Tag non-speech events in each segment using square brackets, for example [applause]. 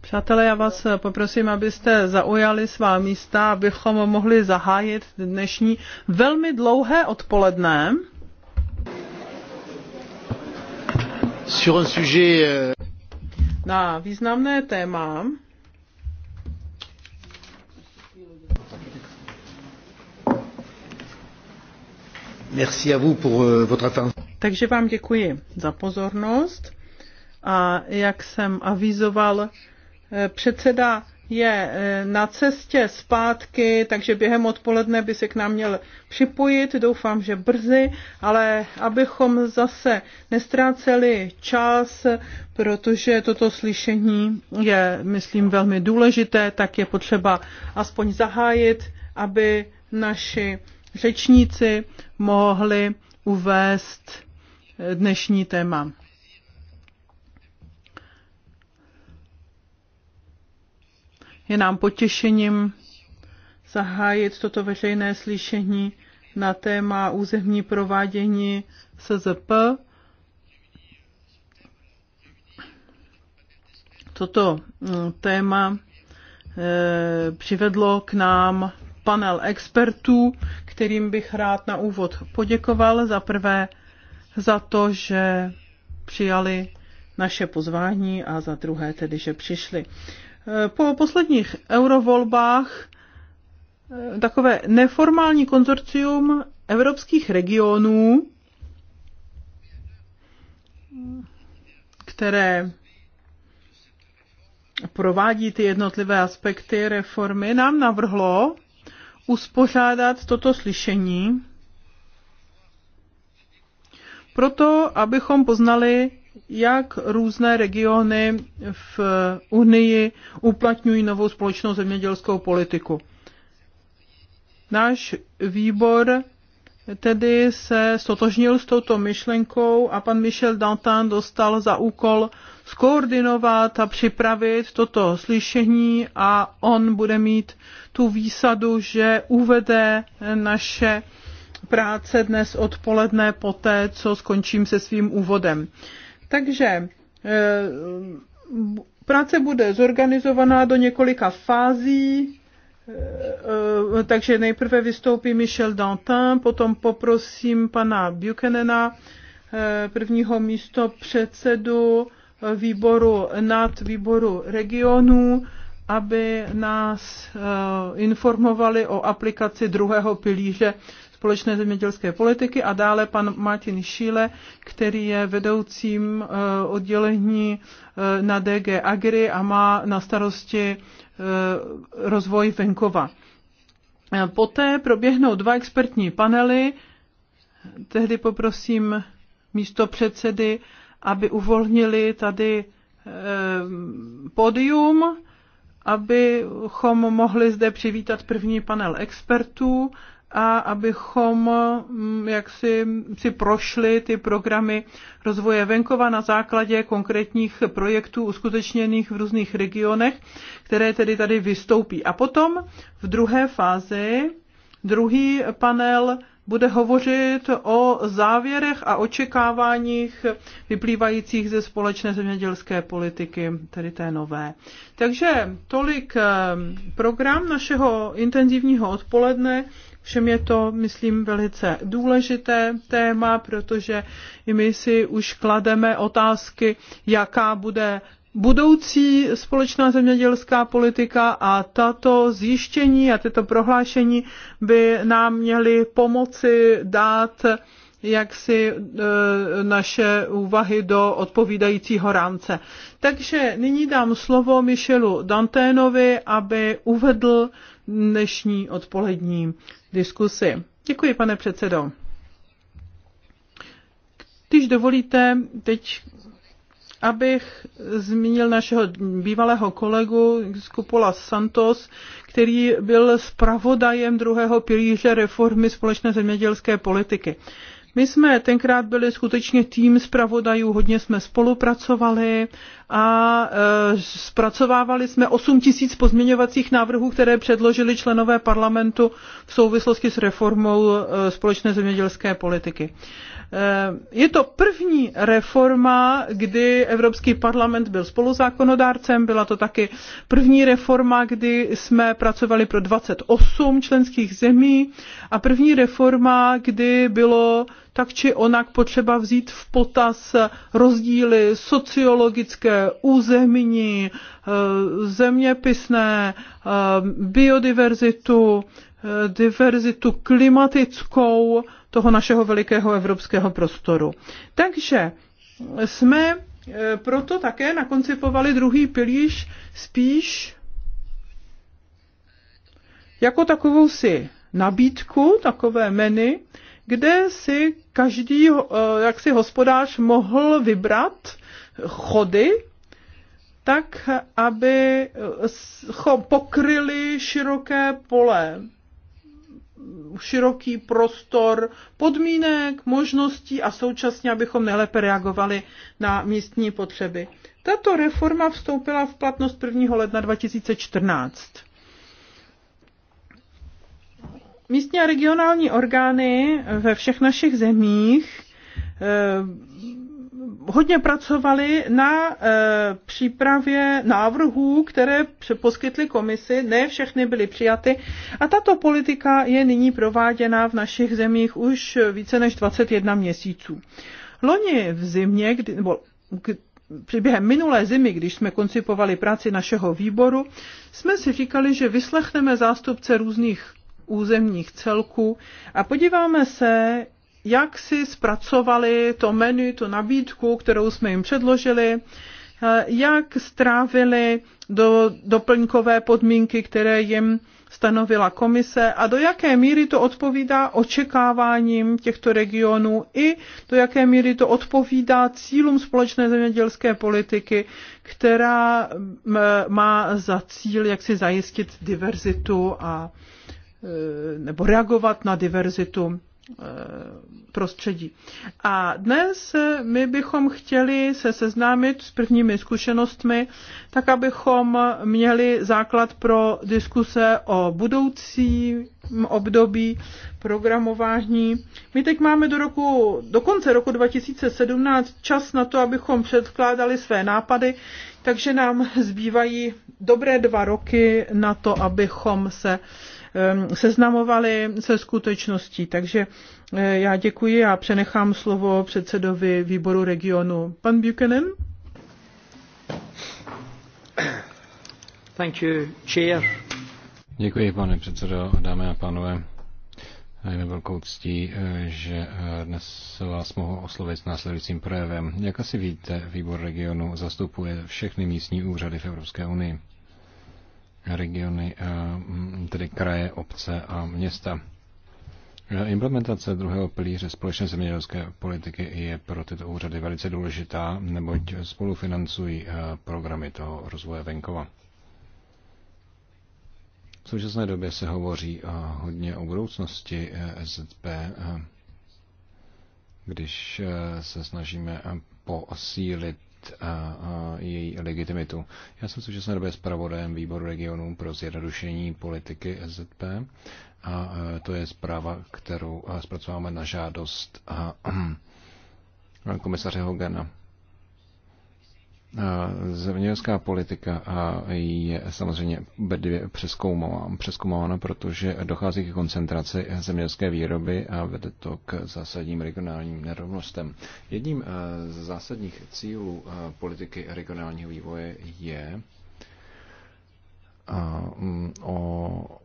Přátelé, já vás poprosím, abyste zaujali svá místa, abychom mohli zahájit dnešní velmi dlouhé odpoledne. Sur un sujet... Euh, Na významné téma, Merci à vous pour euh, votre attention. Takže vám děkuji za pozornost a jak jsem avizoval, eh, předseda je eh, na cestě zpátky, takže během odpoledne by se k nám měl připojit, doufám, že brzy, ale abychom zase nestráceli čas, protože toto slyšení je, myslím, velmi důležité, tak je potřeba aspoň zahájit, aby naši řečníci mohli uvést dnešní téma. Je nám potěšením zahájit toto veřejné slyšení na téma územní provádění SZP. Toto mm, téma e, přivedlo k nám panel expertů, kterým bych rád na úvod poděkoval. Za prvé za to, že přijali naše pozvání a za druhé tedy, že přišli. Po posledních eurovolbách eh, takové neformální konzorcium evropských regionů, které provádí ty jednotlivé aspekty reformy, nám navrhlo uspořádat toto slyšení proto, abychom poznali jak různé regiony v Unii uplatňují novou společnou zemědělskou politiku. Náš výbor tedy se stotožnil s touto myšlenkou a pan Michel Dantin dostal za úkol skoordinovat a připravit toto slyšení a on bude mít tu výsadu, že uvede naše práce dnes odpoledne poté, co skončím se svým úvodem. Takže eh, práce bude zorganizovaná do několika fází, eh, eh, takže nejprve vystoupí Michel Dantin, potom poprosím pana Buchanana, prvního místo předsedu výboru nad výboru regionů, aby nás informovali o aplikaci druhého pilíře společné zemědělské politiky a dále pan Martin Šíle, který je vedoucím eh, oddělení eh, na DG Agri a má na starosti eh, rozvoj venkova. Poté proběhnou dva expertní panely. Tehdy poprosím místo předsedy, aby uvolnili tady podium, abychom mohli zde přivítat první panel expertů a abychom mm, jak si, si prošli ty programy rozvoje venkova na základě konkrétních projektů uskutečněných v různých regionech, které tedy tady vystoupí. A potom v druhé fázi druhý panel bude hovořit o závěrech a očekáváních vyplývajících ze společné zemědělské politiky, tedy té nové. Takže tolik eh, program našeho intenzivního odpoledne. Všem je to, myslím, velice důležité téma, protože i my si už klademe otázky, jaká bude budoucí společná zemědělská politika a tato zjištění a tyto prohlášení by nám měly pomoci dát jak si e, naše úvahy do odpovídajícího rámce. Takže nyní dám slovo Michelu Danténovi, aby uvedl dnešní odpolední diskusi. Děkuji, pane předsedo. Když dovolíte, teď abych zmínil našeho bývalého kolegu Skupola Santos, který byl zpravodajem druhého pilíře reformy společné zemědělské politiky. My jsme tenkrát byli skutečně tým zpravodajů, hodně jsme spolupracovali a e, zpracovávali jsme 8 tisíc pozměňovacích návrhů, které předložili členové parlamentu v souvislosti s reformou e, společné zemědělské politiky. E, Eh, je to první reforma, kdy Evropský parlament byl spoluzákonodárcem, byla to taky první reforma, kdy jsme pracovali pro 28 členských zemí a první reforma, kdy bylo tak či onak potřeba vzít v potaz rozdíly sociologické, územní, eh, zeměpisné, eh, biodiverzitu, diverzitu klimatickou, toho našeho velikého evropského prostoru. Takže jsme e, proto také nakoncipovali druhý pilíř spíš jako takovou si nabídku, takové menu, kde si každý e, jak si hospodář mohl vybrat chody, tak, aby pokryli široké pole široký prostor podmínek, možností a současně, abychom nejlépe reagovali na místní potřeby. Tato reforma vstoupila v platnost 1. ledna 2014. Místní a regionální orgány ve všech našich zemích hodně pracovali na eh, přípravě návrhů, které poskytly komisi, ne všechny byly přijaty a tato politika je nyní prováděna v našich zemích už více než 21 měsíců. Loni v zimě, kdy, nebo k, během minulé zimy, když jsme koncipovali práci našeho výboru, jsme si říkali, že vyslechneme zástupce různých územních celků a podíváme se, jak si zpracovali to menu, tu nabídku, kterou jsme jim předložili, eh, jak strávili do doplňkové podmínky, které jim stanovila komise a do jaké míry to odpovídá očekáváním těchto regionů i do jaké míry to odpovídá cílům společné zemědělské politiky, která má za cíl, jak si zajistit diverzitu a eh, nebo reagovat na diverzitu Eh, prostředí. A dnes my bychom chtěli se seznámit s prvními zkušenostmi, tak abychom měli základ pro diskuse o budoucím období programování. My teď máme do, roku, do konce roku 2017 čas na to, abychom předkládali své nápady, takže nám zbývají dobré dva roky na to, abychom se Ehm, seznamovali se skutečností. Takže eh, já děkuji a přenechám slovo předsedovi výboru regionu. Pan Buchanan? Thank you, chair. Děkuji, pane předsedo, dámy a pánové. je mi velkou ctí, eh, že eh, dnes vás mohu oslovit s následujícím projevem. Jak asi víte, výbor regionu zastupuje všechny místní úřady v Evropské unii regiony, eh, tedy kraje, obce a města. Eh, implementace druhého pilíře společné zemědělské politiky je pro tyto úřady velice důležitá, neboť spolufinancují eh, programy toho rozvoje venkova. V současné době se hovoří hodně o budoucnosti SZP, když se snažíme posílit její legitimitu. Já jsem současné době zpravodajem výboru regionů pro zjednodušení politiky SZP a to je zpráva, kterou zpracováme na žádost komisaře Hogana. Eh, zemědělská politika je samozřejmě přeskoumována, protože dochází k koncentraci zemědělské výroby a vede to k zásadním regionálním nerovnostem. Jedním eh, z zásadních cílů eh, politiky regionálního vývoje je o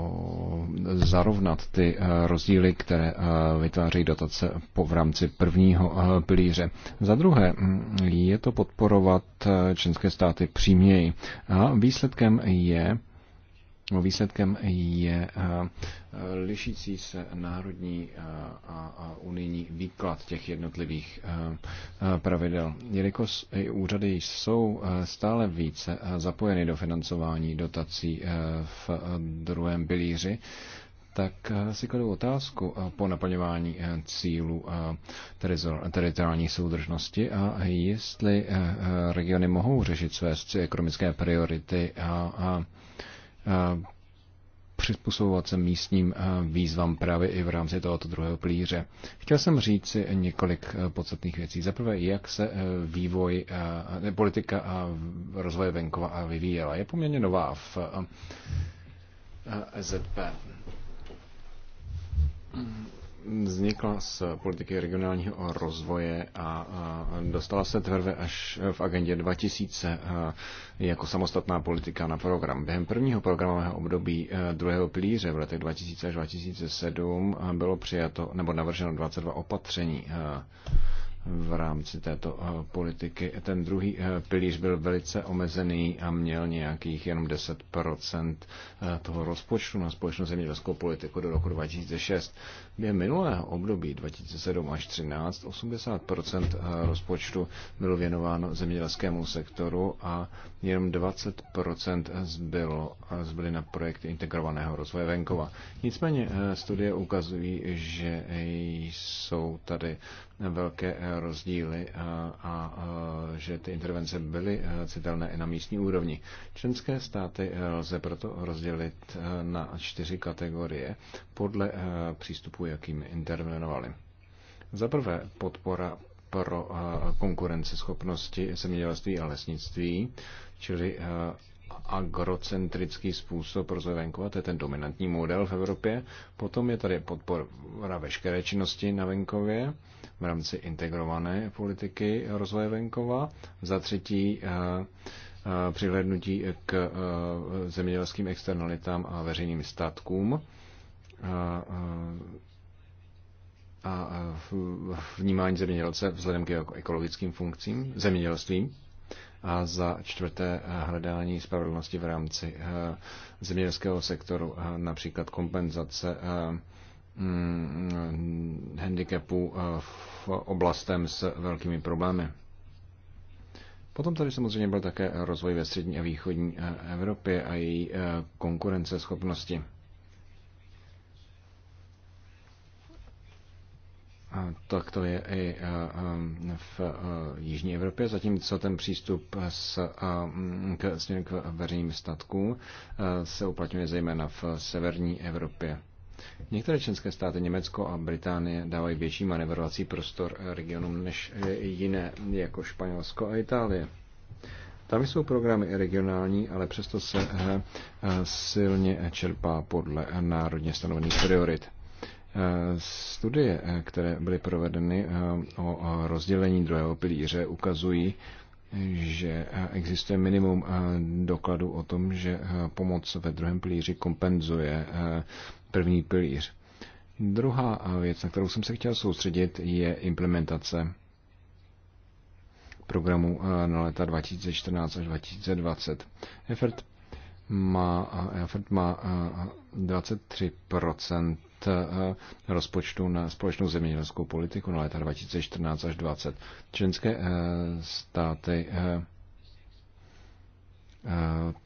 o, zarovnat ty eh, rozdíly, které eh, vytváří dotace po, v rámci prvního eh, pilíře. Za druhé mm, je to podporovat členské státy příměji. A výsledkem je No, výsledkem je eh, eh, lišící se národní eh, a unijní výklad těch jednotlivých pravidel. Jelikož úřady jsou stále více zapojeny do financování dotací v druhém pilíři, tak si kladu otázku po naplňování cílů teritoriální soudržnosti a jestli regiony mohou řešit své ekonomické priority a, a přizpůsobovat se místním výzvám právě i v rámci tohoto druhého plíře. Chtěl jsem říct si několik podstatných věcí. Za prvé, jak se vývoj, ne, politika a rozvoje venkova vyvíjela. Je poměrně nová v EZP vznikla z politiky regionálního rozvoje a dostala se tvrve až v agendě 2000 e, jako samostatná politika na program. Během prvního programového období e, druhého pilíře v letech 2000 až 2007 e, bylo přijato nebo navrženo 22 opatření v rámci této eh, politiky. Ten druhý eh, pilíř byl velice omezený a měl nějakých jenom 10% eh, toho rozpočtu na společnou zemědělskou politiku do roku 2006. Během minulého období 2007 až 2013 80% rozpočtu bylo věnováno zemědělskému sektoru a jenom 20% zbylo, zbyly na projekty integrovaného rozvoje venkova. Nicméně studie ukazují, že jsou tady velké eh, rozdíly a, a, a eh, že ty intervence byly eh, citelné i na místní úrovni. Členské státy lze proto rozdělit na čtyři kategorie podle přístupu, jakým intervenovali. Za prvé podpora pro konkurenceschopnosti zemědělství a lesnictví, čili agrocentrický způsob rozvoje venkova, to je ten dominantní model v Evropě. Potom je tady podpora veškeré činnosti na venkově, v rámci integrované politiky rozvoje venkova, za třetí eh, eh, přihlednutí k eh, zemědělským externalitám a veřejným statkům a vnímání zemědělce vzhledem k jeho ekologickým funkcím, zemědělstvím a za čtvrté hledání spravedlnosti v rámci zemědělského sektoru, například kompenzace Mm, handicapu eh, v oblastem s velkými problémy. Potom tady samozřejmě byl také rozvoj ve střední a východní eh, Evropě a její eh, konkurenceschopnosti. Tak to je i v Jižní Evropě, zatímco ten přístup s, k, směrem k veřejným statkům se uplatňuje zejména v severní Evropě. Některé členské státy, Německo a Británie, dávají větší manevrovací prostor regionům než jiné, jako Španělsko a Itálie. Tam jsou programy regionální, ale přesto se eh, silně čerpá podle národně stanovených priorit. Eh, studie, eh, které byly provedeny o rozdělení druhého pilíře, ukazují, že existuje minimum dokladů o tom, že pomoc ve druhém pilíři kompenzuje první pilíř. Druhá věc, na kterou jsem se chtěl soustředit, je implementace programu eh, na leta 2014 až 2020. Effort má, eh, Effort má 23% eh, rozpočtu na společnou zemědělskou politiku na leta 2014 až 2020. Členské státy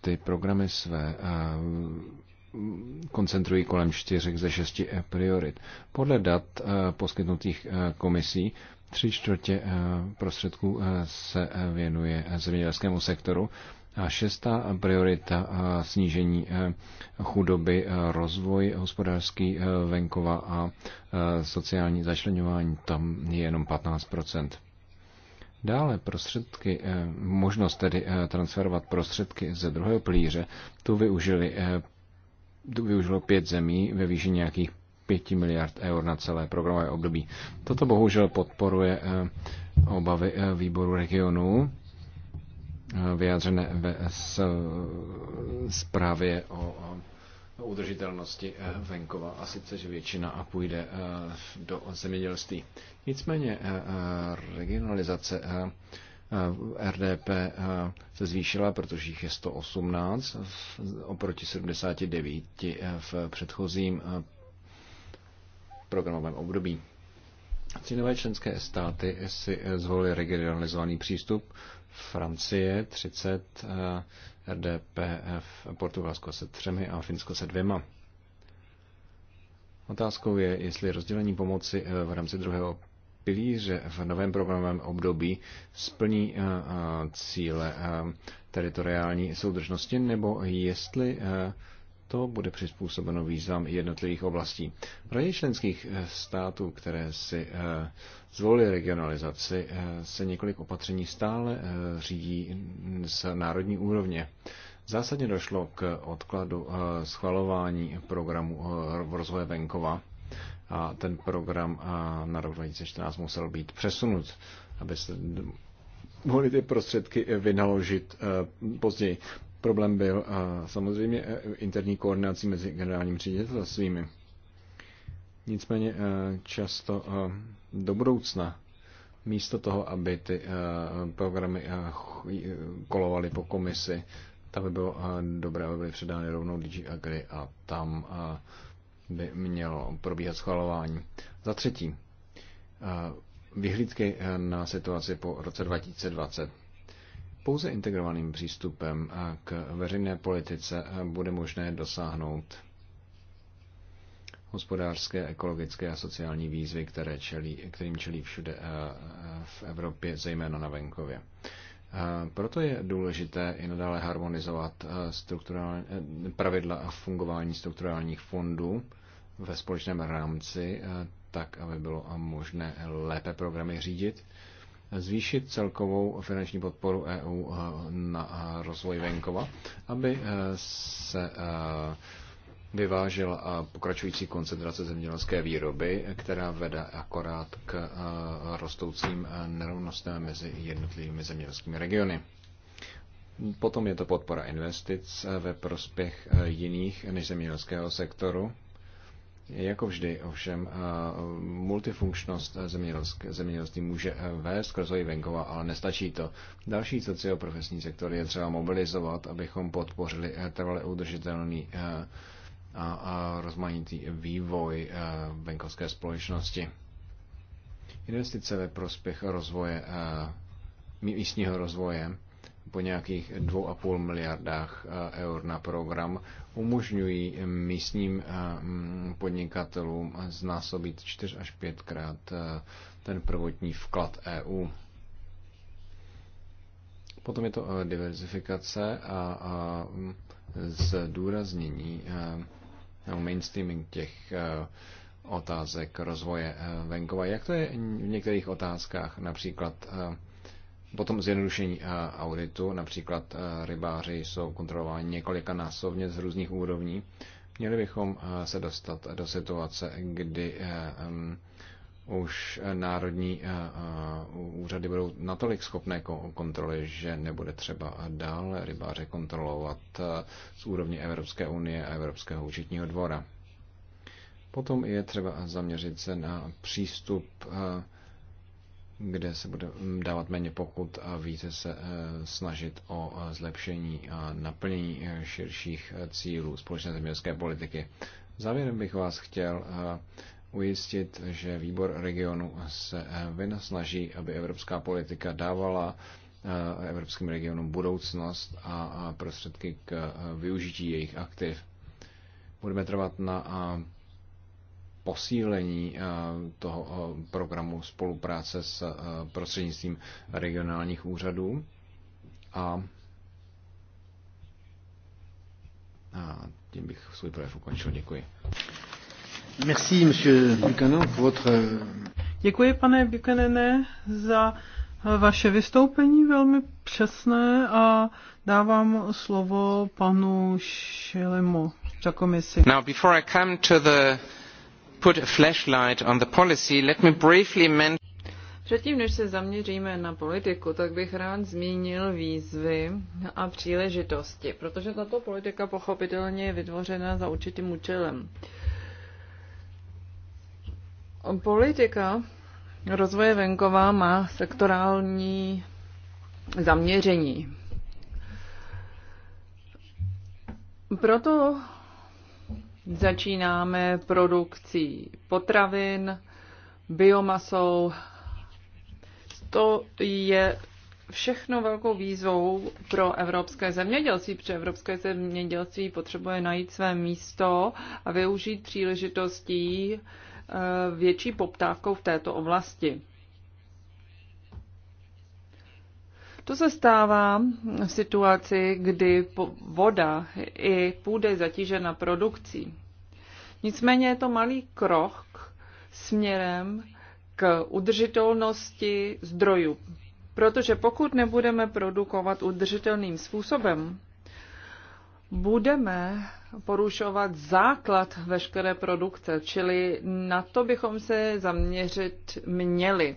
ty programy své koncentrují kolem 4 ze 6 eh, priorit. Podle dat eh, poskytnutých eh, komisí tři čtvrtě prostředků se věnuje zemědělskému sektoru a šestá priorita snížení chudoby, rozvoj hospodářský venkova a sociální začlenování, tam je jenom 15 Dále prostředky, možnost tedy transferovat prostředky ze druhého plíře, tu využili využilo pět zemí ve výši nějakých 5 miliard eur na celé programové období. Toto bohužel podporuje eh, obavy eh, výboru regionů eh, vyjádřené ve zprávě o udržitelnosti venkova a sice, že většina a půjde do zemědělství. Nicméně regionalizace Eh, RDP eh, se zvýšila, protože jich je 118 oproti 79 eh, v předchozím programovém období. Tři členské státy si zvolili regionalizovaný přístup. Francie 30, RDP v Portugalsko se třemi a Finsko se dvěma. Otázkou je, jestli rozdělení pomoci v rámci druhého pilíře v novém programovém období splní eh, eh, cíle eh, teritoriální soudržnosti, nebo jestli to bude přizpůsobeno výzvám jednotlivých oblastí. V radě členských států, které si zvolili regionalizaci, se několik opatření stále řídí z národní úrovně. Zásadně došlo k odkladu schvalování programu rozvoje venkova a ten program na rok 2014 musel být přesunut, aby se mohly ty prostředky vynaložit eh, později. Problém byl eh, samozřejmě eh, interní koordinací mezi generálním ředitelstvími. Nicméně často do budoucna, místo toho, aby ty programy kolovaly po komisi, tak by bylo dobré, aby byly předány rovnou DG Agri a tam by mělo probíhat schvalování. Za třetí, eh, vyhlídky eh, na situaci po roce 2020. Pouze integrovaným přístupem eh, k veřejné politice bude možné dosáhnout hospodářské, ekologické a sociální výzvy, které čelí, kterým čelí všude v Evropě, zejména na venkově. Proto je důležité i nadále harmonizovat eh, eh, pravidla a fungování strukturálních fondů ve společném rámci, eh, tak aby bylo možné lépe programy řídit, zvýšit celkovou finanční podporu EU na rozvoj venkova, aby se vyvážel pokračující koncentrace zemědělské výroby, která vede akorát k eh, rostoucím eh, nerovnostem mezi jednotlivými zemědělskými regiony. Potom je to podpora investic eh, ve prospěch jiných než zemědělského sektoru. Jako vždy ovšem multifunkčnost zemědělství může vést k rozvoji venkova, ale nestačí to. Další socioprofesní sektor je třeba mobilizovat, abychom podpořili trvale udržitelný a, a rozmanitý vývoj eh, venkovské společnosti. Investice ve prospěch rozvoje, eh, místního rozvoje po nějakých 2,5 miliardách eh, eur na program umožňují místním mm, podnikatelům znásobit 4 až 5 krát ten prvotní vklad EU. Potom je to diverzifikace a, a mm, zdůraznění nebo mainstreaming těch eh, otázek rozvoje eh, venkova. Jak to je v některých otázkách, například eh, potom zjednodušení auditu, například rybáři jsou kontrolováni několika násobně z různých úrovní. Měli bychom se dostat do situace, kdy už eh, národní eh, eh, úřady budou natolik schopné kontroly, že nebude třeba dál rybáře kontrolovat z úrovně Evropské unie a Evropského účetního dvora. Potom je třeba zaměřit se na přístup, kde se bude hm, dávat méně pokut a více se snažit o zlepšení a naplnění širších cílů společné zemědělské politiky. Závěrem bych vás chtěl ujistit, že výbor regionu se eh, vynasnaží, aby evropská politika dávala eh, evropským regionům budoucnost a prostředky k eh, využití jejich aktiv. Budeme trvat na posílení toho programu spolupráce s prostřednictvím regionálních úřadů a a tím bych svůj projev ukončil. Děkuji. Euh, Děkuji, pane Buchanene, za vaše vystoupení velmi přesné a dávám slovo panu Šelemu za komisi. Now, before I come to the put a flashlight on the policy, let me briefly mention Předtím, než se zaměříme na politiku, tak bych rád zmínil výzvy a příležitosti, protože tato politika pochopitelně je vytvořena za určitým účelem. Politika rozvoje venkova má sektorální zaměření. Proto začínáme produkcí potravin, biomasou. To je všechno velkou výzvou pro evropské zemědělství, protože evropské zemědělství potřebuje najít své místo a využít příležitostí, Eh, větší poptávkou v této oblasti. To se stává v situaci, kdy voda i půda zatížena produkcí. Nicméně je to malý krok směrem k udržitelnosti zdrojů. Protože pokud nebudeme produkovat udržitelným způsobem, budeme porušovat základ veškeré produkce, čili na to bychom se zaměřit měli.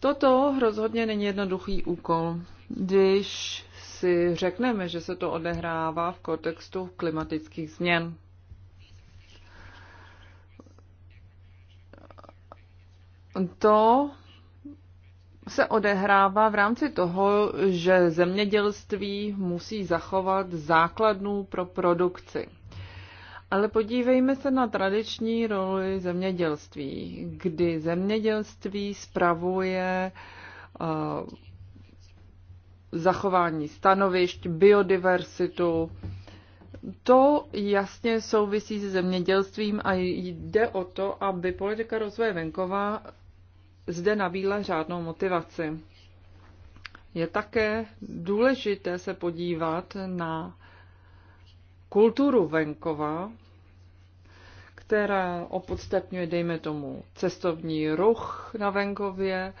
Toto rozhodně není jednoduchý úkol. Když si řekneme, že se to odehrává v kontextu klimatických změn. To se odehrává v rámci toho, že zemědělství musí zachovat základnu pro produkci. Ale podívejme se na tradiční roli zemědělství, kdy zemědělství spravuje uh, zachování stanovišť, biodiverzitu. To jasně souvisí se zemědělstvím a jde o to, aby politika rozvoje venkova zde nabídla žádnou motivaci. Je také důležité se podívat na kulturu venkova, která opodstatňuje, dejme tomu, cestovní ruch na venkově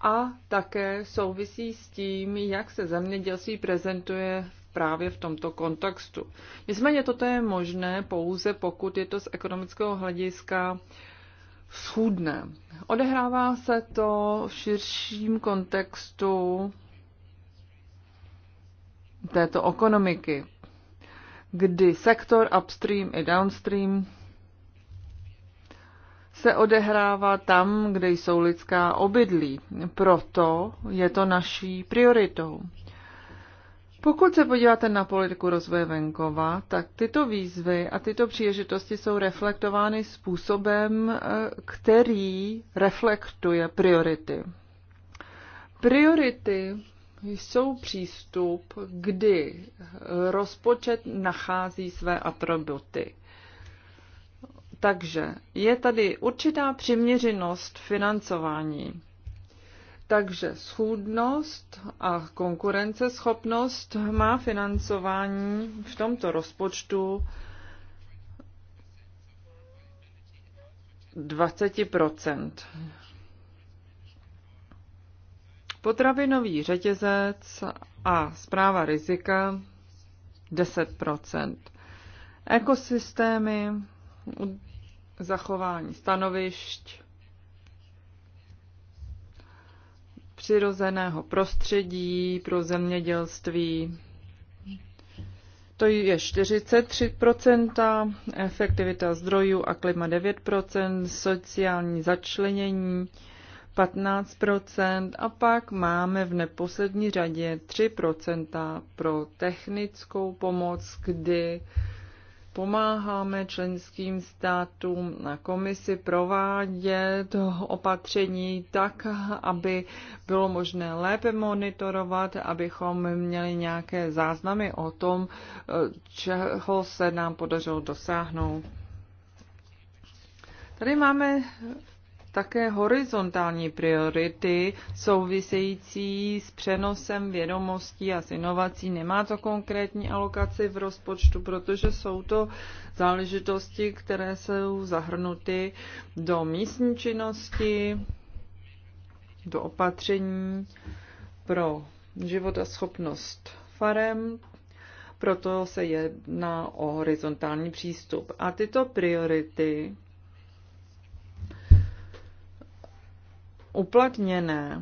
a také souvisí s tím, jak se zemědělství prezentuje právě v tomto kontextu. Nicméně toto je možné pouze, pokud je to z ekonomického hlediska schůdné. Odehrává se to v širším kontextu této ekonomiky, kdy sektor upstream i downstream se odehrává tam, kde jsou lidská obydlí. Proto je to naší prioritou. Pokud se podíváte na politiku rozvoje venkova, tak tyto výzvy a tyto příležitosti jsou reflektovány způsobem, eh, který reflektuje priority. Priority jsou přístup, kdy rozpočet nachází své atributy. Takže je tady určitá přiměřenost financování. Takže schůdnost a konkurenceschopnost má financování v tomto rozpočtu 20 Potravinový řetězec a zpráva rizika 10 Ekosystémy, zachování stanovišť přirozeného prostředí pro zemědělství. To je 43%, efektivita zdrojů a klima 9%, sociální začlenění 15% a pak máme v neposlední řadě 3% pro technickou pomoc, kdy uh, pomáháme členským státům na komisi provádět opatření tak, aby bylo možné lépe monitorovat, abychom měli nějaké záznamy o tom, čeho se nám podařilo dosáhnout. Tady máme také horizontální priority související s přenosem vědomostí a s inovací. Nemá to konkrétní alokaci v rozpočtu, protože jsou to záležitosti, které jsou zahrnuty do místní činnosti, do opatření pro život a schopnost farem, proto se jedná o horizontální přístup. A tyto priority uplatněné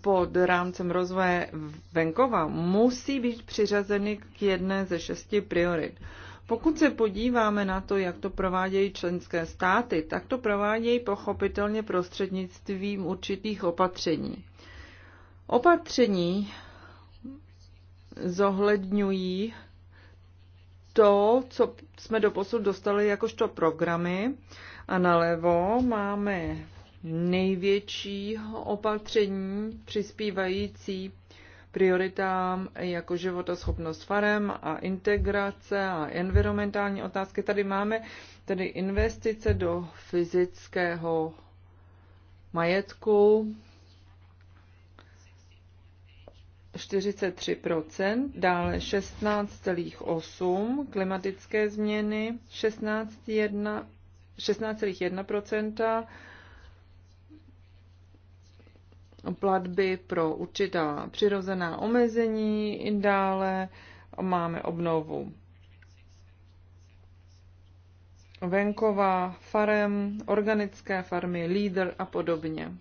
pod rámcem rozvoje venkova musí být přiřazeny k jedné ze šesti priorit. Pokud se podíváme na to, jak to provádějí členské státy, tak to provádějí pochopitelně prostřednictvím určitých opatření. Opatření zohledňují to, co jsme doposud dostali jakožto programy a nalevo máme největší opatření přispívající prioritám jako životoschopnost farem a integrace a environmentální otázky. Tady máme tedy investice do fyzického majetku 43%, dále 16,8 klimatické změny, 16,1 16,1 platby pro určitá přirozená omezení. Dále máme obnovu venkova, farem, organické farmy, lídr a podobně.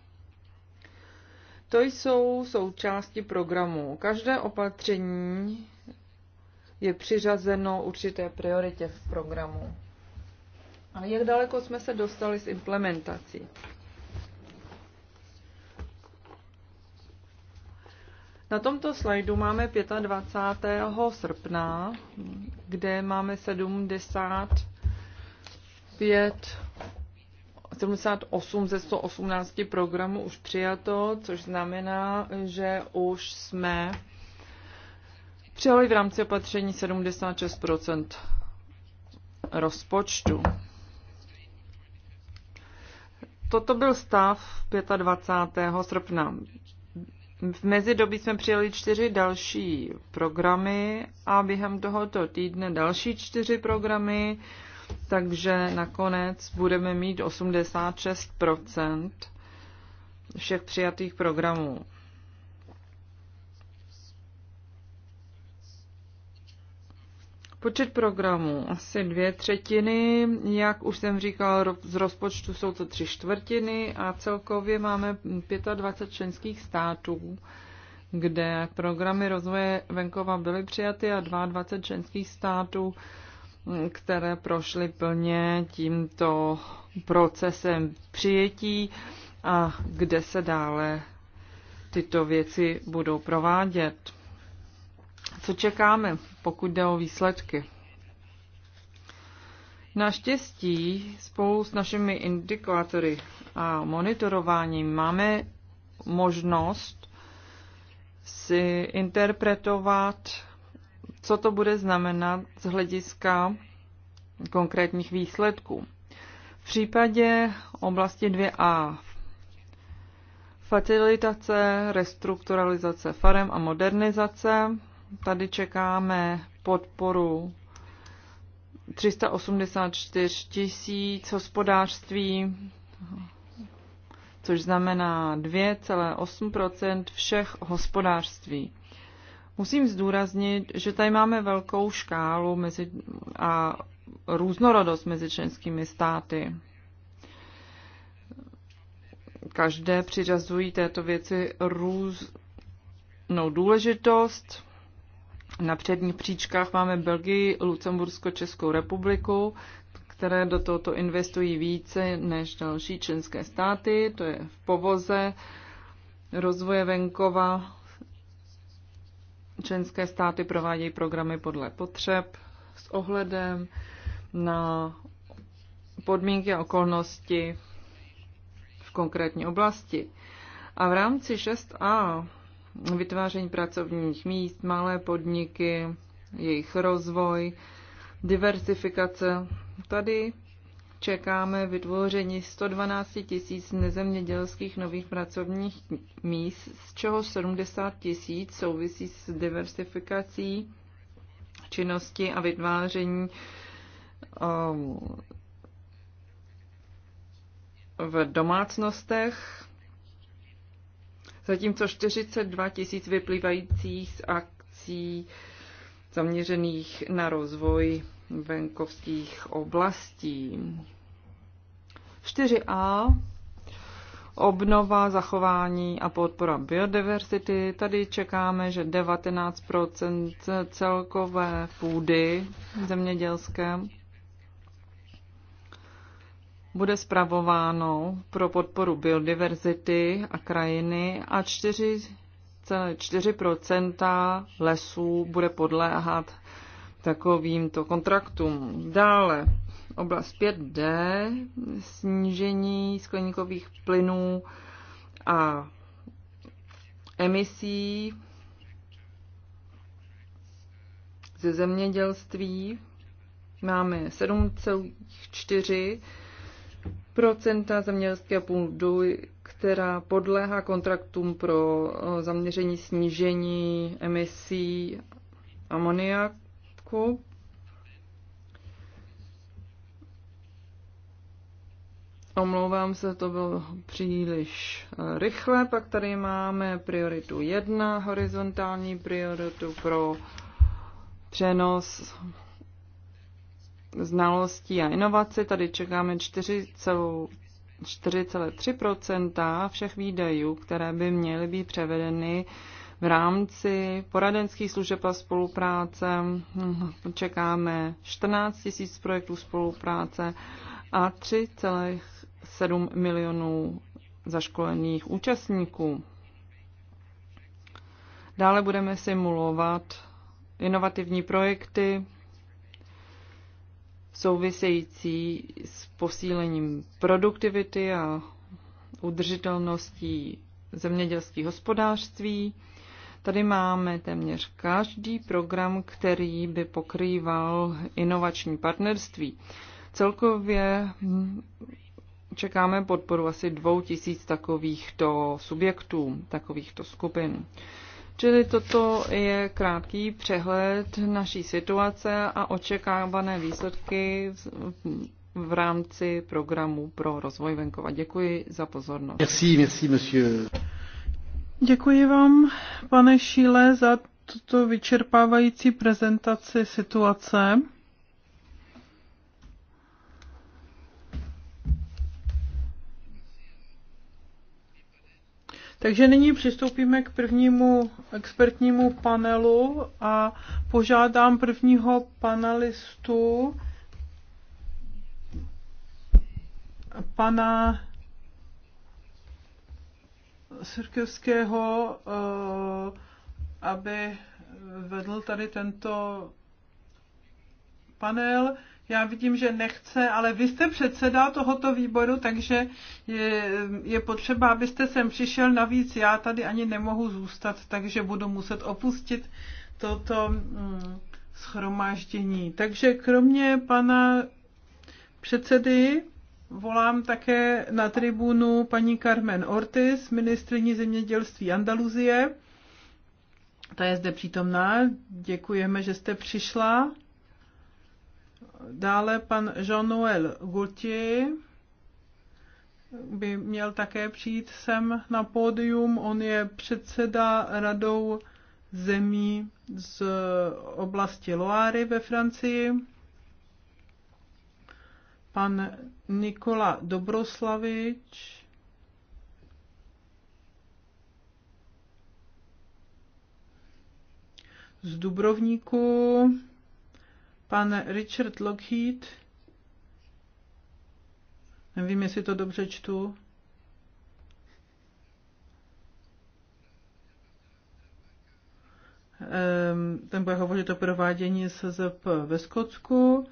To jsou součásti programu. Každé opatření je přiřazeno určité prioritě v programu. A jak daleko jsme se dostali s implementací? Na tomto slajdu máme 25. srpna, kde máme 75 78 ze 118 programů už přijato, což znamená, že už jsme přijali v rámci opatření 76 rozpočtu. Toto byl stav 25. srpna. V mezidobí jsme přijeli čtyři další programy a během tohoto týdne další čtyři programy, takže nakonec budeme mít 86 všech přijatých programů. Počet programů asi dvě třetiny, jak už jsem říkal, z rozpočtu jsou to tři čtvrtiny a celkově máme 25 členských států, kde programy rozvoje venkova byly přijaty a 22 členských států, které prošly plně tímto procesem přijetí a kde se dále tyto věci budou provádět co čekáme, pokud jde o výsledky. Naštěstí spolu s našimi indikátory a monitorováním máme možnost si interpretovat, co to bude znamenat z hlediska konkrétních výsledků. V případě oblasti 2a facilitace, restrukturalizace farem a modernizace Tady čekáme podporu 384 tisíc hospodářství, což znamená 2,8 všech hospodářství. Musím zdůraznit, že tady máme velkou škálu mezi, a různorodost mezi členskými státy. Každé přiřazují této věci různou důležitost. Na předních příčkách máme Belgii, Lucembursko, Českou republiku, které do tohoto investují více než další členské státy. To je v povoze rozvoje venkova. Členské státy provádějí programy podle potřeb s ohledem na podmínky a okolnosti v konkrétní oblasti. A v rámci 6a vytváření pracovních míst, malé podniky, jejich rozvoj, diversifikace. Tady čekáme vytvoření 112 tisíc nezemědělských nových pracovních míst, z čeho 70 tisíc souvisí s diversifikací činnosti a vytváření v domácnostech zatímco 42 tisíc vyplývajících z akcí zaměřených na rozvoj venkovských oblastí. 4a. Obnova, zachování a podpora biodiverzity. Tady čekáme, že 19 celkové půdy zemědělské bude spravováno pro podporu biodiverzity a krajiny a 4,4 lesů bude podléhat takovýmto kontraktům. Dále oblast 5D, snížení skleníkových plynů a emisí ze zemědělství. Máme 7,4 procenta zemědělského půdu, která podléhá kontraktům pro eh, zaměření snížení emisí amoniaku. Omlouvám se, to bylo příliš eh, rychle. Pak tady máme prioritu 1, horizontální prioritu pro přenos znalostí a inovaci. Tady čekáme 4,3 všech výdajů, které by měly být převedeny v rámci poradenských služeb a spolupráce. Čekáme 14 000 projektů spolupráce a 3,7 milionů zaškolených účastníků. Dále budeme simulovat inovativní projekty, související s posílením produktivity a udržitelností zemědělských hospodářství. Tady máme téměř každý program, který by pokrýval inovační partnerství. Celkově čekáme podporu asi dvou tisíc takovýchto subjektů, takovýchto skupin. Čili toto je krátký přehled naší situace a očekávané výsledky v rámci programu pro rozvoj venkova. Děkuji za pozornost. Merci, merci, monsieur. Děkuji vám, pane Šíle, za tuto vyčerpávající prezentaci situace. Takže nyní přistoupíme k prvnímu expertnímu panelu a požádám prvního panelistu, pana Sirkevského, eh, aby vedl tady tento panel já vidím, že nechce, ale vy jste předseda tohoto výboru, takže je, je potřeba, abyste sem přišel. Navíc já tady ani nemohu zůstat, takže budu muset opustit toto mm, schromáždění. Takže kromě pana předsedy volám také na tribunu paní Carmen Ortiz, ministrní zemědělství Andaluzie. Ta je zde přítomná. Děkujeme, že jste přišla. Dále pan Jean-Noël Gauthier by měl také přijít sem na pódium. On je předseda radou zemí z oblasti Loary ve Francii. Pan Nikola Dobroslavič. Z Dubrovníku pan Richard Lockheed, nevím, jestli to dobře čtu, ehm, ten bude hovořit o provádění SZP ve Skotsku.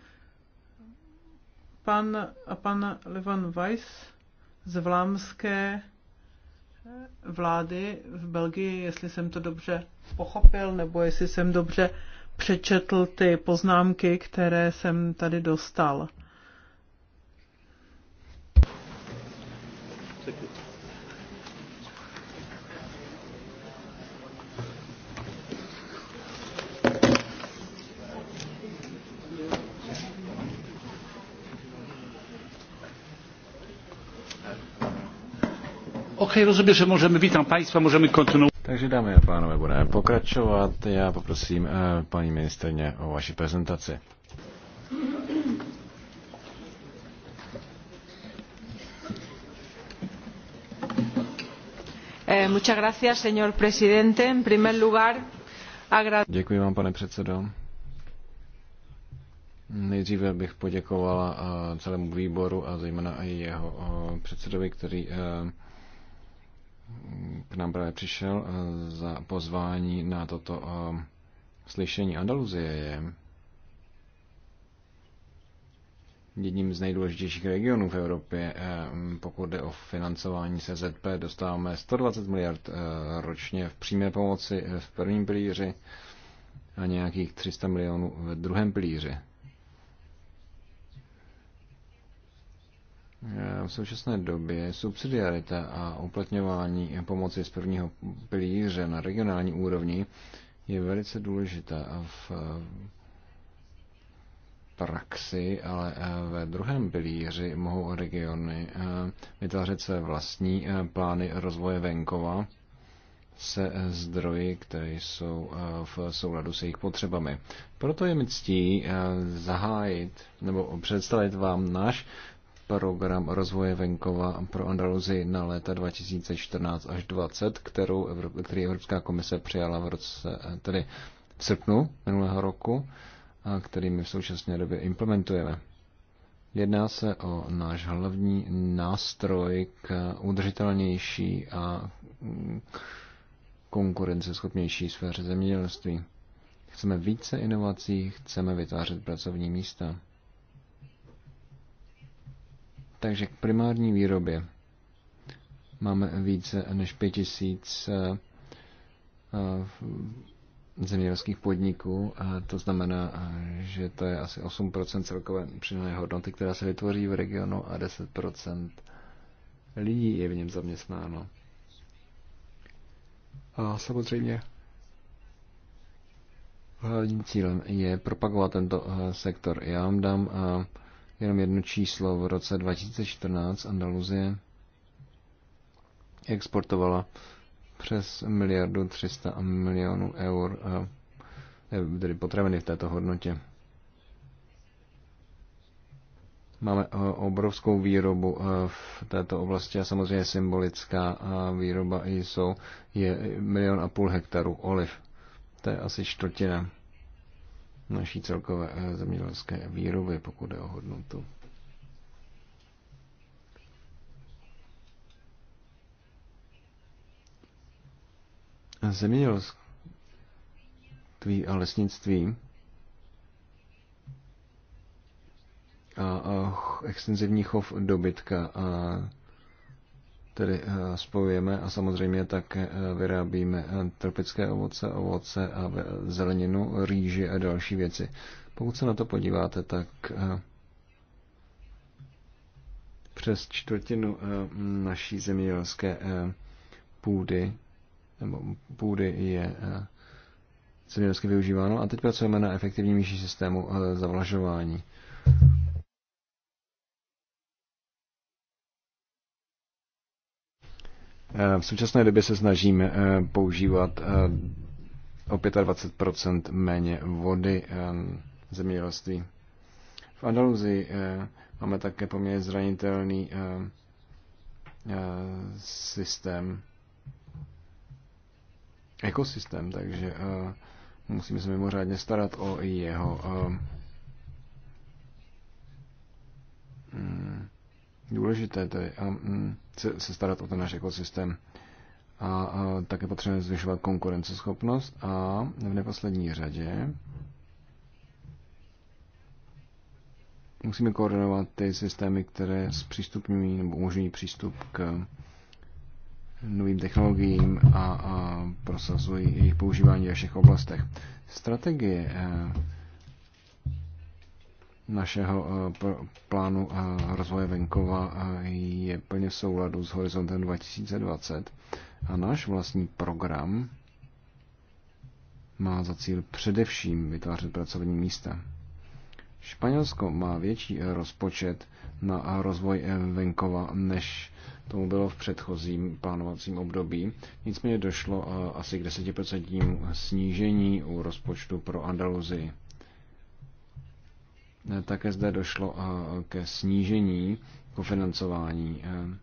Pan, a pan Levan Weiss z vlámské vlády v Belgii, jestli jsem to dobře pochopil, nebo jestli jsem dobře přečetl ty poznámky, které jsem tady dostal. OK, rozumiem, že môžeme, vítam Państwa, môžeme kontynuować. Takže dámy a pánové, budeme pokračovat. Já poprosím eh, paní ministrně o vaši prezentaci. Eh, Děkuji vám, pane předsedo. Nejdříve bych poděkovala eh, celému výboru a zejména i jeho předsedovi, který k nám právě přišel eh, za pozvání na toto eh, slyšení Andaluzie je jedním z nejdůležitějších regionů v Evropě. Eh, pokud jde o financování CZP, dostáváme 120 miliard ročně v přímé pomoci v prvním pilíři a nějakých 300 milionů ve druhém pilíři. Eh, v současné době subsidiarita a uplatňování pomoci z prvního pilíře na regionální úrovni je velice důležitá v eh, praxi, ale eh, ve druhém pilíři mohou regiony vytvářet své vlastní plány rozvoje venkova se zdroji, které jsou v souladu s jejich potřebami. Proto je mi ctí zahájit nebo představit vám náš program rozvoje venkova pro Andaluzii na léta 2014 až 2020, kterou Evrop, který Evropská komise přijala v roce, tedy v srpnu minulého roku, a který my v současné době implementujeme. Jedná se o náš hlavní nástroj k udržitelnější a konkurenceschopnější sféře zemědělství. Chceme více inovací, chceme vytvářet pracovní místa. Takže k primární výrobě máme více než 5000 eh, eh, zemědělských podniků. A to znamená, eh, že to je asi 8% celkové přidané hodnoty, která se vytvoří v regionu a 10% lidí je v něm zaměstnáno. A samozřejmě hlavním cílem je propagovat tento sektor. Já vám dám jenom jedno číslo. V roce 2014 Andaluzie exportovala přes miliardu 300 milionů eur, eh, tedy potraviny v této hodnotě. Máme eh, obrovskou výrobu eh, v této oblasti a samozřejmě symbolická výroba jsou je milion a půl hektarů oliv. To je asi čtvrtina naší celkové eh, zemědělské výroby, pokud je o hodnotu. Zemědělství a lesnictví a, a extenzivní chov dobytka a tedy eh, spojujeme a samozřejmě také eh, vyrábíme eh, tropické ovoce, ovoce a zeleninu, rýži a další věci. Pokud se na to podíváte, tak přes čtvrtinu naší zemědělské půdy nebo půdy je zemědělsky využíváno a teď pracujeme na efektivnější systému zavlažování. Eh, v současné době se snažíme eh, používat eh, o 25 méně vody zemědělství. V Andaluzii máme také poměrně zranitelný systém, ekosystém, takže musíme se mimořádně starat o jeho mm, důležité je a mm, se, se starat o ten náš ekosystém. A, a také potřebujeme zvyšovat konkurenceschopnost a v neposlední řadě musíme koordinovat ty systémy, které zpřístupňují nebo umožňují přístup k novým technologiím a, a prosazují jejich používání ve všech oblastech. Strategie eh, našeho eh, plánu eh, rozvoje venkova eh, je plně v souladu s horizontem 2020 a náš vlastní program má za cíl především vytvářet pracovní místa. Španělsko má větší rozpočet na rozvoj venkova, než tomu bylo v předchozím plánovacím období. Nicméně došlo asi k 10% snížení u rozpočtu pro Andaluzii. Eh, také zde došlo eh, ke snížení kofinancování eh,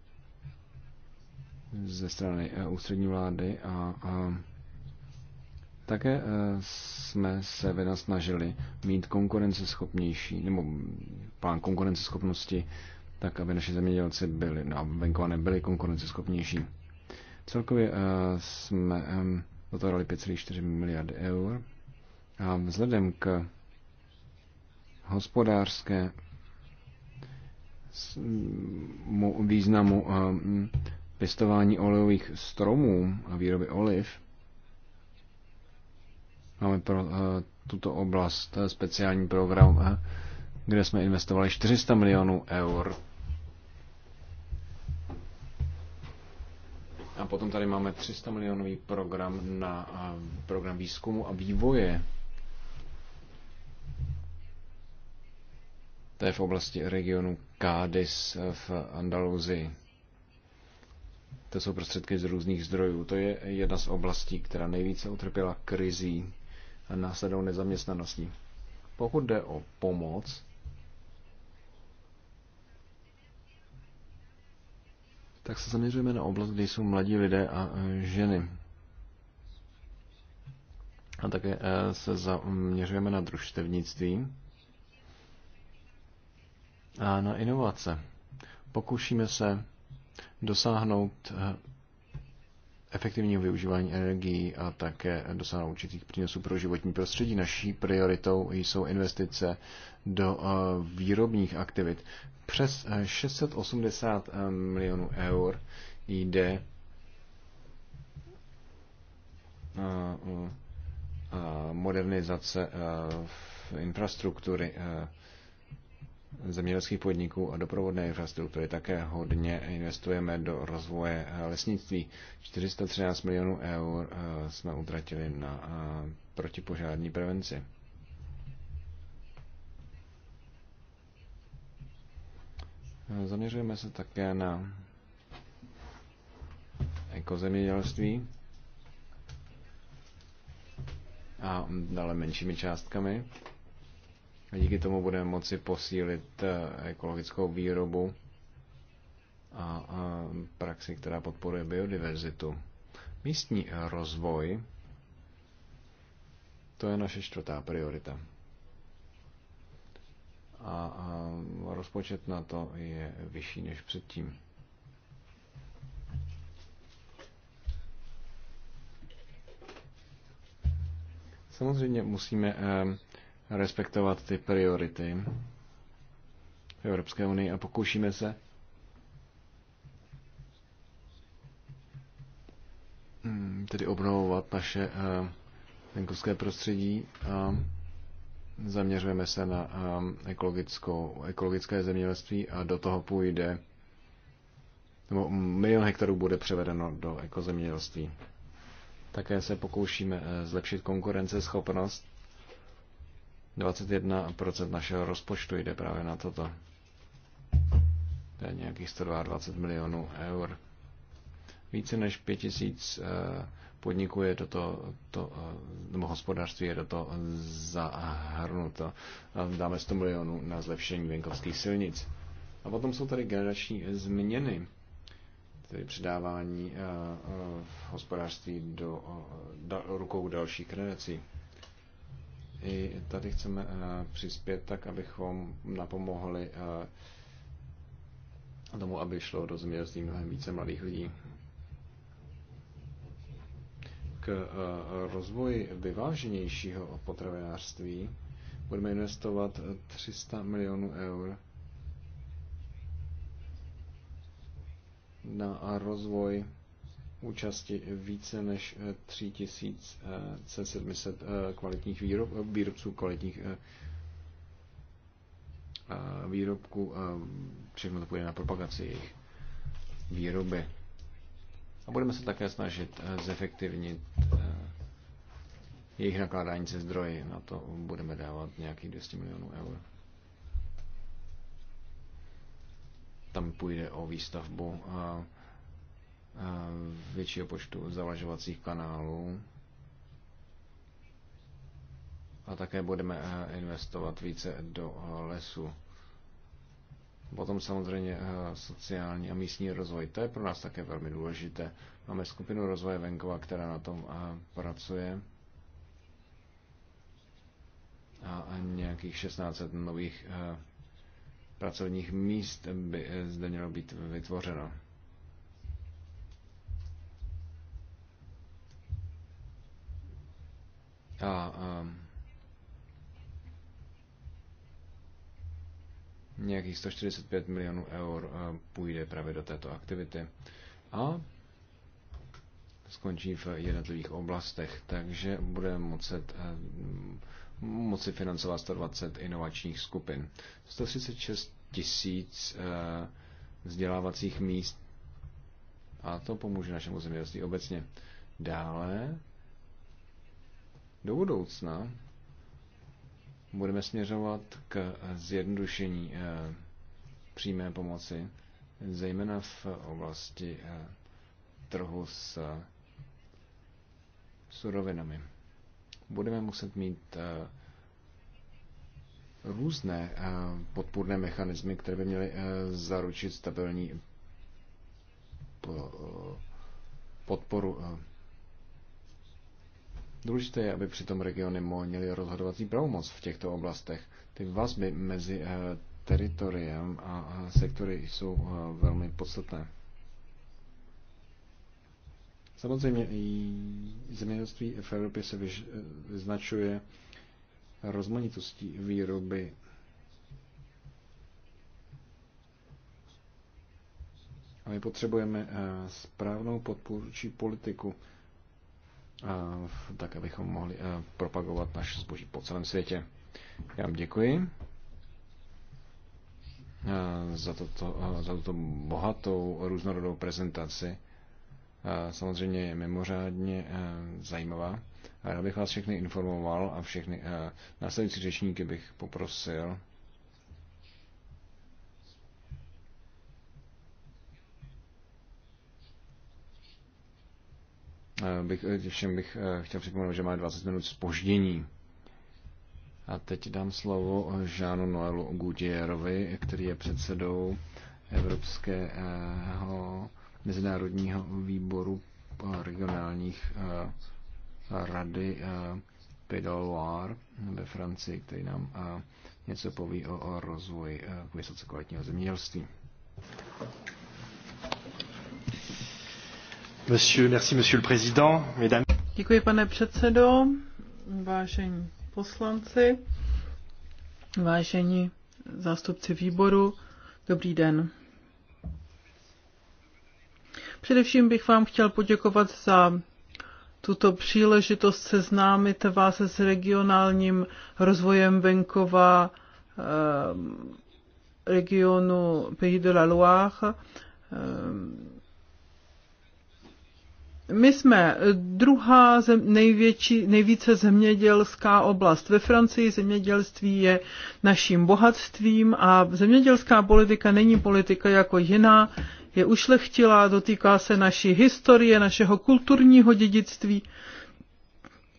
ze strany ústřední vlády a, také jsme se snažili mít konkurenceschopnější, nebo plán konkurenceschopnosti, tak aby naši zemědělci byli, no, venkova nebyli konkurenceschopnější. Celkově jsme dotovali 5,4 miliardy eur a vzhledem k hospodářské významu eh, pěstování olejových stromů a výroby oliv, máme pro eh, tuto oblast eh, speciální program, kde jsme investovali 400 milionů eur. A potom tady máme 300 milionový program na program výzkumu a vývoje To je v oblasti regionu Cádiz v Andaluzii. To jsou prostředky z různých zdrojů. To je jedna z oblastí, která nejvíce utrpěla krizí a následnou nezaměstnaností. Pokud jde o pomoc, tak se zaměřujeme na oblast, kde jsou mladí lidé a ženy. A také eh, se zaměřujeme na družstevnictví a na inovace. Pokoušíme se dosáhnout eh, efektivního využívání energií a také dosáhnout určitých přínosů pro životní prostředí. Naší prioritou jsou investice do eh, výrobních aktivit. Přes 680 eh, milionů eur jde modernizace infrastruktury zemědělských podniků a doprovodné infrastruktury. Také hodně investujeme do rozvoje eh, lesnictví. 413 milionů eur eh, jsme utratili na eh, protipožární prevenci. Zaměřujeme se také na ekozemědělství a dále menšími částkami. A díky tomu budeme moci posílit eh, ekologickou výrobu a praxi, která podporuje biodiverzitu. Místní rozvoj, to je naše čtvrtá priorita. A rozpočet na to je vyšší než předtím. Samozřejmě musíme eh, respektovat ty priority v Evropské unii a pokoušíme se mm, tedy obnovovat naše eh, venkovské prostředí a zaměřujeme se na eh, ekologickou, ekologické zemědělství a do toho půjde nebo milion hektarů bude převedeno do ekozemědělství. Také se pokoušíme eh, zlepšit konkurenceschopnost 21% našeho rozpočtu jde právě na toto. To je nějakých 122 milionů eur. Více než 5000 eh, podniků je do to, to, eh, nebo hospodářství je do toho zahrnuto. Dáme 100 milionů na zlepšení venkovských silnic. A potom jsou tady generační změny, tedy předávání eh, hospodářství do, do rukou dalších generací i tady chceme eh, přispět tak, abychom napomohli eh, tomu, aby šlo do zemědělství mnohem více mladých lidí. K eh, rozvoji vyváženějšího potravinářství budeme investovat 300 milionů eur na rozvoj účasti více než 3700 eh, eh, kvalitních výrob, eh, výrobců kvalitních výrobků. Všechno to půjde na propagaci jejich výroby. A budeme se také snažit zefektivnit jejich nakládání se zdroji. Na to budeme dávat nějakých 200 milionů eur. Tam půjde o výstavbu většího počtu zavlažovacích kanálů. A také budeme eh, investovat více do eh, lesu. Potom samozřejmě eh, sociální a místní rozvoj. To je pro nás také velmi důležité. Máme skupinu rozvoje venkova, která na tom pracuje. A nějakých 16 nových pracovních míst by zde mělo být vytvořeno. A um, nějakých 145 milionů eur půjde právě do této aktivity. A skončí v jednotlivých oblastech, takže budeme moci, moci financovat 120 inovačních skupin. 136 tisíc vzdělávacích míst a to pomůže našemu zemědělství obecně. Dále do budoucna budeme směřovat k zjednodušení eh, přímé pomoci, zejména v oblasti eh, trhu s eh, surovinami. Budeme muset mít různé podpůrné mechanismy, které by měly zaručit stabilní podporu Důležité je, aby přitom regiony měly rozhodovací pravomoc v těchto oblastech. Ty vazby mezi eh, teritoriem a sektory jsou eh, velmi podstatné. Samozřejmě zemědělství v Evropě se eh, vyznačuje rozmanitostí výroby A my potřebujeme správnou podpůrčí politiku, tak abychom mohli eh, propagovat naše zboží po celém světě. Já vám děkuji eh, za, toto, eh, za tuto bohatou různorodou prezentaci. Samozřejmě je mimořádně zajímavá. Rád bych vás všechny informoval a všechny následující řečníky bych poprosil, Eh, bych, eh, všem bych eh, chtěl připomenout, že máme 20 minut spoždění. A teď dám slovo Žánu Noelu Gutierovi, který je předsedou Evropského mezinárodního výboru regionálních rady Pédaloir ve Francii, který nám něco poví o rozvoji vysoce kvalitního zemědělství. Monsieur, le président, mesdames. Děkuji, pane předsedo, vážení poslanci, vážení zástupci výboru, dobrý den. Především bych vám chtěl poděkovat za tuto příležitost seznámit vás s regionálním rozvojem venkova eh, regionu Pays de la Loire eh, my jsme druhá zem, největší, nejvíce zemědělská oblast ve Francii. Zemědělství je naším bohatstvím a zemědělská politika není politika jako jiná, je ušlechtilá, dotýká se naší historie, našeho kulturního dědictví,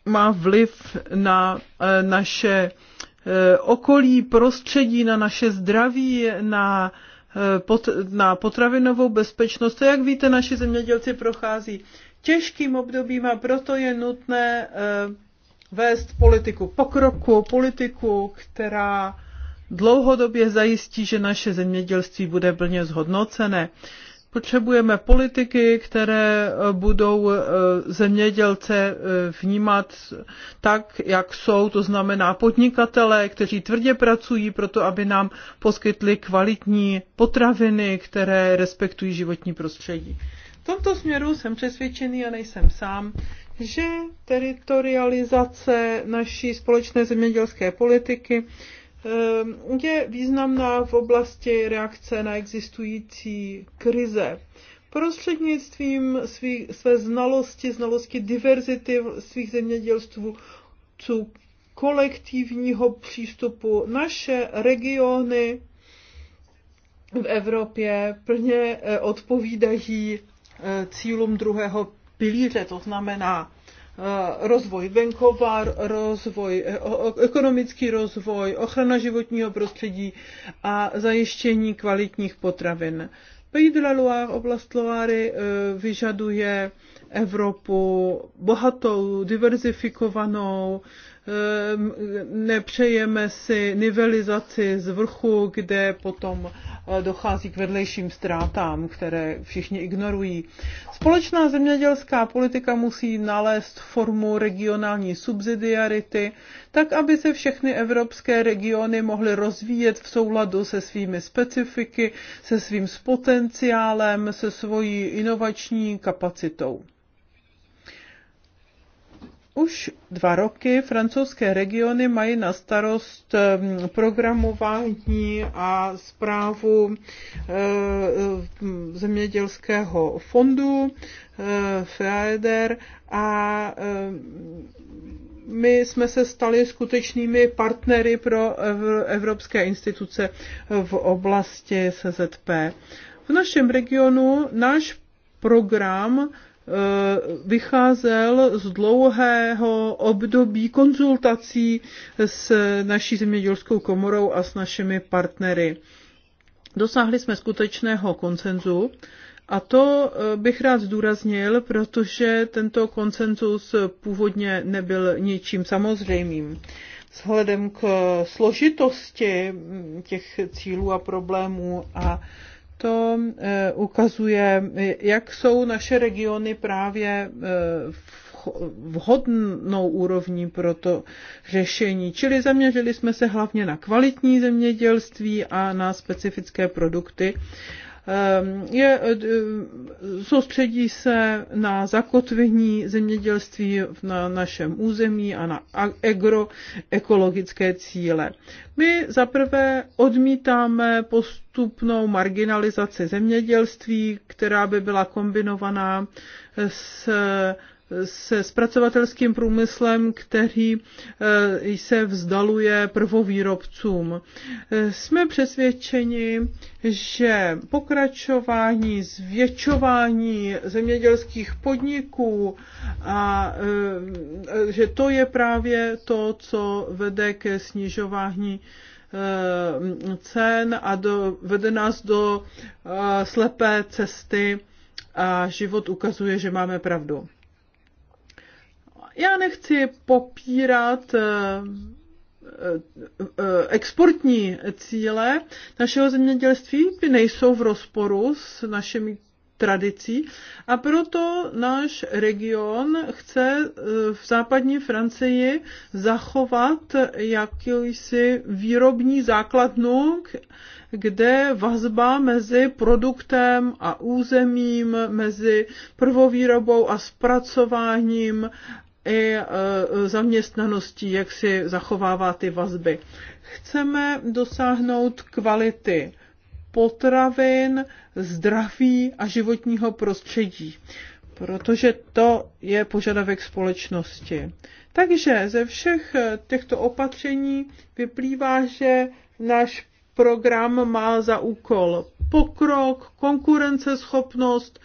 má vliv na eh, naše eh, okolí, prostředí, na naše zdraví, na eh, na potravinovou bezpečnost. To, jak víte, naši zemědělci prochází těžkým obdobím a proto je nutné eh, vést politiku pokroku, politiku, která dlouhodobě zajistí, že naše zemědělství bude plně zhodnocené. Potřebujeme politiky, které eh, budou eh, zemědělce vnímat tak, jak jsou, to znamená podnikatele, kteří tvrdě pracují pro to, aby nám poskytli kvalitní potraviny, které respektují životní prostředí tomto směru jsem přesvědčený a nejsem sám, že teritorializace naší společné zemědělské politiky ehm, je významná v oblasti reakce na existující krize. Prostřednictvím svý, své znalosti, znalosti diverzity svých zemědělstvů, kolektivního přístupu naše regiony v Evropě plně eh, odpovídají Eh, cílům druhého pilíře, to znamená eh, rozvoj venkova, rozvoj, eh, ekonomický rozvoj, ochrana životního prostředí a zajištění kvalitních potravin. Pays de la Loire, oblast Loary, vyžaduje Evropu bohatou, diverzifikovanou, Ehm, nepřejeme si nivelizaci z vrchu, kde potom eh, dochází k vedlejším ztrátám, které všichni ignorují. Společná zemědělská politika musí nalézt formu regionální subsidiarity, tak aby se všechny evropské regiony mohly rozvíjet v souladu se svými specifiky, se svým potenciálem, se svojí inovační kapacitou. Už dva roky francouzské regiony mají na starost ehm, programování a zprávu ehm, zemědělského fondu eh, FEADER a e ehm, my jsme se stali skutečnými partnery pro evropské instituce v oblasti SZP. V našem regionu náš program Eh, vycházel z dlouhého období konzultací s naší zemědělskou komorou a s našimi partnery. Dosáhli jsme skutečného koncenzu a to eh, bych rád zdůraznil, protože tento koncenzus původně nebyl ničím samozřejmým. Vzhledem k složitosti mm, těch cílů a problémů a to eh, ukazuje, jak jsou naše regiony právě eh, vhodnou úrovní pro to řešení. Čili zaměřili jsme se hlavně na kvalitní zemědělství a na specifické produkty Ehm, je, eh, eh, soustředí se na zakotvení zemědělství na našem území a na agroekologické cíle. My zaprvé odmítáme postupnou marginalizaci zemědělství, která by byla kombinovaná s se zpracovatelským průmyslem, který eh, se vzdaluje prvovýrobcům. Eh, jsme přesvědčeni, že pokračování zvětšování zemědělských podniků a eh, že to je právě to, co vede ke snižování cen a do, vede nás do slepé cesty a život ukazuje, že máme pravdu. Já nechci popírat eh, eh, eh, exportní cíle našeho zemědělství, ty nejsou v rozporu s našimi tradicí a proto náš region chce v západní Francii zachovat jakýsi výrobní základnu, kde vazba mezi produktem a územím, mezi prvovýrobou a zpracováním i e, zaměstnaností, jak si zachovává ty vazby. Chceme dosáhnout kvality potravin, zdraví a životního prostředí, protože to je požadavek společnosti. Takže ze všech těchto opatření vyplývá, že náš program má za úkol pokrok, konkurenceschopnost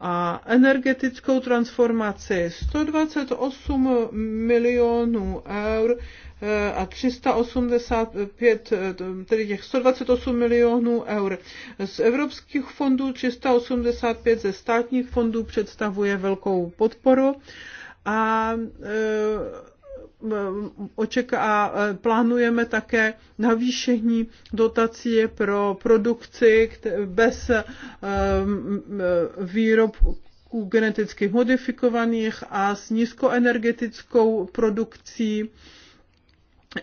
a energetickou transformaci. 128 milionů eur eh, a 385, eh, tedy těch 128 milionů eur z evropských fondů, 385 ze státních fondů představuje velkou podporu a eh, Eh, očeká a eh, plánujeme také navýšení dotací pro produkci bez eh, výrobků geneticky modifikovaných a s nízkoenergetickou produkcí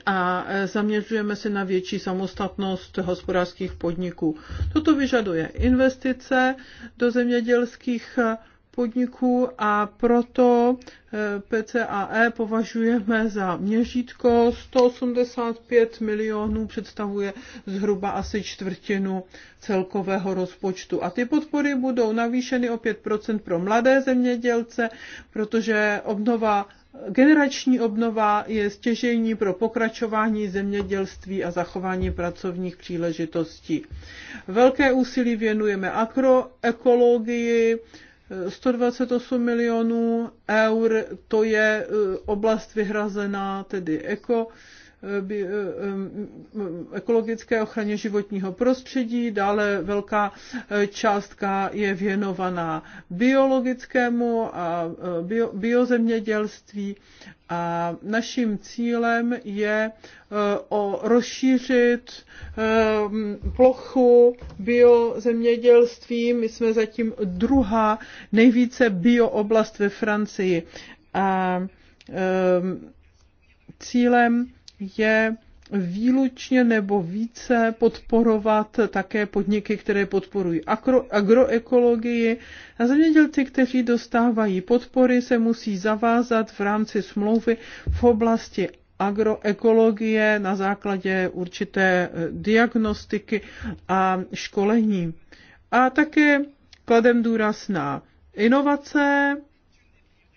a zaměřujeme se na větší samostatnost hospodářských podniků. Toto vyžaduje investice do zemědělských podniků a proto eh, PCAE považujeme za měřítko. 185 milionů představuje zhruba asi čtvrtinu celkového rozpočtu. A ty podpory budou navýšeny o 5% pro mladé zemědělce, protože obnova Generační obnova je stěžejní pro pokračování zemědělství a zachování pracovních příležitostí. Velké úsilí věnujeme agroekologii, 128 milionů eur, to je eh, oblast vyhrazená tedy eko Eh, eh, ekologické ochraně životního prostředí, dále velká eh, částka je věnovaná biologickému a bio, biozemědělství a naším cílem je o rozšířit plochu biozemědělství. My jsme zatím druhá nejvíce biooblast ve Francii. A cílem je výlučně nebo více podporovat také podniky, které podporují agro, agroekologii. A zemědělci, kteří dostávají podpory, se musí zavázat v rámci smlouvy v oblasti agroekologie na základě určité eh, diagnostiky a školení. A také kladem důraz na inovace.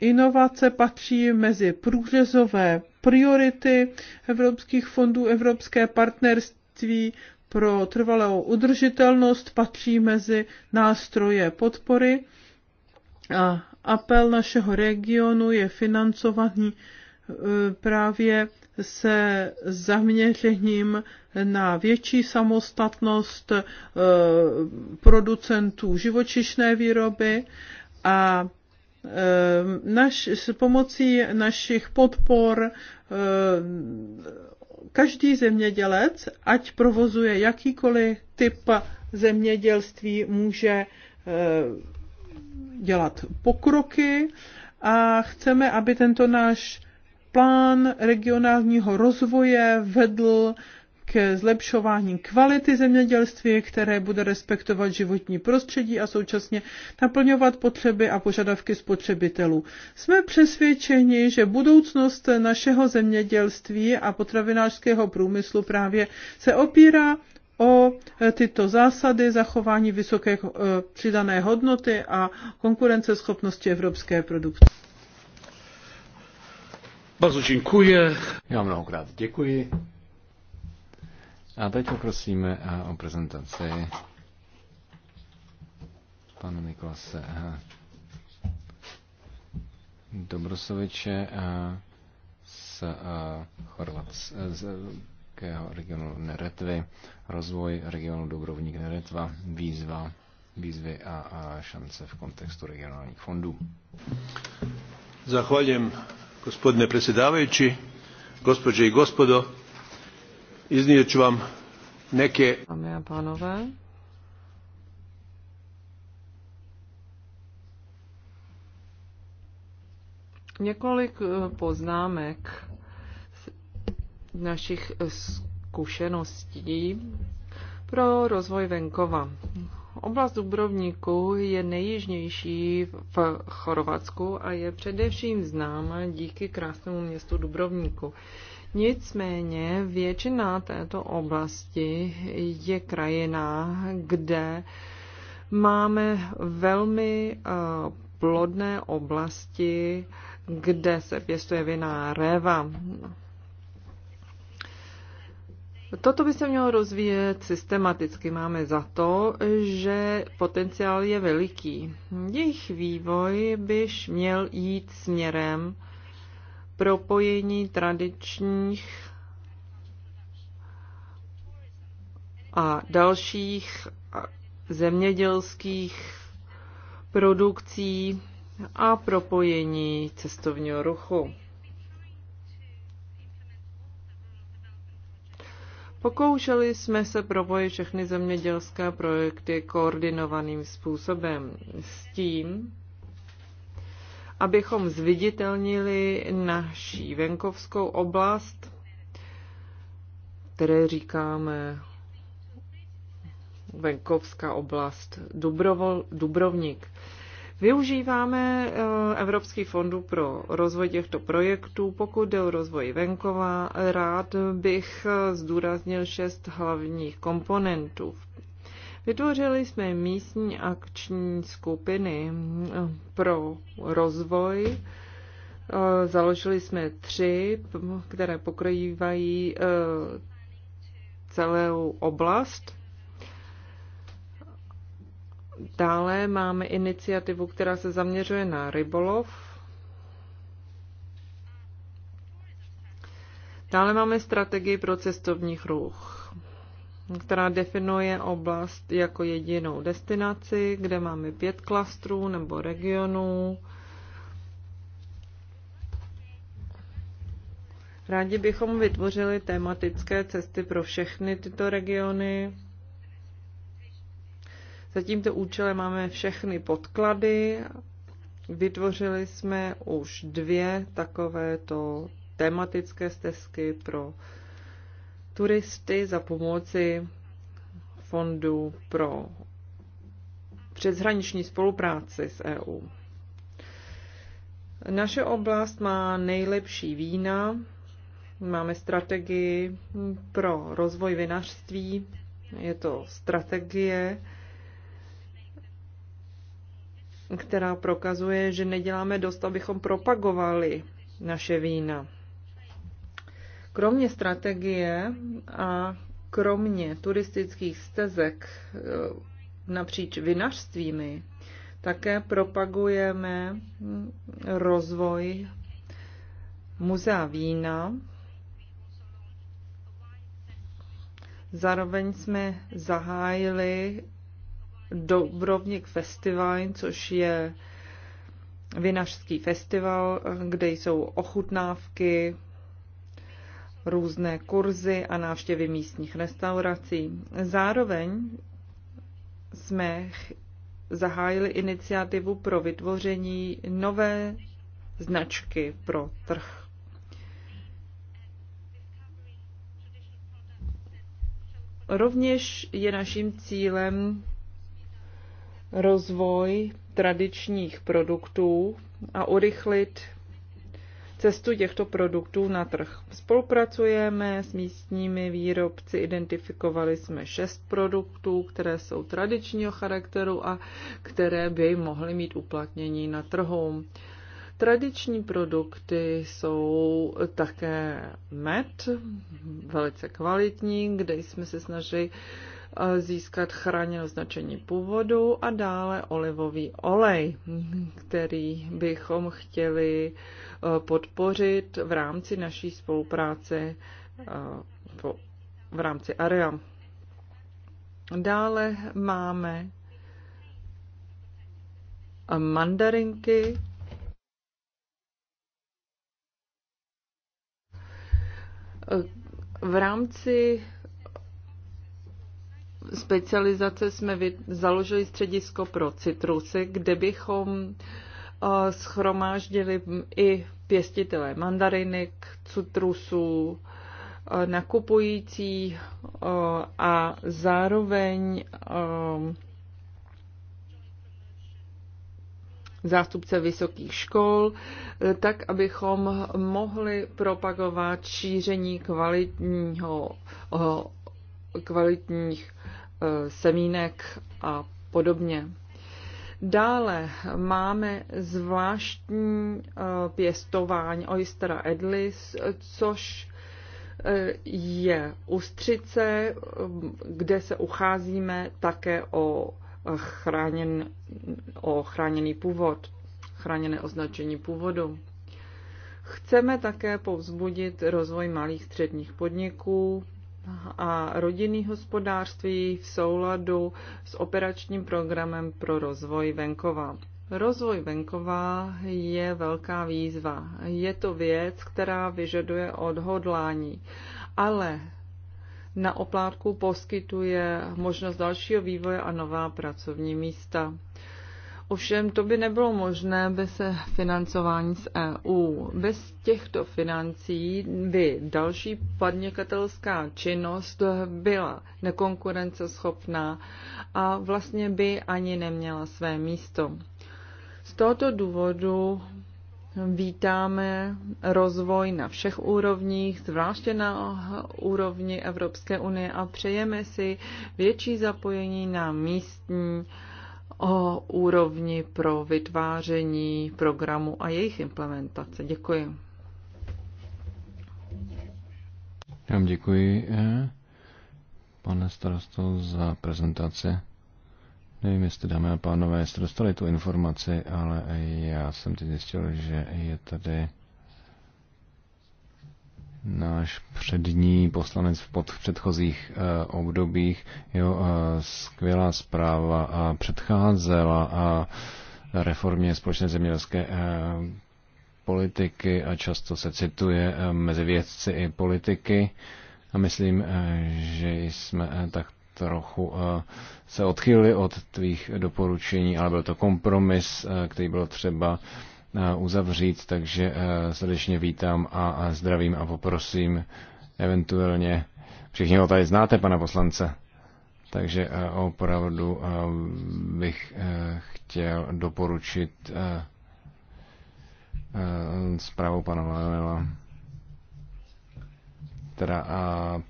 Inovace patří mezi průřezové priority evropských fondů, evropské partnerství pro trvalou udržitelnost patří mezi nástroje podpory a apel našeho regionu je financovaný e, právě se zaměřením na větší samostatnost e, producentů živočišné výroby a Eh, naš, s pomocí našich podpor eh, každý zemědělec, ať provozuje jakýkoliv typ zemědělství, může eh, dělat pokroky a chceme, aby tento náš plán regionálního rozvoje vedl k zlepšování kvality zemědělství, které bude respektovat životní prostředí a současně naplňovat potřeby a požadavky spotřebitelů. Jsme přesvědčeni, že budoucnost našeho zemědělství a potravinářského průmyslu právě se opírá o tyto zásady zachování vysoké eh, přidané hodnoty a konkurenceschopnosti evropské produkce. Bardzo dziękuję. Já mnohokrát děkuji. A teď poprosíme eh, o prezentaci pana Nikolase eh, Dobrosoviče eh, z chorvatského regionu Neretvy, rozvoj regionu Dobrovník Neretva, výzva, výzvy a šance v kontextu regionálních fondů. Zahvaljujem gospodine predsjedavajući, gospođe i gospodo. Iznijet ću vám neke... Dámy a pánové, několik eh, poznámek našich eh, zkušeností pro rozvoj venkova. Oblast Dubrovníku je nejjižnější v Chorvatsku a je především známa díky krásnému městu Dubrovníku. Nicméně většina této oblasti je krajina, kde máme velmi eh, plodné oblasti, kde se pěstuje vinná réva. Toto by se mělo rozvíjet systematicky. Máme za to, že potenciál je veliký. Jejich vývoj byš měl jít směrem propojení tradičních a dalších zemědělských produkcí a propojení cestovního ruchu. Pokoušeli jsme se propojit všechny zemědělské projekty koordinovaným způsobem s tím, abychom zviditelnili naší venkovskou oblast, které říkáme venkovská oblast Dubrovol, Dubrovnik. Využíváme eh, Evropský fondu pro rozvoj těchto projektů. Pokud jde o rozvoj venkova, rád bych eh, zdůraznil šest hlavních komponentů. Vytvořili jsme místní akční skupiny eh, pro rozvoj. Eh, založili jsme tři, které pokrývají eh, celou oblast. Dále máme iniciativu, která se zaměřuje na rybolov. Dále máme strategii pro cestovních ruch která definuje oblast jako jedinou destinaci, kde máme pět klastrů nebo regionů. Rádi bychom vytvořili tematické cesty pro všechny tyto regiony. Za tímto účelem máme všechny podklady. Vytvořili jsme už dvě takovéto tematické stezky pro turisty za pomoci Fondu pro přeshraniční spolupráci s EU. Naše oblast má nejlepší vína, máme strategii pro rozvoj vinařství, je to strategie, která prokazuje, že neděláme dost, abychom propagovali naše vína. Kromě strategie a kromě turistických stezek e, napříč vinařstvími, také propagujeme rozvoj muzea vína. Zároveň jsme zahájili Dobrovnik Festival, což je vinařský festival, kde jsou ochutnávky různé kurzy a návštěvy místních restaurací. Zároveň jsme zahájili iniciativu pro vytvoření nové značky pro trh. Rovněž je naším cílem rozvoj tradičních produktů a urychlit cestu těchto produktů na trh. Spolupracujeme s místními výrobci, identifikovali jsme šest produktů, které jsou tradičního charakteru a které by mohly mít uplatnění na trhu. Tradiční produkty jsou také med, velice kvalitní, kde jsme se snažili získat chráněné označení původu a dále olivový olej, který bychom chtěli e, podpořit v rámci naší spolupráce e, v rámci AREA. Dále máme mandarinky, e, v rámci specializace jsme založili středisko pro citrusy, kde bychom eh, schromáždili i pěstitele mandarinek, citrusů, eh, nakupující eh, a zároveň zástupce vysokých škol, tak abychom mohli propagovat šíření kvalitního, kvalitních E, semínek a podobně. Dále máme zvláštní e, pěstování oystera edlis, což e, je ustřice, kde se ucházíme také o, chráněn, o chráněný původ, chráněné označení původu. Chceme také povzbudit rozvoj malých středních podniků, a rodinných hospodářství v souladu s operačním programem pro rozvoj venkova. Rozvoj venkova je velká výzva. Je to věc, která vyžaduje odhodlání, ale na oplátku poskytuje možnost dalšího vývoje a nová pracovní místa. Ovšem to by nebylo možné bez financování z EU. Bez těchto financí by další podnikatelská činnost byla nekonkurenceschopná a vlastně by ani neměla své místo. Z tohoto důvodu vítáme rozvoj na všech úrovních, zvláště na úrovni Evropské unie a přejeme si větší zapojení na místní o úrovni pro vytváření programu a jejich implementace. Děkuji. Já vám děkuji, eh, pane starosto, za prezentaci. Nevím, jestli dámy a pánové, jestli dostali tu informaci, ale já jsem teď zjistil, že je tady náš přední poslanec v pod předchozích eh, obdobích. uh, skvělá zpráva a předcházela a reformě společné zemědělské eh, politiky a často se cituje mezi vědci i politiky. A myslím, že jsme tak trochu se odchýlili od tvých doporučení, ale byl to kompromis, který byl třeba Eh, uzavřít, takže eh, srdečně vítám a zdravím a poprosím eventuálně. Všichni ho tady znáte, pana poslance. Takže eh, opravdu bych chtěl doporučit zprávu pana Leonela, která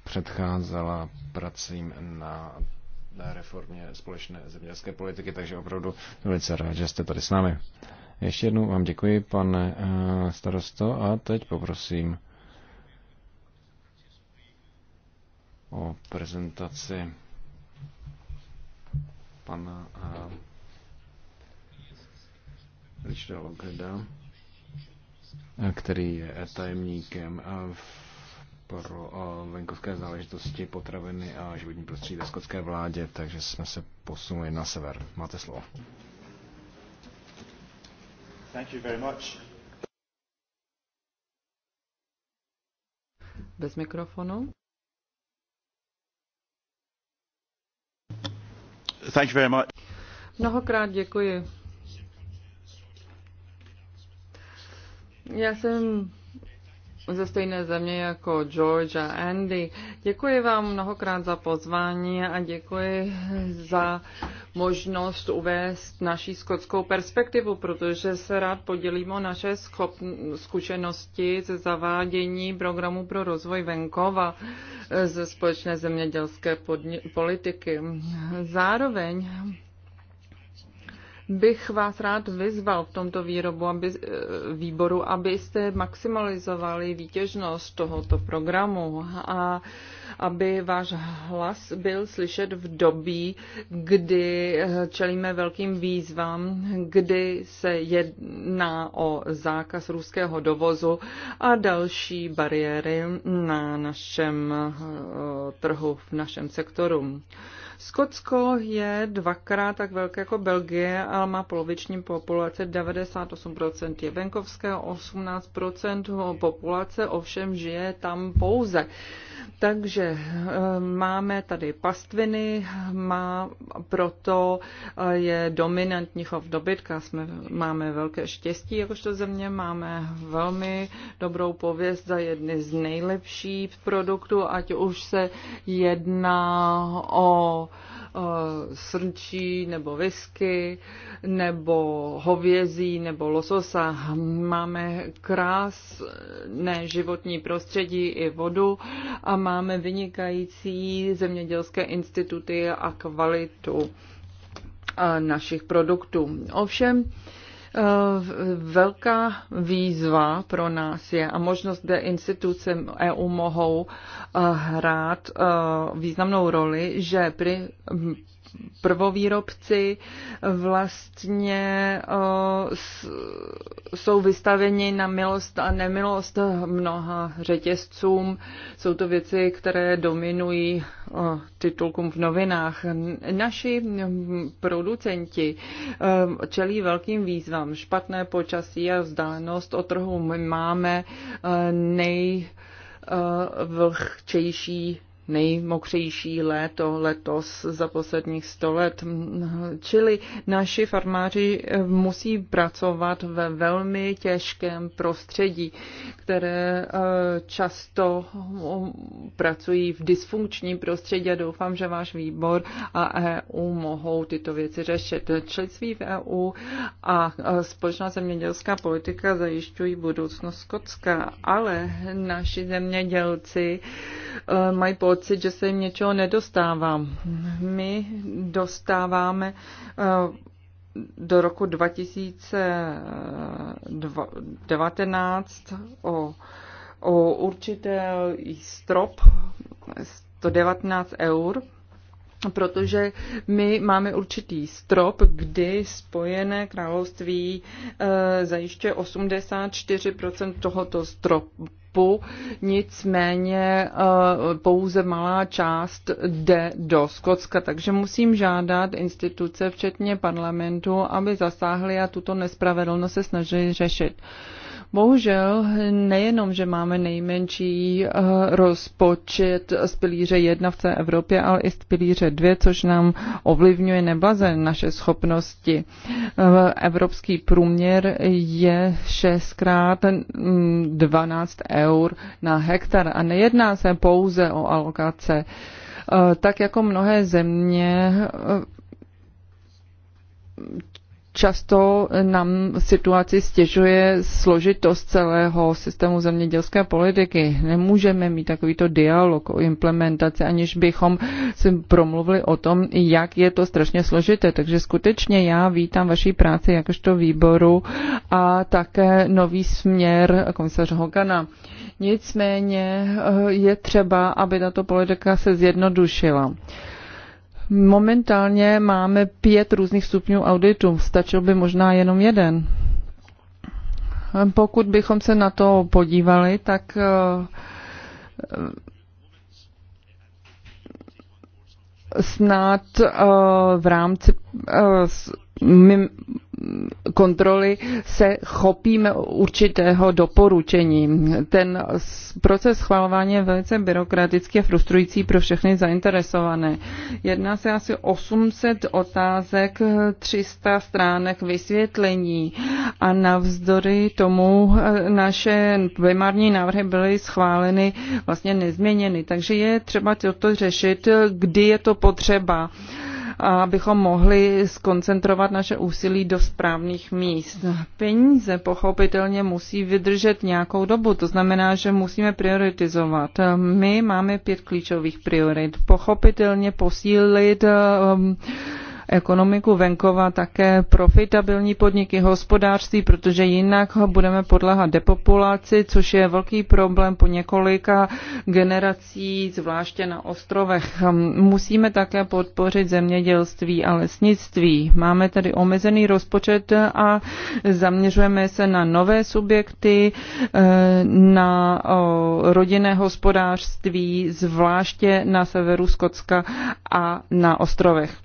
předcházela pracím na reformě společné zemědělské politiky, takže opravdu velice rád, že jste tady s námi. Ještě jednou vám děkuji, pane eh, starosto, a teď poprosím o prezentaci pana eh, Richarda Logreda, eh, který je tajemníkem pro venkovské záležitosti, potraviny a životní prostředí ve skotské vládě, takže jsme se posunuli na sever. Máte slovo. Bez mikrofonu. Thank you very much. Mnohokrát děkuji. Já jsem ze stejné země jako George a Andy. Děkuji vám mnohokrát za pozvání a děkuji za možnost uvést naší skotskou perspektivu, protože se rád podělím o naše zkušenosti ze zavádění programu pro rozvoj venkova ze společné zemědělské politiky. Zároveň bych vás rád vyzval v tomto výrobu, aby, eh, výboru, abyste maximalizovali výtěžnost tohoto programu a aby váš hlas byl slyšet v době, kdy eh, čelíme velkým výzvám, kdy se jedná o zákaz ruského dovozu a další bariéry na našem eh, trhu, v našem sektoru. Skotsko je dvakrát tak velké jako Belgie, ale má poloviční populace. 98% je venkovské, 18% populace ovšem žije tam pouze. Takže eh, máme tady pastviny, má, proto eh, je dominantní chov dobytka. Jsme, máme velké štěstí, jakožto země máme velmi dobrou pověst za jedny z nejlepších produktů, ať už se jedná o uh, Eh, srnčí nebo whisky nebo hovězí nebo lososa. Máme krásné životní prostředí i vodu a máme vynikající zemědělské instituty a kvalitu eh, našich produktů. Ovšem, Velká výzva pro nás je a možnost, kde instituce EU mohou eh, hrát eh, významnou roli, že při prvovýrobci vlastně jsou vystaveni na milost a nemilost mnoha řetězcům. Jsou to věci, které dominují titulkům v novinách. Naši producenti čelí velkým výzvám. Špatné počasí a vzdálenost od trhu. My máme nej vlhčejší nejmokřejší léto letos za posledních sto let. Čili naši farmáři musí pracovat ve velmi těžkém prostředí, které eh, často eh, pracují v dysfunkčním prostředí a doufám, že váš výbor a EU mohou tyto věci řešit. Členství v EU a eh, společná zemědělská politika zajišťují budoucnost Skotska, ale naši zemědělci mají pocit, že se jim něčeho nedostává. My dostáváme eh, do roku 2019 o, o určitý strop 119 eur, protože my máme určitý strop, kdy Spojené království e, zajišťuje 84% tohoto stropu IPu, nicméně eh, pouze malá část jde do Skotska, takže musím žádat instituce, včetně parlamentu, aby zasáhly a tuto nespravedlnost se snažili řešit. Bohužel nejenom, že máme nejmenší eh, rozpočet z pilíře 1 v té Evropě, ale i z pilíře 2, což nám ovlivňuje neblaze naše schopnosti. Eh, evropský průměr je 6x 12 hm, eur na hektar a nejedná se pouze o alokace. Eh, tak jako mnohé země Často nám situaci stěžuje složitost celého systému zemědělské politiky. Nemůžeme mít takovýto dialog o implementaci, aniž bychom si promluvili o tom, jak je to strašně složité. Takže skutečně já vítám vaší práci jakožto výboru a také nový směr komisař Hogana. Nicméně eh, je třeba, aby tato politika se zjednodušila. Momentálně máme pět různých stupňů auditu, stačil by možná jenom jeden. Pokud bychom se na to podívali, tak eh, eh, snad eh, v rámci kontroly se chopíme určitého doporučení. Ten proces schvalování je velice byrokratický a frustrující pro všechny zainteresované. Jedná se asi 800 otázek, 300 stránek vysvětlení a navzdory tomu eh, naše primární návrhy byly schváleny vlastně nezměněny. Takže je třeba toto řešit, kdy je to potřeba abychom mohli skoncentrovat naše úsilí do správných míst. Peníze pochopitelně musí vydržet nějakou dobu, to znamená, že musíme prioritizovat. My máme pět klíčových priorit. Pochopitelně posílit um, ekonomiku venkova také profitabilní podniky hospodářství, protože jinak budeme podléhat depopulaci, což je velký problém po několika generací, zvláště na ostrovech. Hm, musíme také podpořit zemědělství a lesnictví. Máme tedy omezený rozpočet a zaměřujeme se na nové subjekty, eh, na rodinné hospodářství, zvláště na severu Skotska a na ostrovech.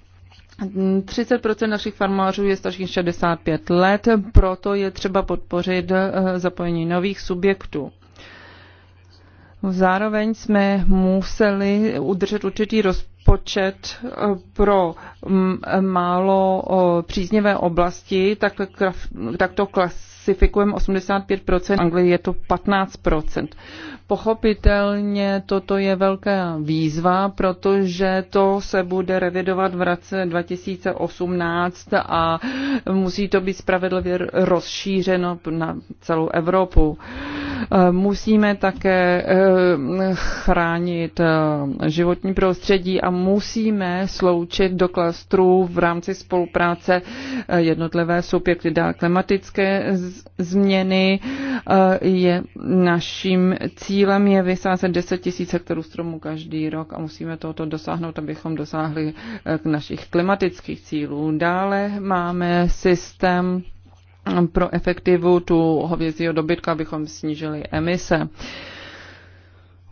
30 našich farmářů je starších 65 let, proto je třeba podpořit eh, zapojení nových subjektů. Zároveň jsme museli udržet určitý rozpočet eh, pro mm, málo příznivé oblasti, tak, tak to klasifikujeme 85%, v Anglii je to 15%. Pochopitelně toto je velká výzva, protože to se bude revidovat v roce 2018 a musí to být spravedlivě rozšířeno na celou Evropu. Musíme také eh, chránit eh, životní prostředí a musíme sloučit do klastrů v rámci spolupráce eh, jednotlivé subjekty. Dál klimatické změny je naším cílem cílem je vysázet 10 000 hektarů stromů každý rok a musíme tohoto dosáhnout, abychom dosáhli eh, k našich klimatických cílů. Dále máme systém eh, pro efektivu tu hovězího dobytka, abychom snížili emise.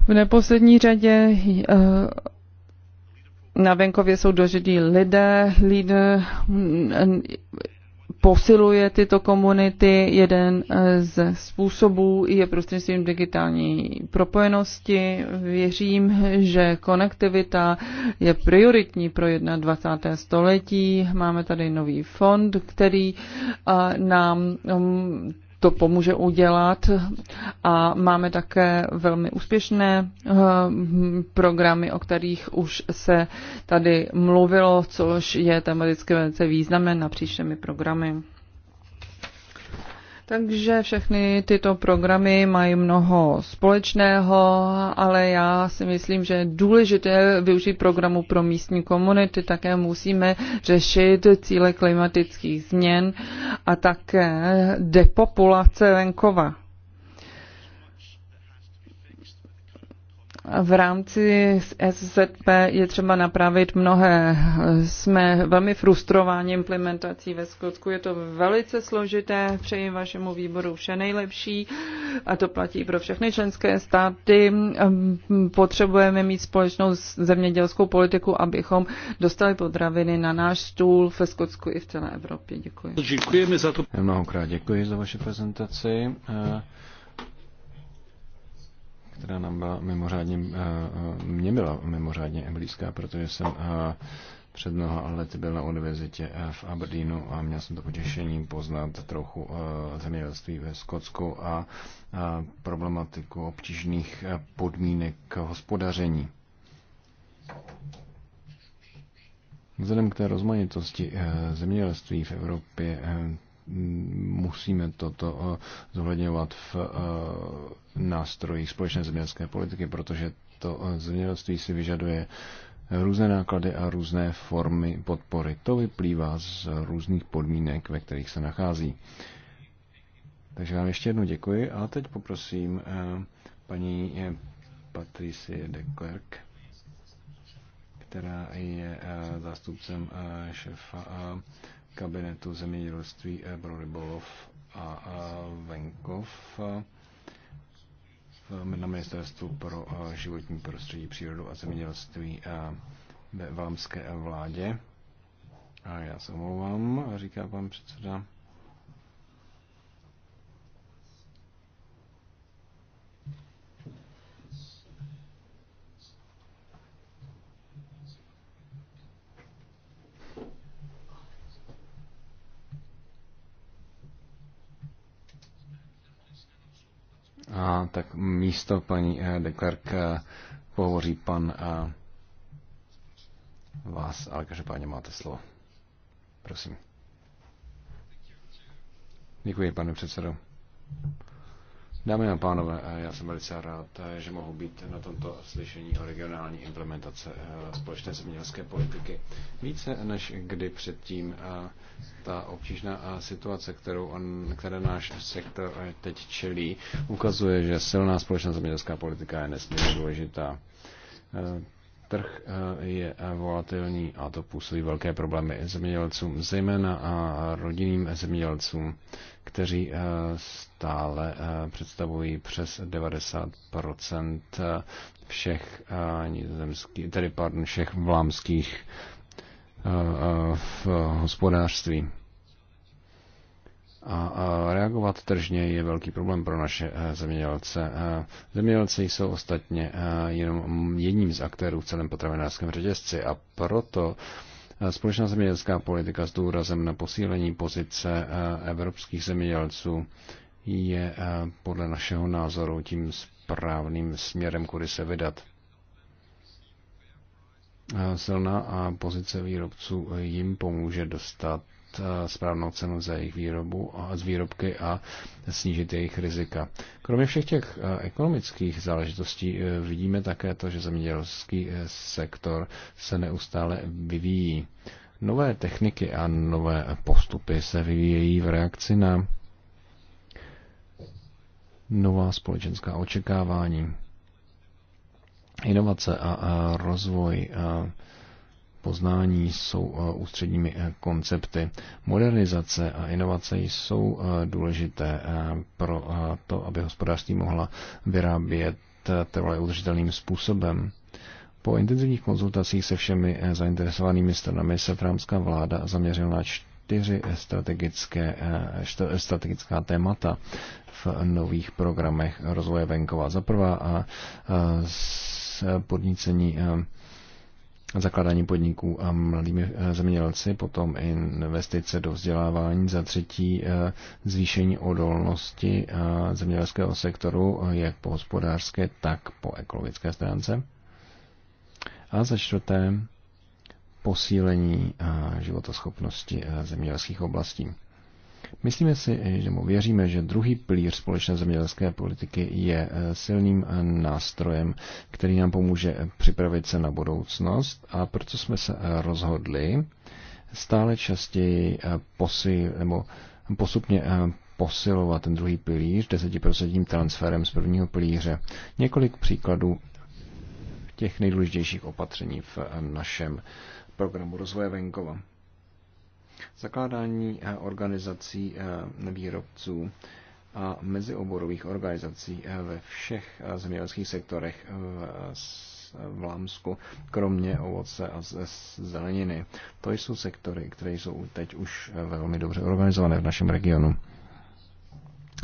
V neposlední řadě eh, na venkově jsou dožití lidé, lidé posiluje tyto komunity. Jeden eh, ze způsobů je prostřednictvím digitální propojenosti. Věřím, že konektivita je prioritní pro 21. století. Máme tady nový fond, který eh, nám mm, to pomůže udělat. A máme také velmi úspěšné eh, programy, o kterých už se tady mluvilo, což je tematicky velice významné na příštími programy. Takže všechny tyto programy mají mnoho společného, ale já si myslím, že je důležité využít programu pro místní komunity. Také musíme řešit cíle klimatických změn a také depopulace venkova. V rámci SZP je třeba napravit mnohé. Jsme velmi frustrováni implementací ve Skotsku. Je to velice složité. Přeji vašemu výboru vše nejlepší a to platí pro všechny členské státy. Potřebujeme mít společnou zemědělskou politiku, abychom dostali potraviny na náš stůl ve Skotsku i v celé Evropě. Děkuji. Děkujeme za to. Mnohokrát děkuji za vaši prezentaci která nám byla mimořádně, eh, eh, mě byla mimořádně blízká, protože jsem eh, před mnoha lety byl na univerzitě v Aberdeenu a měl jsem to potěšení poznat trochu zemědělství ve Skotsku a problematiku obtížných podmínek hospodaření. Vzhledem k té rozmanitosti zemědělství v Evropě musíme toto eh, zohledňovat v eh, nástrojích společné zemědělské politiky, protože to eh, zemědělství si vyžaduje různé náklady a různé formy podpory. To vyplývá z různých podmínek, ve kterých se nachází. Takže vám ještě jednou děkuji a teď poprosím paní Patricie de Klerk, která je zástupcem šefa kabinetu zemědělství Ebro eh, rybolov a venkov eh, na ministerstvu pro eh, životní prostředí, přírodu a zemědělství ve vámské vládě. A já se omlouvám, říká pan předseda. A tak místo paní eh, Klerk eh, pohovoří pan a eh, vás, ale každopádně máte slovo. Prosím. Děkuji, pane předsedo. Dámy a pánové, eh, já jsem velice rád, eh, že mohu být na tomto slyšení o regionální implementace eh, společné zemědělské politiky. Více než kdy předtím ta obtížná situace, kterou on, které náš sektor teď čelí, ukazuje, že silná společná zemědělská politika je nesmírně důležitá Trh eh, je eh, volatilní a to působí velké problémy zemědělcům, zejména a eh, rodinným zemědělcům, kteří stále představují přes 90 všech tedy pardon, všech vlámských v hospodářství. A reagovat tržně je velký problém pro naše eh, zemědělce. Eh, zemědělci jsou ostatně eh, jenom jedním z aktérů v celém potravinářském řetězci a proto společná zemědělská politika s důrazem na posílení pozice evropských zemědělců je podle našeho názoru tím správným směrem, kudy se vydat. Silná a pozice výrobců jim pomůže dostat Eh, správnou cenu za jejich výrobu a z výrobky a snížit jejich rizika. Kromě všech těch eh, ekonomických záležitostí eh, vidíme také to, že zemědělský sektor se neustále vyvíjí. Nové techniky a nové postupy se vyvíjejí v reakci na nová společenská očekávání. Inovace a, rozvoj a poznání jsou eh, ústředními eh, koncepty. Modernizace a inovace jsou eh, důležité pro to, aby hospodářství mohla vyrábět trvalé udržitelným způsobem. Po intenzivních konzultacích se všemi zainteresovanými stranami se frámská vláda zaměřila na čtyři strategické, strategická témata v nových programech rozvoje venkova. Za prvá a s podnícení zakládání podniků a mladými eh, zemědělci, potom investice do vzdělávání, za třetí eh, zvýšení odolnosti eh, zemědělského sektoru, jak po hospodářské, tak po ekologické stránce. A za čtvrté posílení životoschopnosti zemědělských oblastí. Myslíme si, že mu věříme, že druhý pilíř společné zemědělské politiky je eh, silným eh, nástrojem, který nám pomůže eh, připravit se na budoucnost a proto jsme se rozhodli stále častěji posi, nebo postupně posilovat ten druhý pilíř desetiprocentním transferem z prvního pilíře. Několik příkladů těch nejdůležitějších opatření v našem programu rozvoje venkova. Zakládání eh, organizací eh, výrobců a mezioborových organizací eh, ve všech zemědělských sektorech v Lámsku, kromě ovoce a zeleniny. To jsou sektory, které jsou teď už velmi dobře organizované v našem regionu.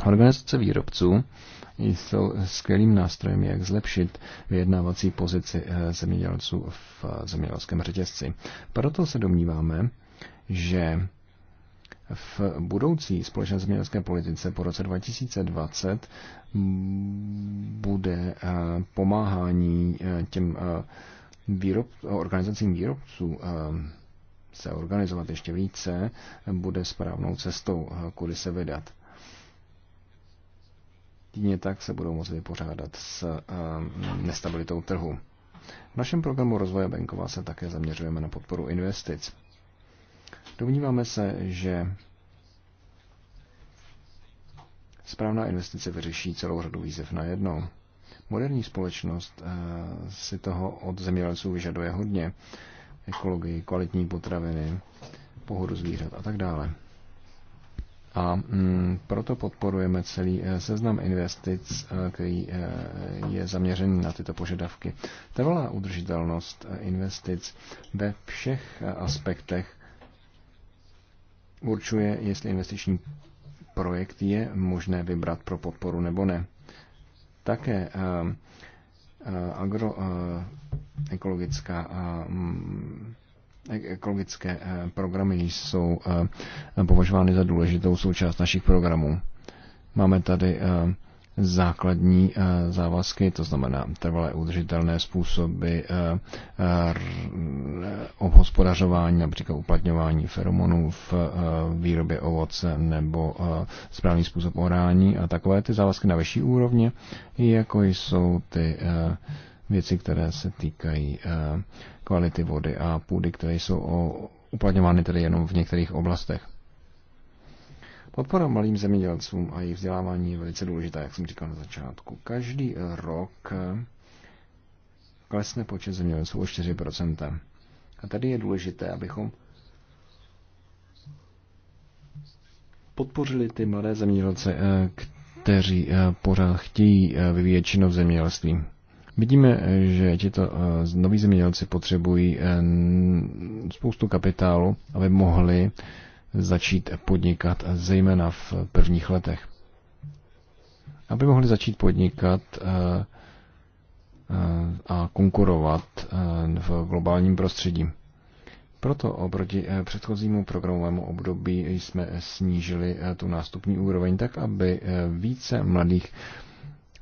Organizace výrobců jsou skvělým nástrojem, jak zlepšit vyjednávací pozici zemědělců v zemědělském řetězci. Proto se domníváme, že v budoucí společné zemědělské politice po roce 2020 bude eh, pomáhání eh, těm eh, výrob, organizacím výrobců se organizovat ještě více, bude správnou cestou, kudy se vydat. Jedině tak se budou moci vypořádat s nestabilitou trhu. V našem programu rozvoje venkova se také zaměřujeme na podporu investic. Domníváme se, že správná investice vyřeší celou řadu výzev jedno. Moderní společnost eh, si toho od zemědělců vyžaduje hodně. Ekologii, kvalitní potraviny, pohodu zvířat a tak dále. A mm, proto podporujeme celý eh, seznam investic, eh, který je zaměřený na tyto požadavky. Trvalá udržitelnost investic ve všech aspektech určuje, jestli investiční projekt je možné vybrat pro podporu nebo ne. Také eh, eh, agroekologická eh, mm, ekologické programy jsou považovány za důležitou součást našich programů. Máme tady základní eh, závazky, to znamená trvalé udržitelné způsoby eh, eh, obhospodařování, například uplatňování feromonů v výrobě ovoce nebo správný způsob orání a takové ty závazky na vyšší úrovně, jako jsou ty věci, které se týkají kvality vody a půdy, které jsou uplatňovány tedy jenom v některých oblastech. Podpora malým zemědělcům a jejich vzdělávání je velice důležitá, jak jsem říkal na začátku. Každý rok eh, klesne počet zemědělců o 4%. A tady je důležité, abychom podpořili ty mladé zemědělce, eh, kteří eh, pořád chtějí vyvíjet činnost zemědělství. Vidíme, že tito noví zemědělci potřebují spoustu kapitálu, aby mohli začít podnikat, zejména v prvních letech. Aby mohli začít podnikat eh, eh, a konkurovat eh, v globálním prostředí. Proto oproti předchozímu programovému období jsme snížili tu nástupní úroveň tak, aby více mladých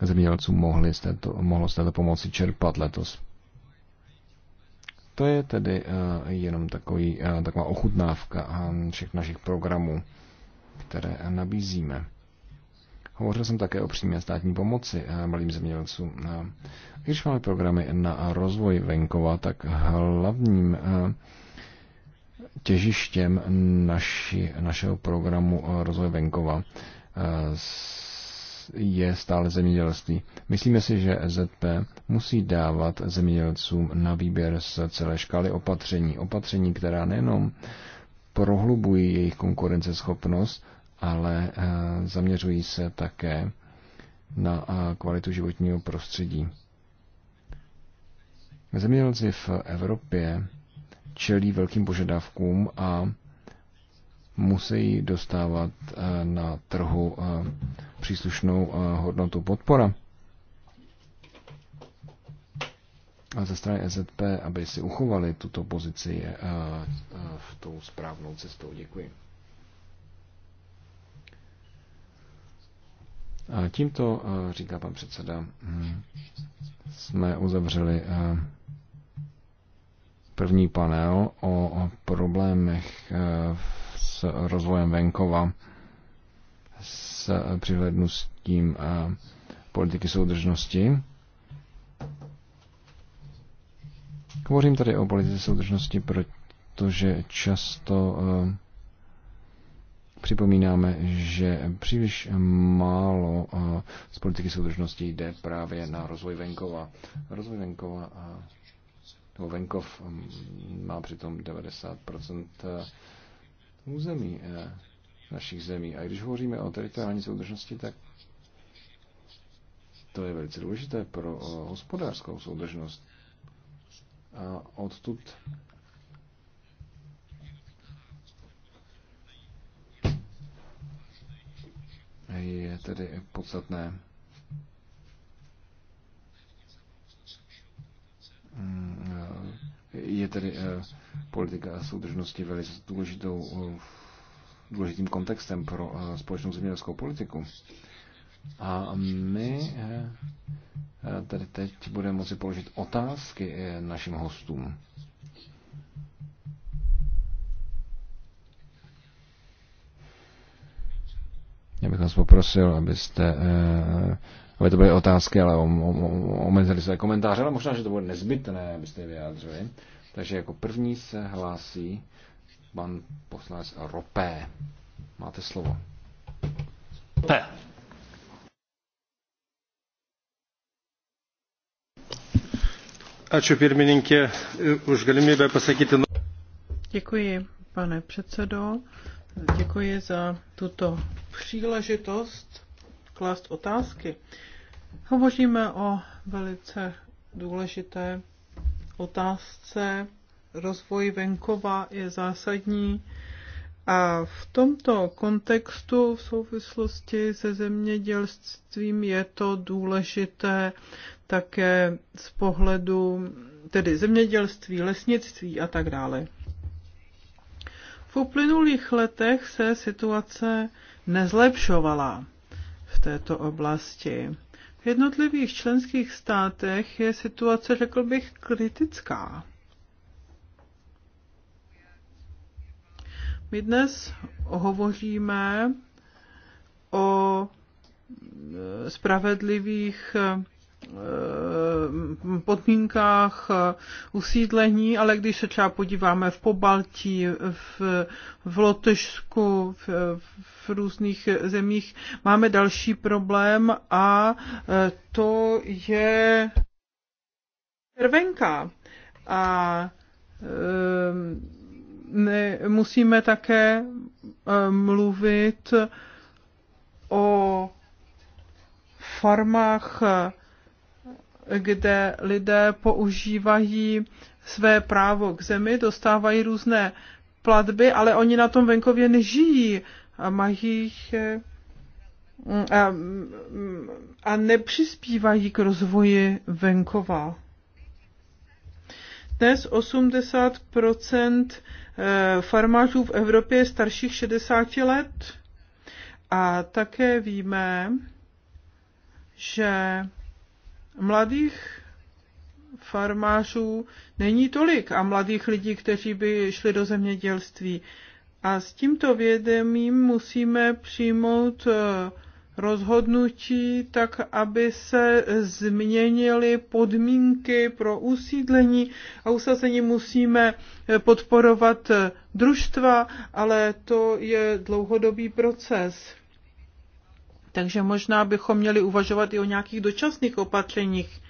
zemědělců mohli z této, mohlo z této pomoci čerpat letos. To je tedy eh, jenom takový, eh, taková ochutnávka eh, všech našich programů, které nabízíme. Hovořil jsem také o přímé státní pomoci malým zemědělcům. Když máme programy na rozvoj venkova, tak hlavním těžištěm naši, našeho programu rozvoj venkova je stále zemědělství. Myslíme si, že ZP musí dávat zemědělcům na výběr z celé škály opatření. Opatření, která nejenom prohlubují jejich konkurenceschopnost, ale eh, zaměřují se také na eh, kvalitu životního prostředí. Zemědělci v Evropě čelí velkým požadavkům a musí dostávat eh, na trhu příslušnou eh, hodnotu podpora. A ze strany EZP, aby si uchovali tuto pozici, je eh, eh, v tou správnou cestou. Děkuji. A tímto, říká pan předseda, hm, jsme uzavřeli první panel o problémech s rozvojem venkova s eh, přihlednutím eh, politiky soudržnosti. Hovořím tady o politice soudržnosti, protože často eh, připomínáme, že příliš málo z politiky soudržnosti jde právě na rozvoj venkova. Rozvoj venkova nebo venkov mm, má přitom 90% území našich zemí. A když hovoříme o teritoriální soudržnosti, tak to je velice důležité pro eh, hospodářskou soudržnost. A odtud je tedy podstatné mm, eh, je tedy eh, politika soudržnosti velice důležitou důležitým kontextem pro eh, společnou zemědělskou politiku. A my eh, eh, tady teď budeme moci položit otázky našim hostům. Já bych vás poprosil, abyste, aby to byly otázky, ale omezili své komentáře, ale možná, že to bude nezbytné, abyste je vyjádřili. Takže jako první se hlásí pan poslanec Ropé. Máte slovo. Ropé. Ačiū pirmininkě, už galimybę pasakyti. Děkuji, pane předsedo. Děkuji za tuto příležitost klást otázky. Hovoříme o velice důležité otázce rozvoj venkova je zásadní. A v tomto kontextu v souvislosti se zemědělstvím je to důležité také z pohledu tedy zemědělství, lesnictví a tak dále. V uplynulých letech se situace nezlepšovala v této oblasti. V jednotlivých členských státech je situace, řekl bych, kritická. My dnes hovoříme o eh, spravedlivých eh, podmínkách usídlení, ale když se třeba podíváme v Pobaltí, v, v Lotyšsku, v, v různých zemích, máme další problém a eh, to je červenka. A my musíme také eh, mluvit o farmách, kde lidé používají své právo k zemi, dostávají různé platby, ale oni na tom venkově nežijí a mají eh, a, a nepřispívají k rozvoji venkova. Dnes 80 Eh, farmářů v Evropě starších 60 let. A také víme, že mladých farmářů není tolik a mladých lidí, kteří by šli do zemědělství. A s tímto vědomím musíme přijmout eh, rozhodnutí, tak aby se změnily podmínky pro usídlení a usazení musíme podporovat družstva, ale to je dlouhodobý proces. Takže možná bychom měli uvažovat i o nějakých dočasných opatřeních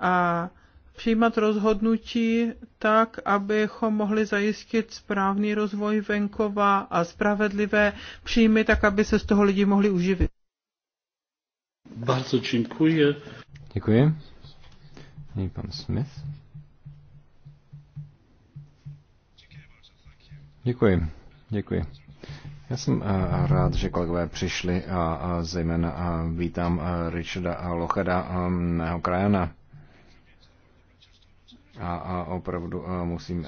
a přijímat rozhodnutí tak, abychom mohli zajistit správný rozvoj venkova a spravedlivé příjmy, tak aby se z toho lidi mohli uživit. Bardzo dziękuję. Děkuji. I pan Smith. Děkuji. Děkuji. Já jsem eh, rád, že kolegové přišli a zejména eh, vítám eh, Richarda Lochada, mého krajana. A, a opravdu musím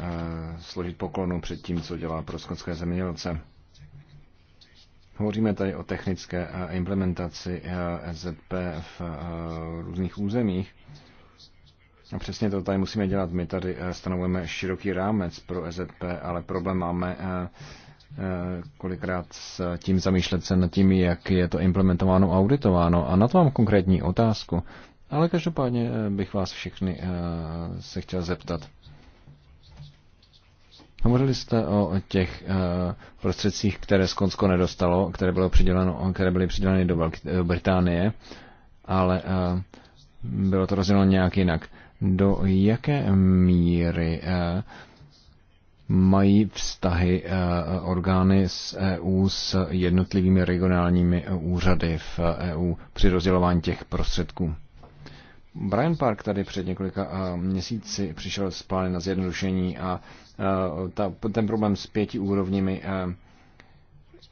složit poklonu před tím, co dělá pro skotské zemědělce. Hovoříme tady o technické eh, implementaci eh, SZP v eh, různých územích. A přesně to tady musíme dělat. My tady stanovujeme široký rámec pro EZP, ale problém máme kolikrát s tím zamýšlet se nad tím, jak je to implementováno a auditováno. A na to mám konkrétní otázku. Ale každopádně bych vás všechny se chtěl zeptat. Hovořili jste o těch eh, prostředcích, které Skonsko nedostalo, které, bylo přiděleno, které byly přiděleny do Velk- eh, Británie, ale eh, bylo to rozděleno nějak jinak. Do jaké míry mají vztahy orgány z EU s jednotlivými regionálními úřady v EU e při rozdělování těch prostředků? Brian Park tady před několika měsíci přišel s plány na zjednodušení a Eh, ta, ten problém s pěti úrovněmi eh,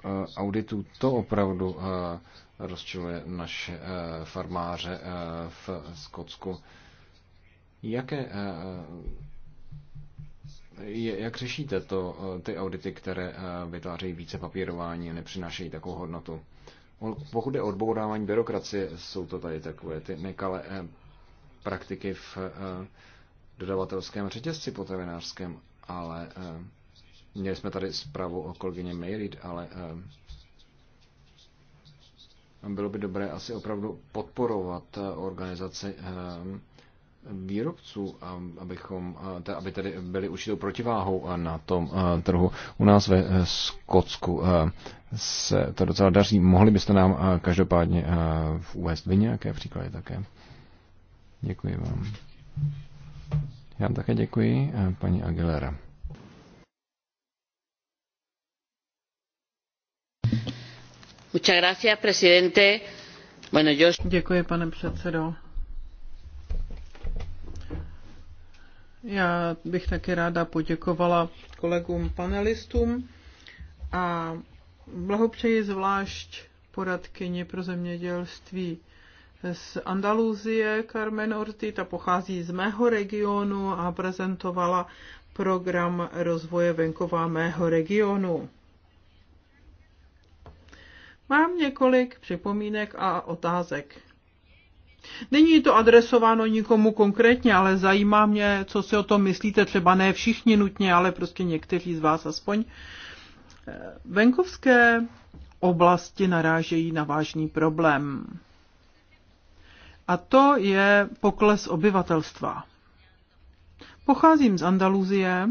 eh, auditů, to opravdu rozčiluje naše farmáře v Skotsku. Jaké, jak řešíte to, ty audity, které vytvářejí více papírování a nepřinášejí takovou hodnotu? Pokud je odbourávání byrokracie, jsou to tady takové ty nekalé praktiky v dodavatelském řetězci potravinářském ale eh, měli jsme tady zprávu o kolegyně Mayrid, ale eh, bylo by dobré asi opravdu podporovat eh, organizaci výrobců, abychom, aby tedy byli určitou protiváhou na tom trhu. U nás ve Skotsku se to docela daří. Mohli byste nám každopádně uvést vy nějaké příklady také? Děkuji vám. Já vám také děkuji, eh, paní Aguilera. Děkuji, pane předsedo. Já bych také ráda poděkovala kolegům panelistům a blahopřeji zvlášť poradkyni pro zemědělství z Andaluzie, Carmen Orti, ta pochází z mého regionu a prezentovala program rozvoje venkova mého regionu. Mám několik připomínek a otázek. Není to adresováno nikomu konkrétně, ale zajímá mě, co si o tom myslíte, třeba ne všichni nutně, ale prostě někteří z vás aspoň. Venkovské oblasti narážejí na vážný problém a to je pokles obyvatelstva. Pocházím z Andaluzie.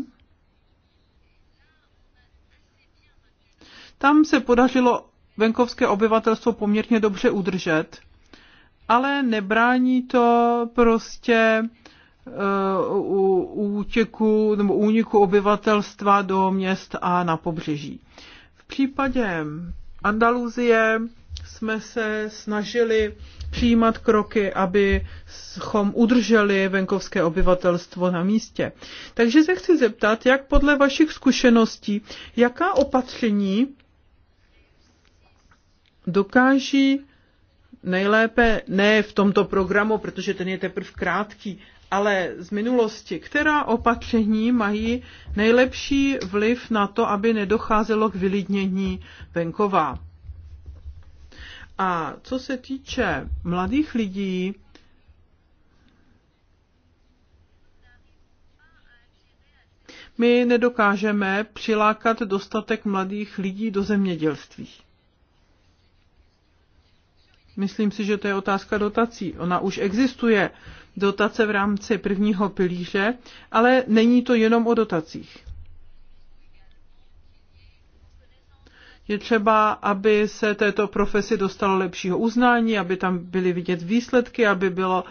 Tam se podařilo venkovské obyvatelstvo poměrně dobře udržet, ale nebrání to prostě eh, útěku nebo úniku obyvatelstva do měst a na pobřeží. V případě Andaluzie jsme se snažili přijímat kroky, schom udrželi venkovské obyvatelstvo na místě. Takže se chci zeptat, jak podle vašich zkušeností, jaká opatření dokáží nejlépe, ne v tomto programu, protože ten je teprve krátký, ale z minulosti, která opatření mají nejlepší vliv na to, aby nedocházelo k vylidnění venková. A co se týče mladých lidí, my nedokážeme přilákat dostatek mladých lidí do zemědělství. Myslím si, že to je otázka dotací. Ona už existuje, dotace v rámci prvního pilíře, ale není to jenom o dotacích. je třeba, aby se této profesi dostalo lepšího uznání, aby tam byly vidět výsledky, aby bylo,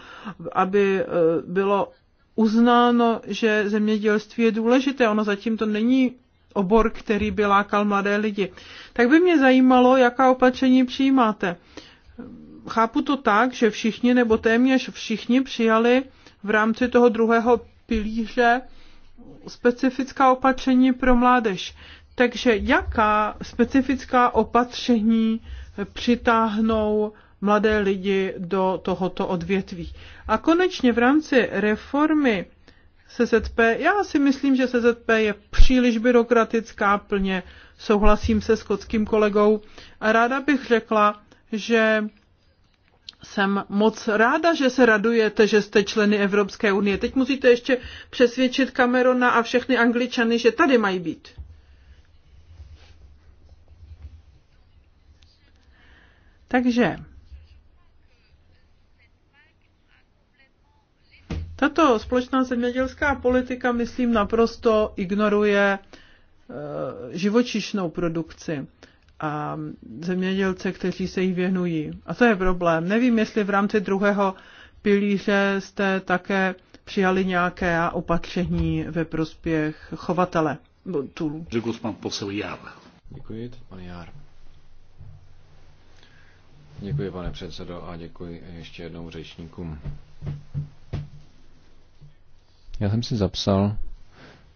aby e, bylo uznáno, že zemědělství je důležité. Ono zatím to není obor, který by lákal mladé lidi. Tak by mě zajímalo, jaká opatření přijímáte. Chápu to tak, že všichni nebo téměř všichni přijali v rámci toho druhého pilíře specifická opatření pro mládež. Takže jaká specifická opatření přitáhnou mladé lidi do tohoto odvětví? A konečně v rámci reformy SZP, já si myslím, že SZP je příliš byrokratická, plně souhlasím se skotským kolegou a ráda bych řekla, že jsem moc ráda, že se radujete, že jste členy Evropské unie. Teď musíte ještě přesvědčit Camerona a všechny angličany, že tady mají být. Takže tato společná zemědělská politika, myslím, naprosto ignoruje eh, živočišnou produkci a zemědělce, kteří se jí věnují. A to je problém. Nevím, jestli v rámci druhého pilíře jste také přijali nějaké opatření ve prospěch chovatele Jár. Děkuji, pan Jár. Děkuji, pane předsedo, a děkuji ještě jednou řečníkům. Já jsem si zapsal,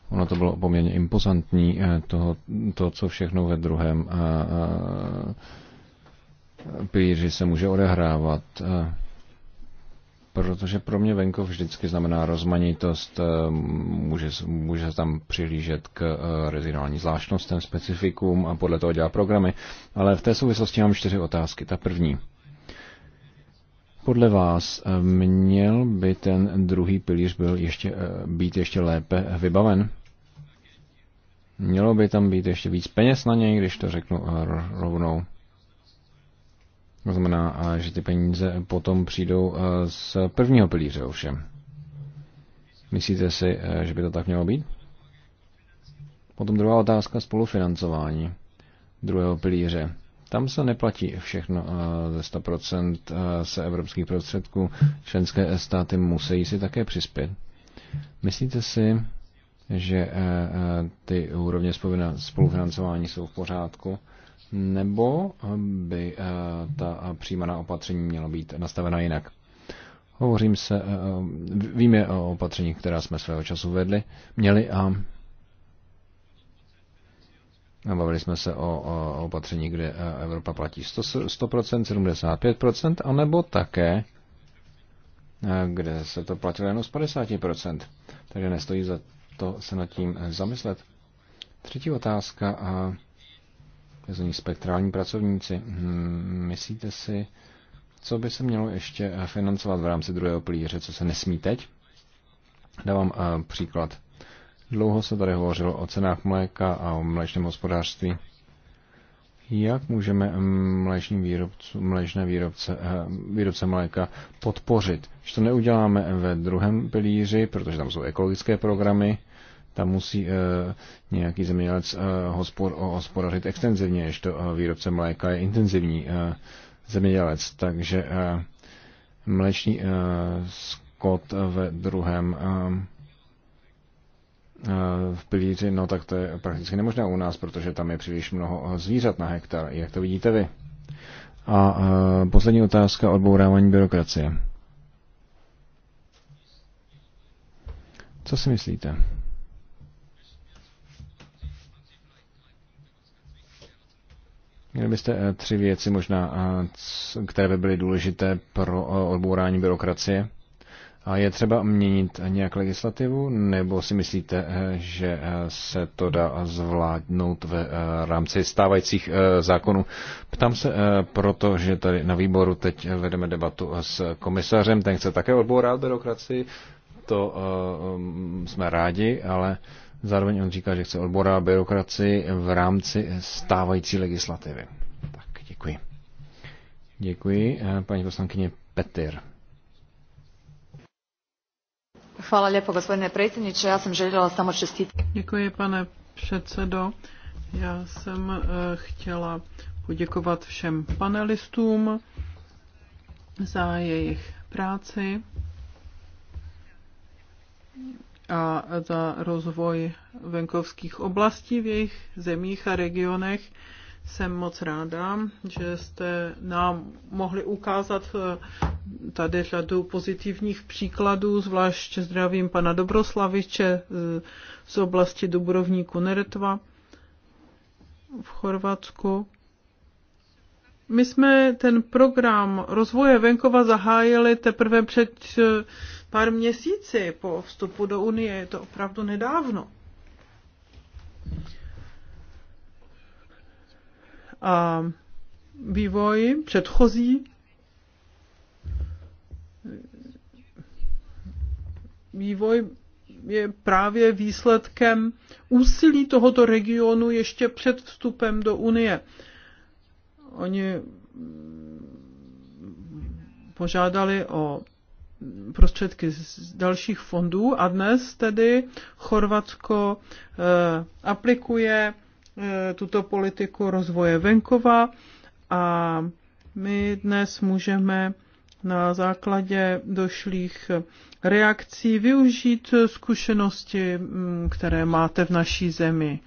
ono to bylo poměrně impozantní, eh, toho, to, co všechno ve druhém a, eh, a, eh, pilíři se může odehrávat. A, Protože pro mě venkov vždycky znamená rozmanitost, eh, může, může tam přihlížet k eh, regionální zvláštnostem, specifikům a podle toho dělá programy. Ale v té souvislosti mám čtyři otázky. Ta první. Podle vás eh, měl by ten druhý pilíř byl ještě, být ještě lépe vybaven? Mělo by tam být ještě víc peněz na něj, když to řeknu rovnou? To znamená, že ty peníze potom přijdou z prvního pilíře ovšem. Myslíte si, že by to tak mělo být? Potom druhá otázka spolufinancování druhého pilíře. Tam se neplatí všechno ze 100% se evropských prostředků. Členské státy musí si také přispět. Myslíte si, že ty úrovně spolufinancování jsou v pořádku? nebo by eh, ta přijímaná opatření měla být nastavena jinak. Hovořím se, eh, eh, víme o opatření, která jsme svého času vedli, měli a Bavili jsme se o, opatření, kde Evropa platí 100%, 100% 75%, anebo také, kde se to platilo jenom z 50%. Takže nestojí za to se nad tím zamyslet. Třetí otázka. A tzv. spektrální pracovníci. Hmm, myslíte si, co by se mělo ještě eh, financovat v rámci druhého pilíře, co se nesmí teď? Dávám eh, příklad. Dlouho se tady hovořilo o cenách mléka a o mléčném hospodářství. Jak můžeme mm, mléční výrobců, mléčné výrobce, eh, výrobce mléka podpořit? Když to neuděláme ve druhém pilíři, protože tam jsou ekologické programy, tam musí eh, nějaký zemědělec eh, hospor, hospodařit extenzivně, ještě eh, výrobce mléka je intenzivní zemědělec. Takže mléční skot ve druhém v pilíři, no tak to je prakticky nemožné u nás, protože tam je příliš mnoho zvířat na hektar, jak to vidíte vy. A poslední otázka, odbourávání byrokracie. Co si myslíte? Měli byste eh, tři věci možná, eh, které by byly důležité pro eh, odbourání byrokracie? A je třeba měnit nějak legislativu, nebo si myslíte, že se to dá zvládnout v rámci stávajících zákonů? Ptám se proto, že tady na výboru teď vedeme debatu s komisařem, ten chce také odbourat byrokracii, to jsme rádi, ale Zároveň on říká, že chce odborá byrokraci v rámci stávající legislativy. Tak, děkuji. Děkuji, eh, paní poslankyně Petr. Hvala lijepo, gospodine predsjedniče. Ja sam željela samo čestitati. Děkuji, pane předsedo. Já jsem eh, chtěla poděkovat všem panelistům za jejich práci a za rozvoj venkovských oblastí v jejich zemích a regionech. Jsem moc ráda, že jste nám mohli ukázat eh, tady řadu pozitivních příkladů, zvlášť zdravím pana Dobroslaviče eh, z oblasti Dubrovníku Neretva v Chorvatsku my jsme ten program rozvoje venkova zahájili teprve před eh, pár měsíci po vstupu do Unie, je to opravdu nedávno. A vývoj předchozí vývoj je právě výsledkem úsilí tohoto regionu ještě před vstupem do Unie oni požádali o prostředky z dalších fondů a dnes tedy Chorvatsko eh, aplikuje eh, tuto politiku rozvoje venkova a my dnes můžeme na základě došlých reakcí využít zkušenosti, mm, které máte v naší zemi.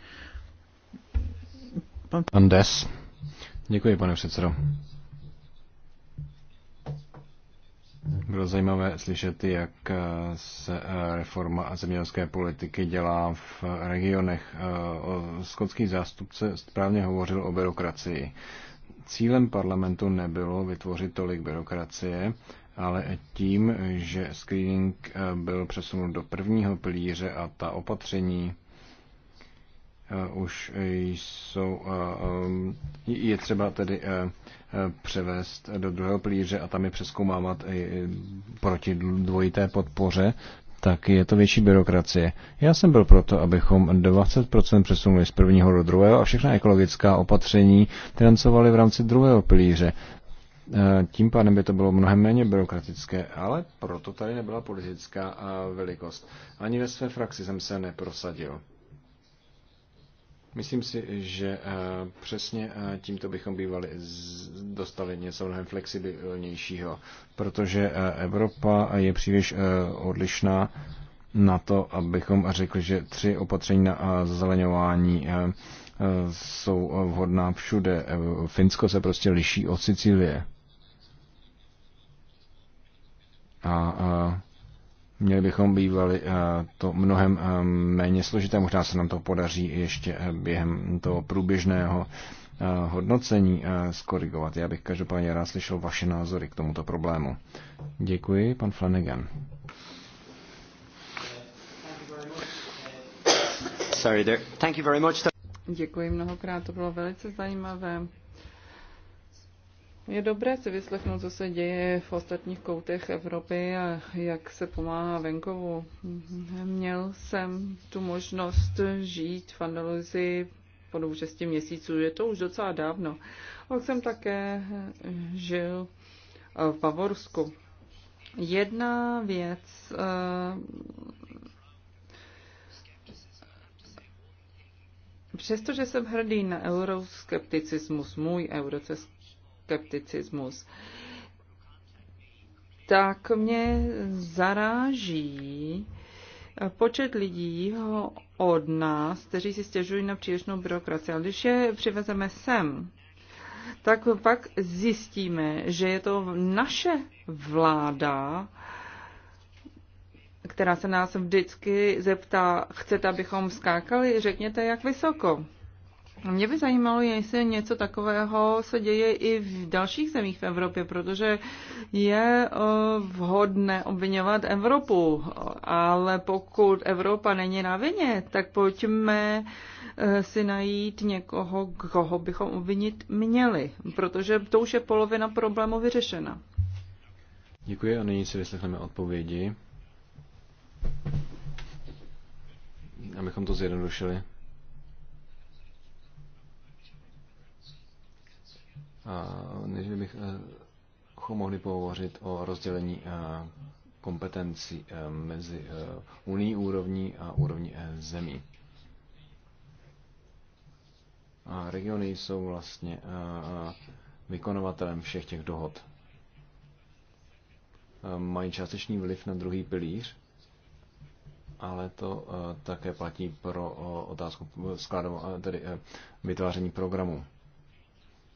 Pan Des. Děkuji, pane předsedo. Bylo zajímavé slyšet, jak eh, se eh, reforma zemědělské politiky dělá v regionech. Eh, skotský zástupce správně hovořil o byrokracii. Cílem parlamentu nebylo vytvořit tolik byrokracie, ale tím, že screening byl přesunut do prvního pilíře a ta opatření, Eh, už jsou, eh, eh, je třeba tedy převést do druhého plíře a tam je přeskoumávat i proti dvojité podpoře, tak je to větší byrokracie. Já jsem byl proto, abychom 20% přesunuli z prvního do druhého a všechna ekologická opatření financovali v rámci druhého pilíře. Tím pádem by to bylo mnohem méně byrokratické, ale proto tady nebyla politická velikost. Ani ve své frakci jsem se neprosadil. Myslím si, že eh, přesně eh, tímto bychom bývali dostali něco mnohem flexibilnějšího, protože eh, Evropa je příliš odlišná na to, abychom řekli, že tři opatření na zazeleňování jsou vhodná všude. Finsko se prostě liší od Sicílie. A, a Měli bychom bývali eh, to mnohem eh, méně složité, možná se nám to podaří ještě eh, během toho průběžného hodnocení skorigovat. Já bych každopádně rád slyšel vaše názory k tomuto problému. Děkuji, pan Flanagan. Děkuji mnohokrát, to bylo velice zajímavé. Je dobré si vyslechnout, co se děje v ostatních koutech Evropy a jak se pomáhá venkovu. Měl jsem tu možnost žít v Andaluzii po dobu 6 měsíců, je to už docela dávno. Pak jsem také žil v Bavorsku. Jedna věc eh, Přestože jsem hrdý na euroskepticismus, můj skepticismus. tak mě zaráží počet lidí od nás, kteří si stěžují na přílišnou byrokracii. Ale když je přivezeme sem, tak pak zjistíme, že je to naše vláda, která se nás vždycky zeptá, chcete, abychom skákali, řekněte, jak vysoko. No, mě by zajímalo, jestli něco takového se děje i v dalších zemích v Evropě, protože je eh, vhodné obvinovat Evropu, ale pokud Evropa není na vině, tak pojďme eh, si najít někoho, koho bychom obvinit měli, protože to už je polovina problému vyřešena. Děkuji a nyní si vyslechneme odpovědi. Abychom to zjednodušili. než bychom mohli pohovořit o rozdělení eh, kompetencí eh, mezi eh, unii úrovní a úrovní zemí. A regiony jsou vlastně vykonovatelem všech těch dohod. Mají částečný vliv na druhý pilíř, ale to také platí pro otázku skladování tedy vytváření programu.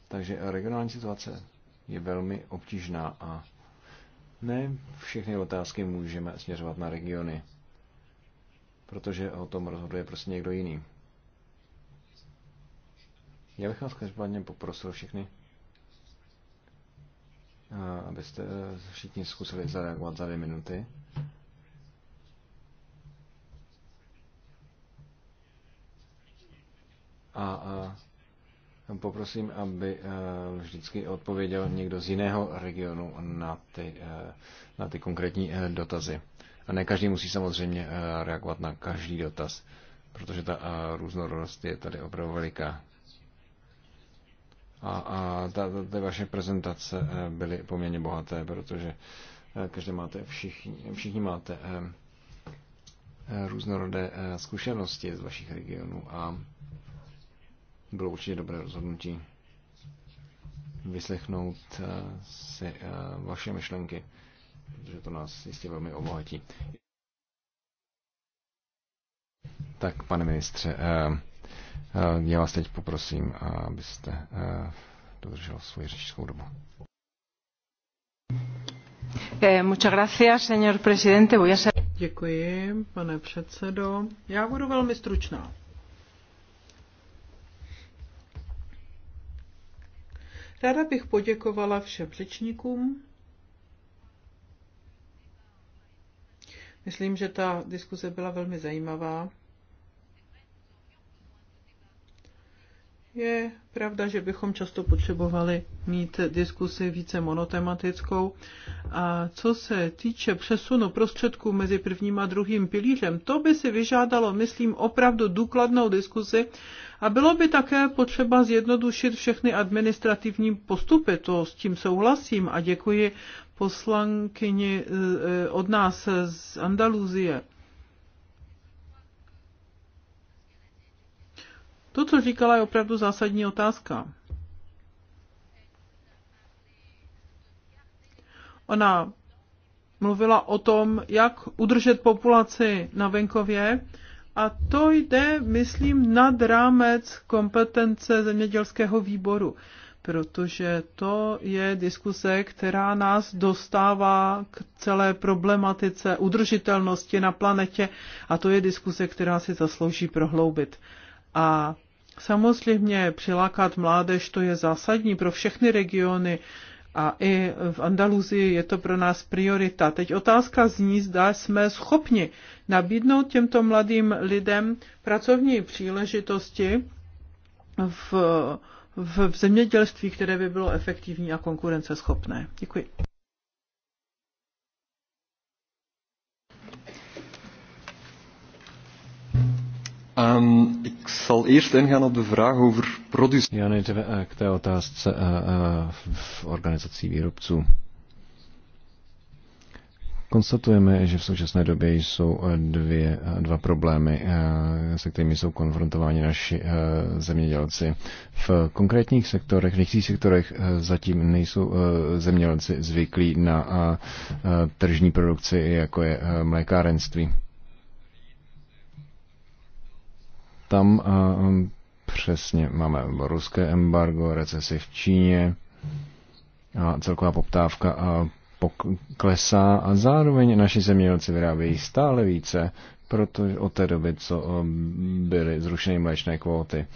Takže regionální situace je velmi obtížná a ne všechny otázky můžeme směřovat na regiony, protože o tom rozhoduje prostě někdo jiný. Já bych vás každopádně poprosil všechny, eh, abyste eh, všichni zkusili zareagovat za dvě minuty. A, a Poprosím, aby eh, vždycky odpověděl někdo z jiného regionu na ty, eh, na ty konkrétní eh, dotazy. A ne každý musí samozřejmě reagovat na každý dotaz, protože ta různorodost je tady opravdu veliká. A, a ta, ta, ty vaše prezentace byly poměrně bohaté, protože každé máte, všichni, všichni máte různorodé zkušenosti z vašich regionů a bylo určitě dobré rozhodnutí vyslechnout eh, si eh, vaše myšlenky, protože to nás jistě velmi obohatí. Tak, pane ministře, eh, já vás teď poprosím, abyste dodržel svoji řečskou dobu. Děkuji, pane předsedo. Já budu velmi stručná. Ráda bych poděkovala všem řečníkům. Myslím, že ta diskuze byla velmi zajímavá. Je pravda, že bychom často potřebovali mít diskusi více monotematickou. A co se týče přesunu prostředků mezi prvním a druhým pilířem, to by si vyžádalo, myslím, opravdu důkladnou diskusi a bylo by také potřeba zjednodušit všechny administrativní postupy, to s tím souhlasím a děkuji poslankyni eh, eh, od nás eh, z Andaluzie. To, co říkala, je opravdu zásadní otázka. Ona mluvila o tom, jak udržet populaci na venkově a to jde, myslím, nad rámec kompetence zemědělského výboru, protože to je diskuse, která nás dostává k celé problematice udržitelnosti na planetě a to je diskuse, která si zaslouží prohloubit. A samozřejmě přilákat mládež, to je zásadní pro všechny regiony, a i v Andaluzii je to pro nás priorita. Teď otázka zní, zda jsme schopni nabídnout těmto mladým lidem pracovní příležitosti v, v, v zemědělství, které by bylo efektivní a konkurenceschopné. Děkuji. Um, ik zal eerst ingaan op de vraag over Já nejdříve eh, k té otázce uh, uh, v organizací výrobců. Konstatujeme, že v současné době jsou eh, dvě, eh, dva problémy, eh, se kterými jsou konfrontováni naši zemědělci. V konkrétních sektorech, v některých sektorech zatím nejsou zemědělci zvyklí na tržní produkci, jako je mlékárenství. Tam přesně máme ruské embargo, recesi v Číně a celková poptávka klesá a zároveň naši zemědělci vyrábějí stále více, protože od té doby, co eh, byly zrušeny mléčné kvóty.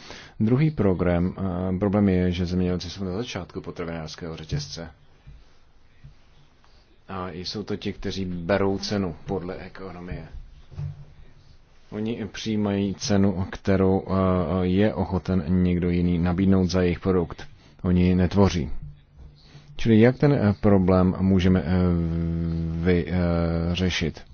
Druhý program, eh, problém je, že zemědělci jsou na začátku potravinářského řetězce. A jsou to ti, kteří berou cenu podle ekonomie. Oni přijímají cenu, kterou eh, je ochoten někdo jiný nabídnout za jejich produkt. Oni ji netvoří. Čili jak ten eh, problém můžeme eh, vyřešit? Eh,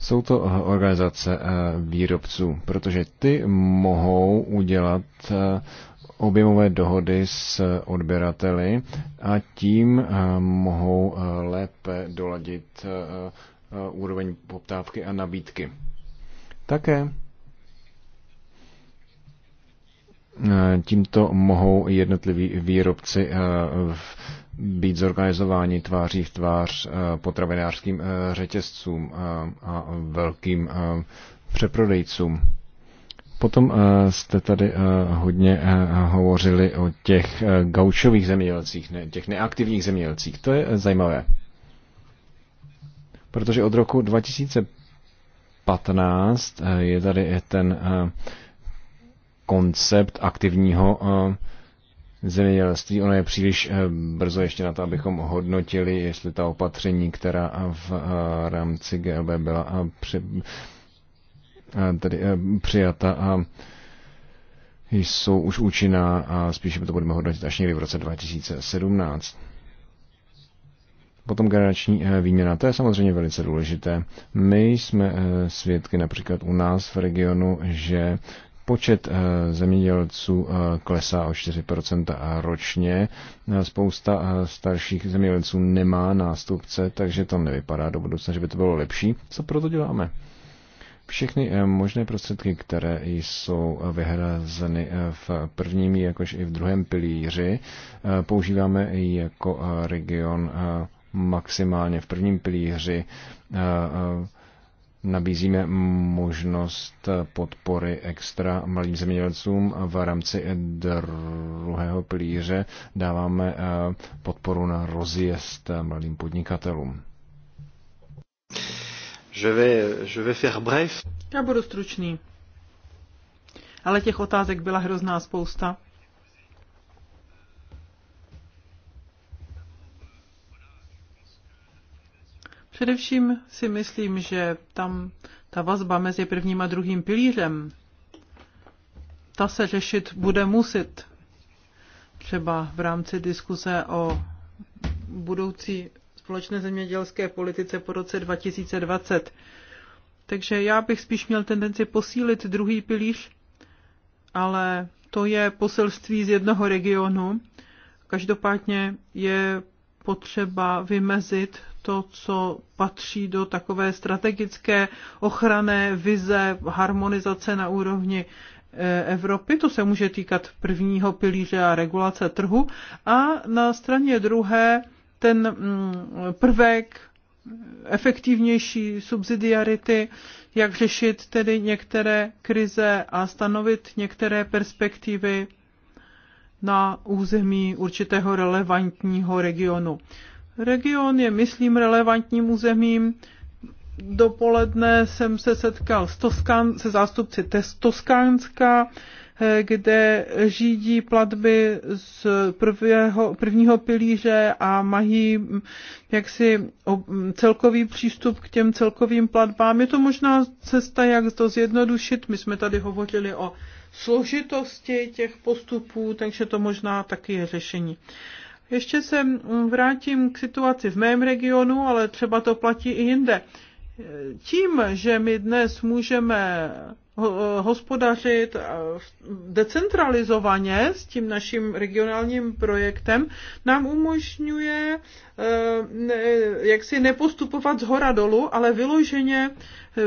Jsou to organizace výrobců, protože ty mohou udělat objemové dohody s odběrateli a tím mohou lépe doladit úroveň poptávky a nabídky. Také Eh, tímto mohou jednotliví výrobci eh, být zorganizováni tváří v tvář eh, potravinářským řetězcům a velkým přeprodejcům. Potom jste tady hodně hovořili o těch gaučových zemědělcích, ne, těch neaktivních zemědělcích. To je zajímavé. Protože od roku 2015 je tady ten koncept aktivního eh, zemědělství. Ono je příliš eh, brzo ještě na to, abychom hodnotili, jestli ta opatření, která eh, v rámci GLB byla při, tedy přijata a jsou už účinná a spíše to budeme hodnotit až někdy v roce 2017. Potom generační výměna, to je samozřejmě velice důležité. My jsme svědky například u nás v regionu, že Počet eh, zemědělců eh, klesá o 4% ročně. Eh, spousta starších zemědělců nemá nástupce, takže to nevypadá do budoucna, že by to bylo lepší. Co proto děláme? Všechny možné prostředky, které jsou vyhrazeny v prvním, jakož i v druhém pilíři, používáme jako region maximálně v prvním pilíři nabízíme možnost podpory extra malým zemědělcům v rámci druhého pilíře. Dáváme eh, podporu na rozjezd eh, malým podnikatelům. Je vais, je vais faire bref. Já budu stručný. Ale těch otázek byla hrozná spousta. Především si myslím, že tam ta vazba mezi prvním a druhým pilířem, ta se řešit bude muset. Třeba v rámci diskuse o budoucí společné zemědělské politice po roce 2020. Takže já bych spíš měl tendenci posílit druhý pilíř, ale to je poselství z jednoho regionu. Každopádně je potřeba vymezit to, co patří do takové strategické ochranné vize harmonizace na úrovni e, Evropy, to se může týkat prvního pilíře a regulace trhu, a na straně druhé ten mm, prvek efektivnější subsidiarity, jak řešit tedy některé krize a stanovit některé perspektivy na území určitého relevantního regionu. Region je, myslím, relevantním územím. Dopoledne jsem se setkal s Toskán, se zástupci Toskánska, eh, kde řídí platby z prvého, prvního pilíře a mají mm, jaksi celkový přístup k těm celkovým platbám. Je to možná cesta, jak to zjednodušit. My jsme tady hovořili o složitosti těch postupů, takže to možná taky je řešení. Ještě se vrátím k situaci v mém regionu, ale třeba to platí i jinde. Tím, že my dnes můžeme Eh, hospodařit eh, decentralizovaně s tím naším regionálním projektem, nám umožňuje eh, jak si nepostupovat z hora dolu, ale vyloženě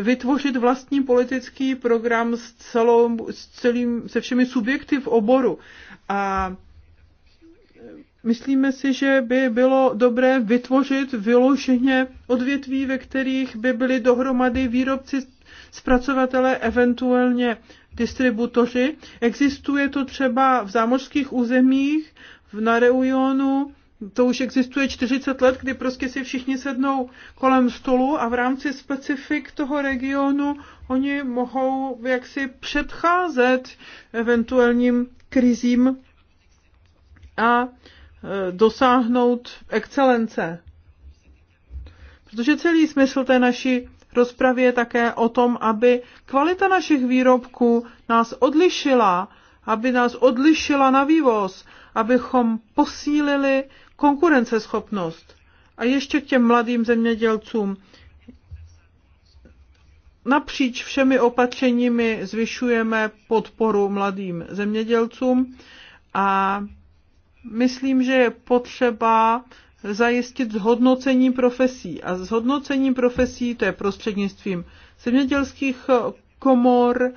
vytvořit vlastní politický program s celou, s celým, se všemi subjekty v oboru. A myslíme si, že by bylo dobré vytvořit vyloženě odvětví, ve kterých by byly dohromady výrobci zpracovatele, eventuálně distributoři. Existuje to třeba v zámořských územích, v Nareujonu, to už existuje 40 let, kdy prostě si všichni sednou kolem stolu a v rámci specifik toho regionu oni mohou jaksi předcházet eventuálním krizím a e, dosáhnout excelence. Protože celý smysl té naší rozpravě také o tom, aby kvalita našich výrobků nás odlišila, aby nás odlišila na vývoz, abychom posílili konkurenceschopnost. A ještě k těm mladým zemědělcům. Napříč všemi opatřeními zvyšujeme podporu mladým zemědělcům a myslím, že je potřeba zajistit zhodnocení profesí. A zhodnocení profesí to je prostřednictvím zemědělských komor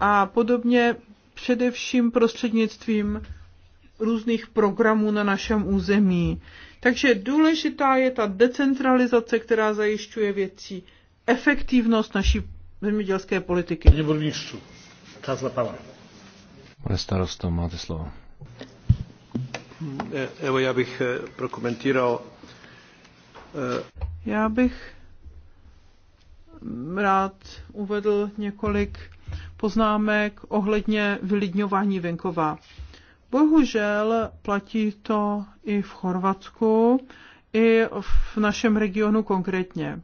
a podobně především prostřednictvím různých programů na našem území. Takže důležitá je ta decentralizace, která zajišťuje věcí efektivnost naší zemědělské politiky. Pane starosto, máte slovo. E, evo, já bych e, prokomentíral. E, já bych rád uvedl několik poznámek ohledně vylidňování venkova. Bohužel platí to i v Chorvatsku, i v našem regionu konkrétně.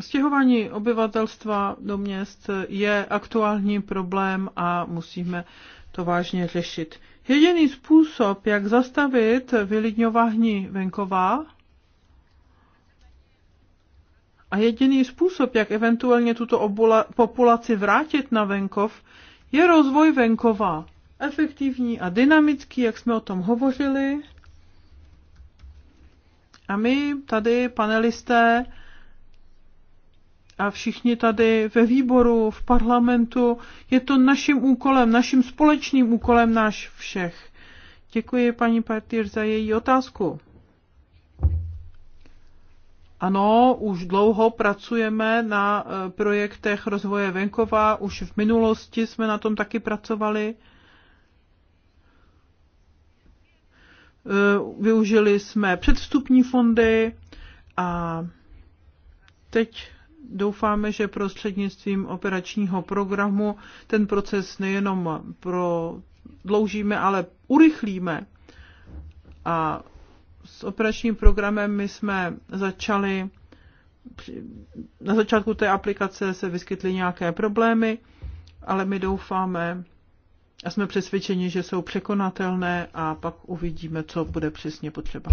Stěhování obyvatelstva do měst je aktuální problém a musíme to vážně řešit. Jediný způsob, jak zastavit vylidňování venková, a jediný způsob, jak eventuálně tuto populaci vrátit na venkov, je rozvoj venkova. Efektivní a dynamický, jak jsme o tom hovořili. A my tady, panelisté, a všichni tady ve výboru, v parlamentu. Je to naším úkolem, naším společným úkolem náš všech. Děkuji paní Partýr za její otázku. Ano, už dlouho pracujeme na eh, projektech rozvoje venkova, už v minulosti jsme na tom taky pracovali. Eh, využili jsme předvstupní fondy a teď doufáme, že prostřednictvím operačního programu ten proces nejenom prodloužíme, ale urychlíme. A s operačním programem my jsme začali, na začátku té aplikace se vyskytly nějaké problémy, ale my doufáme a jsme přesvědčeni, že jsou překonatelné a pak uvidíme, co bude přesně potřeba.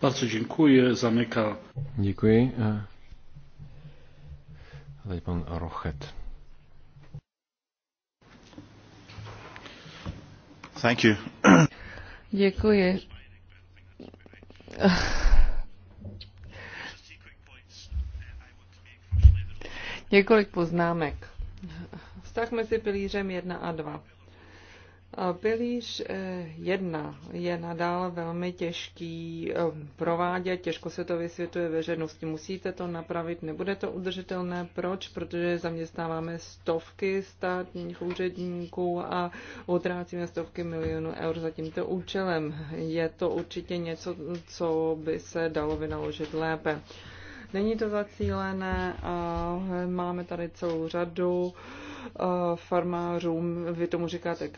Bardzo dziękuję. Zamyka. Děkuji. A teď pan Rochet. Thank you. Děkuji. Několik poznámek. Vztah mezi pilířem 1 a 2. Pilíř eh, jedna je nadále velmi těžký eh, provádět, těžko se to vysvětluje veřejnosti. Musíte to napravit, nebude to udržitelné. Proč? Protože zaměstnáváme stovky státních úředníků a utrácíme stovky milionů eur za tímto účelem. Je to určitě něco, co by se dalo vynaložit lépe. Není to zacílené, máme tady celou řadu eh, farmářům, vy tomu říkáte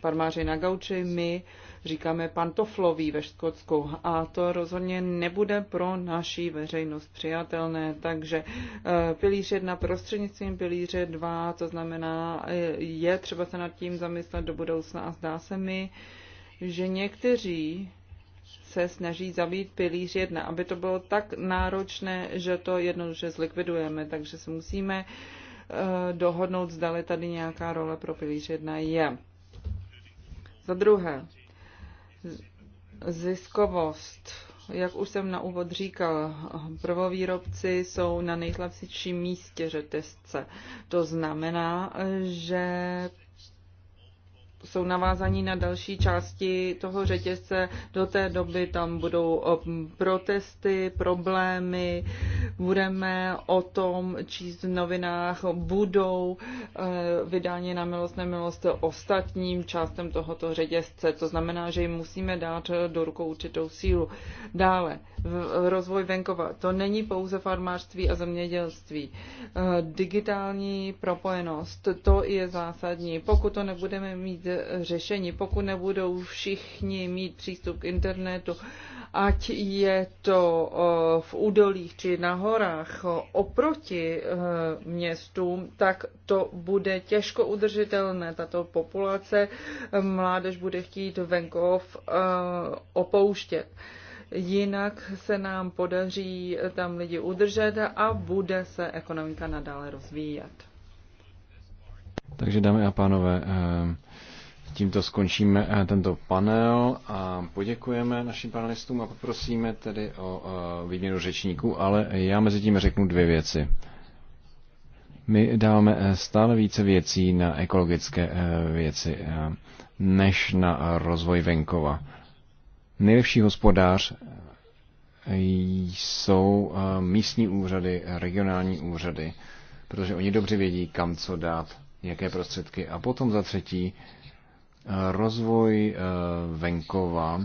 farmáři na gauči, my říkáme pantoflový ve Škotsku a to rozhodně nebude pro naší veřejnost přijatelné. Takže eh, pilíř jedna prostřednictvím pilíře dva, to znamená, eh, je třeba se nad tím zamyslet do budoucna a zdá se mi, že někteří se snaží zabít pilíř jedna, aby to bylo tak náročné, že to jednoduše zlikvidujeme. Takže se musíme uh, Eh, dohodnout, zdali tady nějaká role pro pilíř jedna je. Za druhé, ziskovost. Jak už jsem na úvod říkal, prvovýrobci jsou na nejslabším místě řetězce. To znamená, že jsou navázaní na další části toho řetězce. Do té doby tam budou protesty, problémy, budeme o tom číst v novinách, budou eh, vydáni na milost nemilost ostatním částem tohoto řetězce. To znamená, že jim musíme dát do rukou určitou sílu. Dále, rozvoj venkova. To není pouze farmářství a zemědělství. Eh, digitální propojenost, to je zásadní. Pokud to nebudeme mít řešení. Pokud nebudou všichni mít přístup k internetu, ať je to eh, v údolích či na horách eh, oproti eh, městům, tak to bude těžko udržitelné. Tato populace mládež bude chtít venkov opouštět jinak se nám podaří tam lidi udržet a bude se ekonomika nadále rozvíjet. Takže dámy a pánové, Tímto skončíme eh, tento panel a poděkujeme našim panelistům a poprosíme tedy o eh, výměnu řečníků, ale já mezi tím řeknu dvě věci. My dáváme eh, stále více věcí na ekologické věci než na rozvoj venkova. Nejlepší hospodář jsou místní úřady, regionální úřady, protože oni dobře vědí, kam co dát, jaké prostředky. A potom za třetí, Rozvoj eh, venkova eh,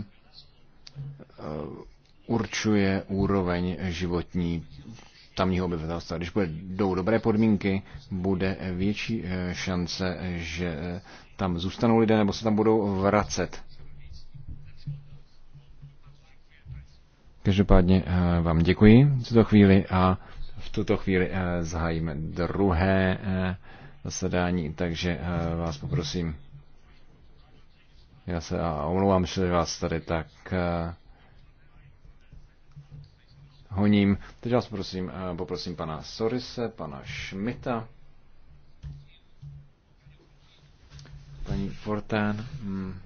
určuje úroveň životní tamního obyvatelstva. Když bude do dobré podmínky, bude větší eh, šance, že tam zůstanou lidé nebo se tam budou vracet. Každopádně vám děkuji v tuto chvíli a v tuto chvíli zahájíme druhé zasedání, takže vás poprosím. Já se a omlouvám, že vás tady tak eh, honím. Teď vás prosím, eh, poprosím pana Sorise, pana Šmita, paní Fortén, mm.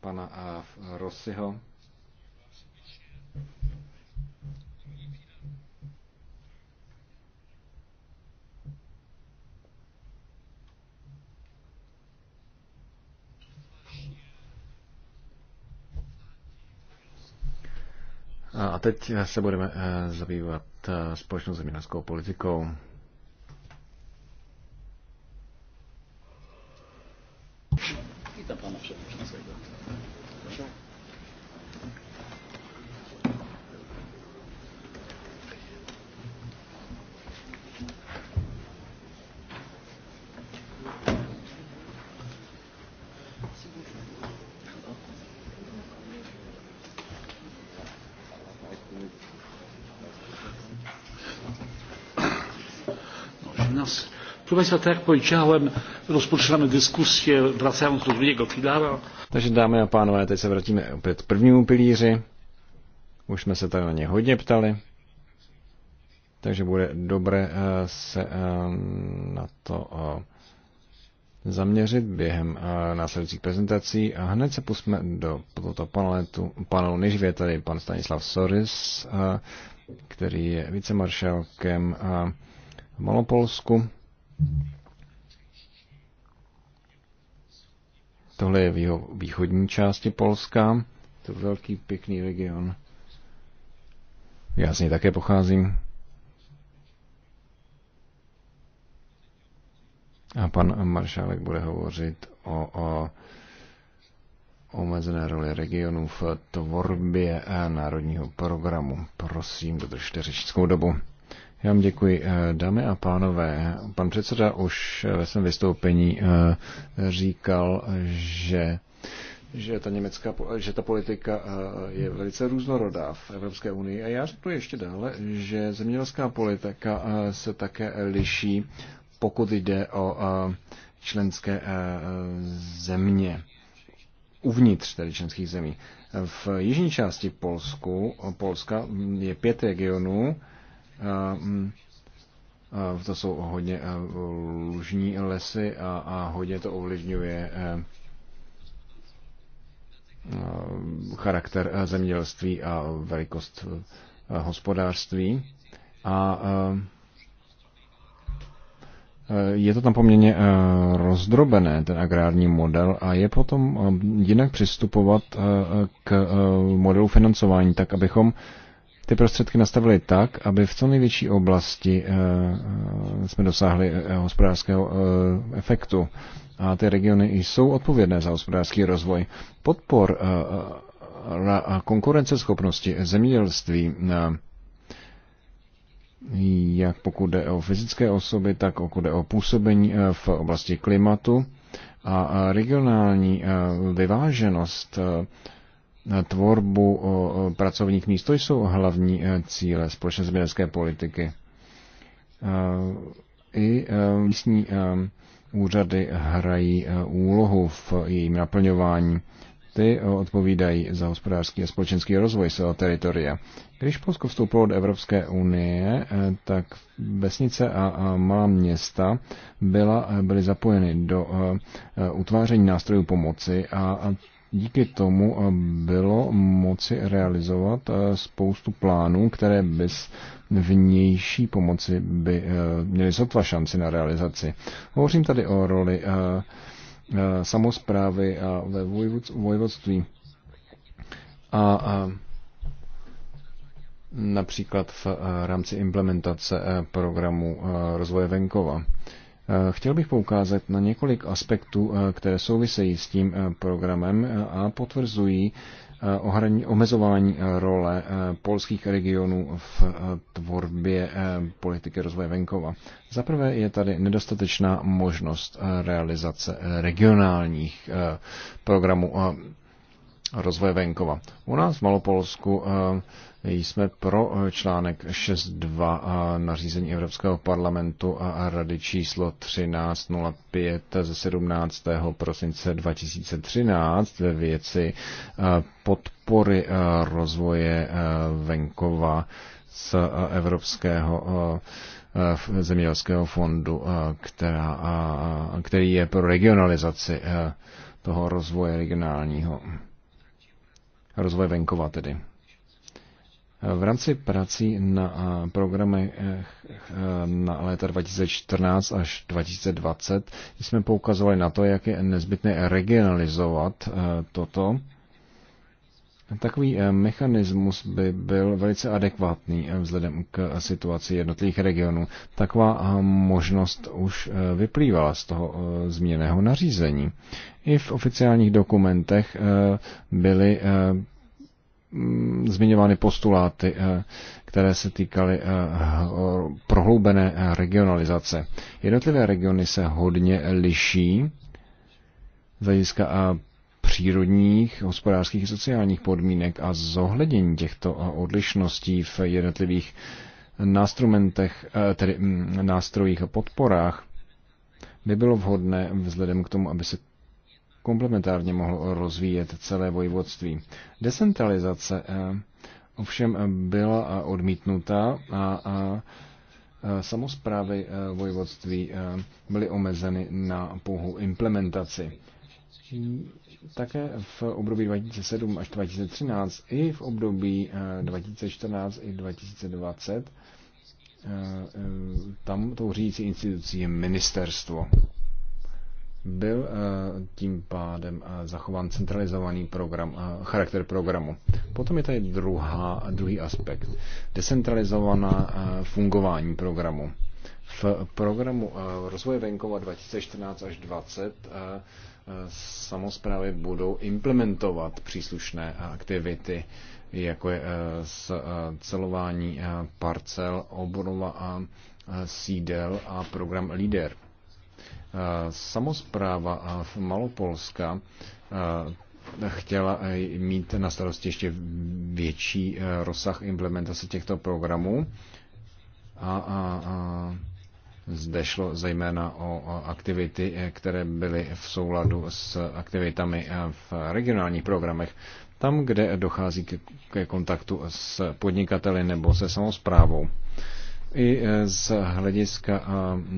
pana eh, Rossiho. teď se budeme eh, zabývat eh, společnou zemědělskou politikou. Państwa, tak jak powiedziałem, rozpoczynamy dyskusję wracając do drugiego filara. Także dámy a pánové, teď se vrátíme opět k prvnímu pilíři. Už jsme se tady na ně hodně ptali. Takže bude dobré eh, se eh, na to eh, zaměřit během následujících prezentací a hned se pusme do tohoto panelu. panelu, než je tady pan Stanislav Soris, který je vicemaršálkem v Malopolsku Tohle je v jeho východní části Polska. To je velký, pěkný region. Já z něj také pocházím. A pan maršálek bude hovořit o, o omezené roli regionů v tvorbě eh, národního programu. Prosím, dodržte řečnickou dobu. Já vám děkuji. Eh, dámy a pánové, pan předseda už eh, ve svém vystoupení eh, říkal, že že ta německá, že ta politika je velice různorodá v Evropské unii. A já řeknu ještě dále, že zemědělská politika se také liší, pokud jde o členské země, uvnitř tedy členských zemí. V jižní části Polsku, Polska je pět regionů, Eh, mm, eh, to jsou hodně eh, lužní lesy a, a hodně to ovlivňuje charakter zemědělství a velikost hospodářství. A je to tam poměrně rozdrobené, ten agrární model, a je potom jinak přistupovat k modelu financování, tak abychom ty prostředky nastavili tak, aby v co největší oblasti eh, eh, jsme dosáhli eh, hospodářského efektu. A ty regiony jsou odpovědné za hospodářský rozvoj. Podpor a konkurenceschopnosti zemědělství jak pokud jde o fyzické osoby, tak pokud jde o působení v oblasti klimatu a regionální vyváženost tvorbu pracovních míst. To jsou hlavní e, cíle společné zemědělské politiky. E, I e, místní úřady hrají úlohu v jejím naplňování. Ty odpovídají za hospodářský a společenský rozvoj svého teritoria. Když Polsko vstoupilo do Evropské unie, tak vesnice a malá města byla, byly zapojeny do utváření nástrojů pomoci a díky tomu eh, bylo moci realizovat eh, spoustu plánů, které bez vnější pomoci by eh, měly sotva šanci na realizaci. Hovořím tady o roli samozprávy a ve vojvodství. A, například v rámci implementace programu rozvoje venkova. Eh, chtěl bych poukázat na několik aspektů, eh, které souvisejí s tím eh, programem a potvrzují omezování role polských regionů v tvorbě politiky rozvoje venkova. Za prvé je tady nedostatečná možnost realizace regionálních programů rozvoje venkova. U nás v Malopolsku jsme pro eh, článek 6.2 eh, nařízení Evropského parlamentu a rady číslo 1305 ze 17. prosince 2013 ve věci eh, podpory rozvoje venkova z Evropského zemědělského fondu, která, který je pro regionalizaci toho rozvoje regionálního, rozvoje venkova tedy. V rámci prací na programech eh, eh, na léta 2014 až 2020 jsme poukazovali na to, jak je nezbytné regionalizovat eh, toto. Takový mechanismus by byl velice adekvátní vzhledem k situaci jednotlivých regionů. Taková možnost už vyplývala z toho změněného nařízení. I v oficiálních dokumentech byly Mm, zmiňovány postuláty, eh, které se týkaly eh, prohloubené eh, regionalizace. Jednotlivé regiony se hodně liší z hlediska přírodních, hospodářských a sociálních podmínek a zohlednění těchto odlišností v jednotlivých nástrumentech, tedy mm, nástrojích a podporách by bylo vhodné vzhledem k tomu, aby se komplementárně mohl rozvíjet celé vojvodství. Decentralizace eh, ovšem eh, byla eh, odmítnuta a samozprávy vojvodství byly omezeny na pouhou implementaci. Také v období 2007 až 2013 i v období 2014 i 2020 tam tou řídící institucí je ministerstvo byl eh, tím pádem eh, zachován centralizovaný program, eh, charakter programu. Potom je tady druhá, druhý aspekt. Decentralizovaná fungování programu. V programu rozvoje venkova 2014 až 20 samozprávy budou implementovat příslušné aktivity, jako je celování parcel, obnova sídel a program LEADER. Samozpráva v Malopolska eh, chtěla eh, mít na starosti ještě větší eh, rozsah implementace těchto programů a, a, a zde šlo zejména o aktivity, které byly v souladu s aktivitami v regionálních programech. Tam, kde dochází ke kontaktu s podnikateli nebo se samozprávou i e, z hlediska e,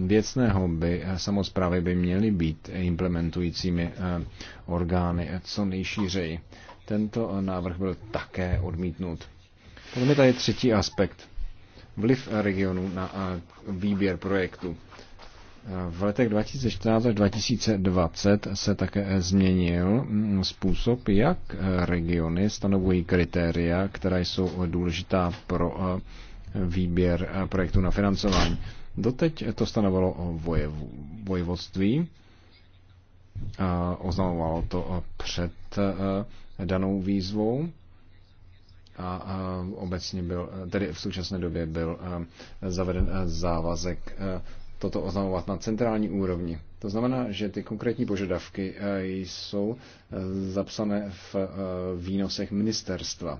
věcného by e, samozprávy by měly být implementujícími orgány co nejšířeji. Tento návrh byl také odmítnut. Potom je tady třetí aspekt. Vliv regionu na výběr projektu. V letech 2014 až 2020 se také změnil způsob, jak regiony stanovují kritéria, která jsou důležitá pro výběr eh, projektů na financování. Doteď to stanovalo voje, vojvodství, oznamovalo to eh, před eh, danou výzvou a obecně byl, tedy v současné době byl zaveden závazek toto oznamovat na centrální úrovni. To znamená, že ty konkrétní požadavky jsou zapsané v výnosech ministerstva.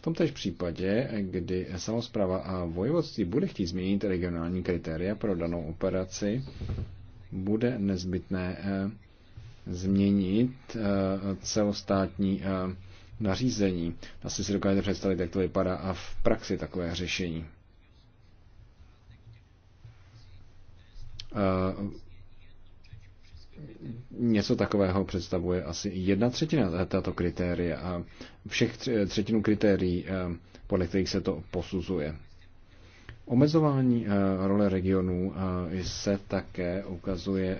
V tomtež případě, kdy samozpráva a vojvodství bude chtít změnit regionální kritéria pro danou operaci, bude nezbytné eh, změnit eh, celostátní eh, nařízení. Asi si dokážete představit, jak to vypadá a v praxi takové řešení něco takového představuje asi jedna třetina tato a všech třetinu kritérií, eh, podle kterých se to posuzuje. Omezování eh, role regionů eh, se také ukazuje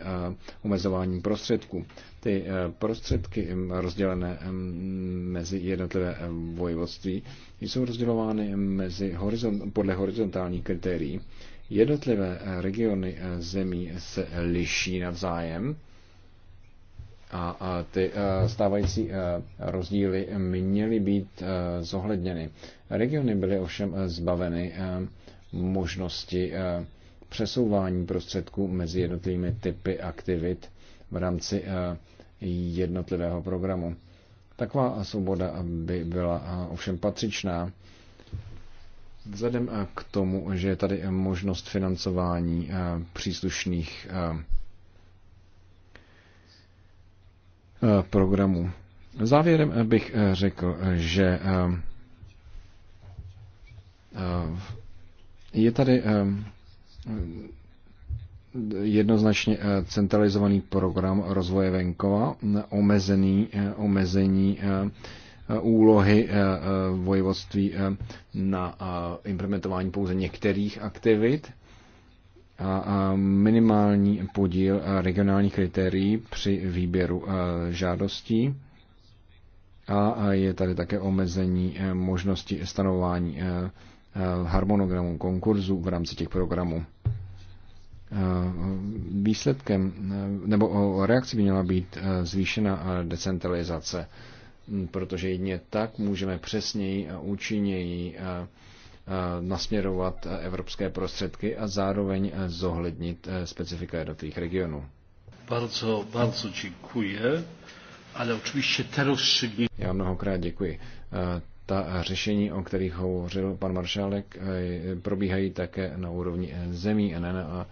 omezování prostředků. Ty prostředky rozdělené mezi jednotlivé vojvodství jsou rozdělovány mezi horizont, podle horizontálních kritérií. Jednotlivé regiony zemí se liší navzájem a, a ty stávající rozdíly měly být zohledněny. Regiony byly ovšem zbaveny možnosti přesouvání prostředků mezi jednotlivými typy aktivit v rámci jednotlivého programu. Taková svoboda by byla ovšem patřičná. Vzhledem k tomu, že je tady možnost financování příslušných Eh, programu Závěrem bych eh, řekl, že eh, je tady jednoznačně centralizovaný program rozvoje venkova, omezený, omezení úlohy vojvodství na implementování pouze některých aktivit a minimální podíl regionálních kritérií při výběru žádostí. A je tady také omezení e, možnosti stanovování e, e, harmonogramu konkurzu v rámci těch programů. Výsledkem nebo reakcí by měla být zvýšena decentralizace, protože jedině tak můžeme přesněji a účinněji Eh, nasměrovat eh, evropské prostředky a zároveň eh, zohlednit specifika jednotlivých regionů. Bardzo, bardzo děkuji, ale oczywiście te rozstrzygnięcia... Já mnohokrát děkuji. Ta řešení, o kterých hovořil pan Maršálek, probíhají také na úrovni zemí a ne na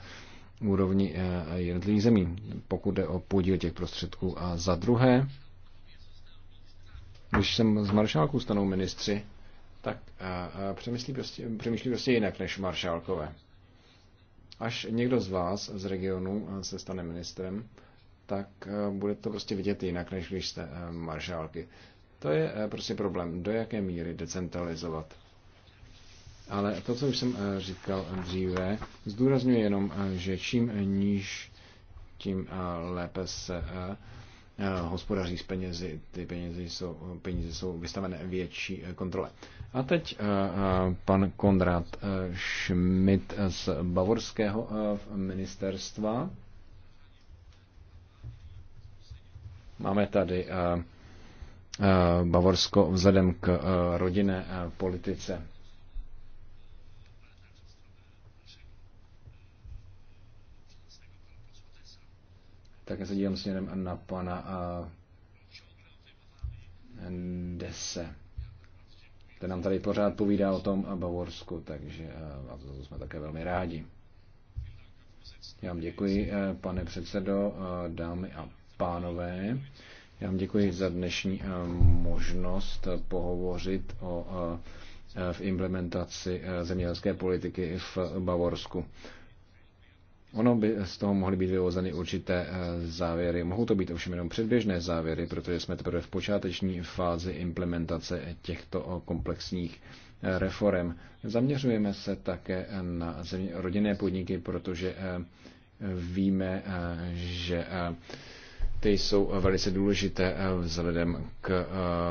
úrovni jednotlivých zemí, pokud jde o podíl těch prostředků. A za druhé, když jsem z Maršálku stanou ministři, tak přemýšlí prostě, přemýšlí prostě jinak než maršálkové. Až někdo z vás z regionu se stane ministrem, tak bude to prostě vidět jinak, než když jste maršálky. To je prostě problém, do jaké míry decentralizovat. Ale to, co už jsem říkal dříve, zdůrazňuje jenom, že čím níž, tím lépe se hospodaří s penězi. Ty peníze jsou, peníze jsou vystavené větší kontrole. A teď eh, eh, pan Konrad eh, Schmidt z Bavorského ministerstva. Máme tady Bavorsko vzhledem k rodinné politice. já se dívám směrem na pana Dese. Ten nám tady pořád povídá o tom a Bavorsku, takže eh, a to jsme také velmi rádi. Já vám děkuji, eh, pane předsedo, eh, dámy a pánové. Já vám děkuji za dnešní možnost pohovořit o v implementaci zemědělské politiky v Bavorsku. Ono by z toho mohly být vyvozeny určité eh, závěry. Mohou to být ovšem jenom předběžné závěry, protože jsme teprve v počáteční fázi implementace těchto eh, komplexních eh, reform. Zaměřujeme se také na země, rodinné podniky, protože víme, že ty jsou velice důležité vzhledem k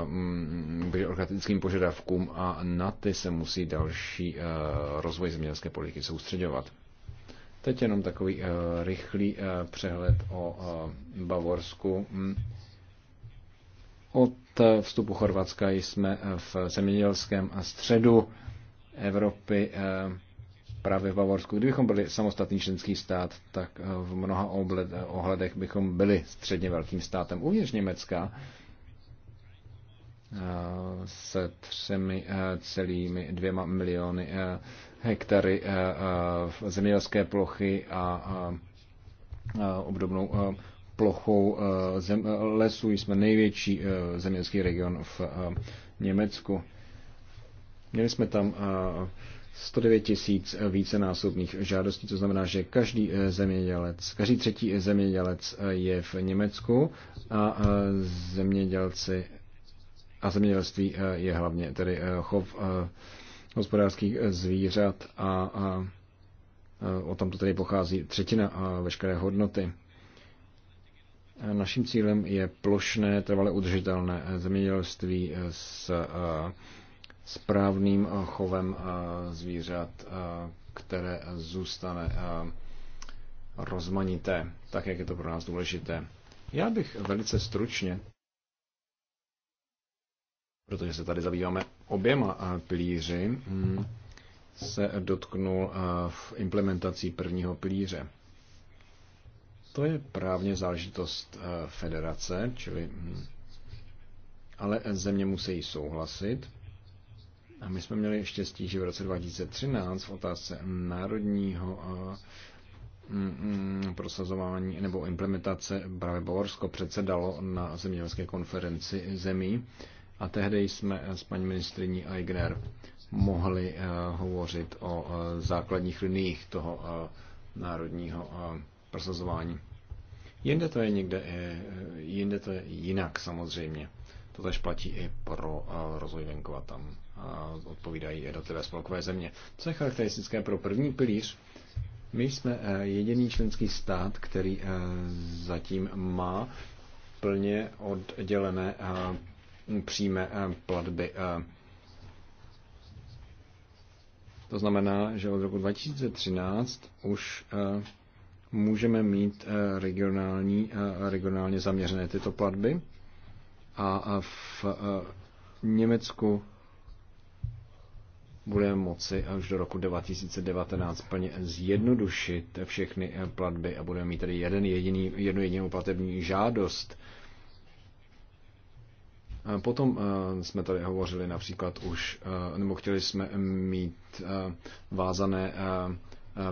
mm, byrokratickým požadavkům a na ty se musí další rozvoj zemědělské politiky soustředovat. Teď jenom takový eh, rychlý eh, přehled o eh, Bavorsku. Hm. Od vstupu Chorvatska jsme v zemědělském středu Evropy právě v Bavorsku. Kdybychom byli samostatný členský stát, tak v mnoha ohledech bychom byli středně velkým státem. Uvnitř Německa se třemi celými dvěma miliony hektary eh, eh, zemědělské plochy a obdobnou eh, plochou zem, lesů. Jsme největší zemědělský region v Německu. Měli jsme tam 109 tisíc vícenásobných žádostí, to znamená, že každý zemědělec, každý třetí zemědělec je v Německu a zemědělci a zemědělství je hlavně tedy chov hospodářských eh, zvířat a, a eh, o tom to tedy pochází třetina a eh, veškeré hodnoty. Naším cílem je plošné, trvale udržitelné zemědělství s správným chovem zvířat, které zůstane rozmanité, tak jak je to pro nás důležité. Já bych velice stručně protože se tady zabýváme oběma eh, pilíři, hm, se dotknul eh, v implementací prvního pilíře. To je právně záležitost eh, federace, čili hm, ale země musí souhlasit. A my jsme měli štěstí, že v roce 2013 v otázce národního hm, prosazování nebo implementace právě Bavorsko předsedalo na zemědělské konferenci zemí a tehdy jsme s paní ministriní Aigner mohli eh, hovořit o eh, základních liních toho eh, národního prosazování. Jinde to je někde, jinde to je jinak samozřejmě. To tež platí i pro rozvoj venkova, tam odpovídají jednotlivé spolkové země. Co je charakteristické pro první pilíř, my jsme jediný členský stát, který zatím má plně oddělené přímé eh, platby. Eh. To znamená, že od roku 2013 už eh, můžeme mít regionální, regionálně zaměřené tyto platby a v Německu budeme moci až do roku 2019 plně zjednodušit všechny platby a budeme mít tedy jeden jediný, jednu jedinou platební žádost Eh, potom eh, jsme tady hovořili například už, eh, nebo chtěli jsme mít vázané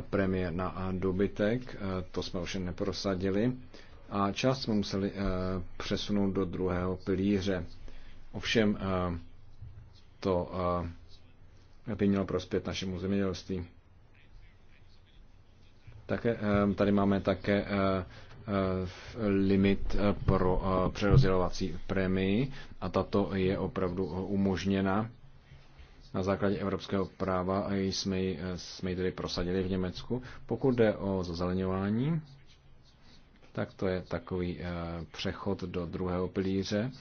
premie na dobytek, to jsme už neprosadili a část jsme museli přesunout do druhého pilíře. Ovšem to by mělo prospět našemu zemědělství. Také, tady máme také Eh, limit eh, pro eh, přerozdělovací prémii a tato je opravdu umožněna. Na základě evropského práva a jsme ji, jsme ji tedy prosadili v Německu. Pokud jde o zazeleňování, tak to je takový přechod do druhého pilíře.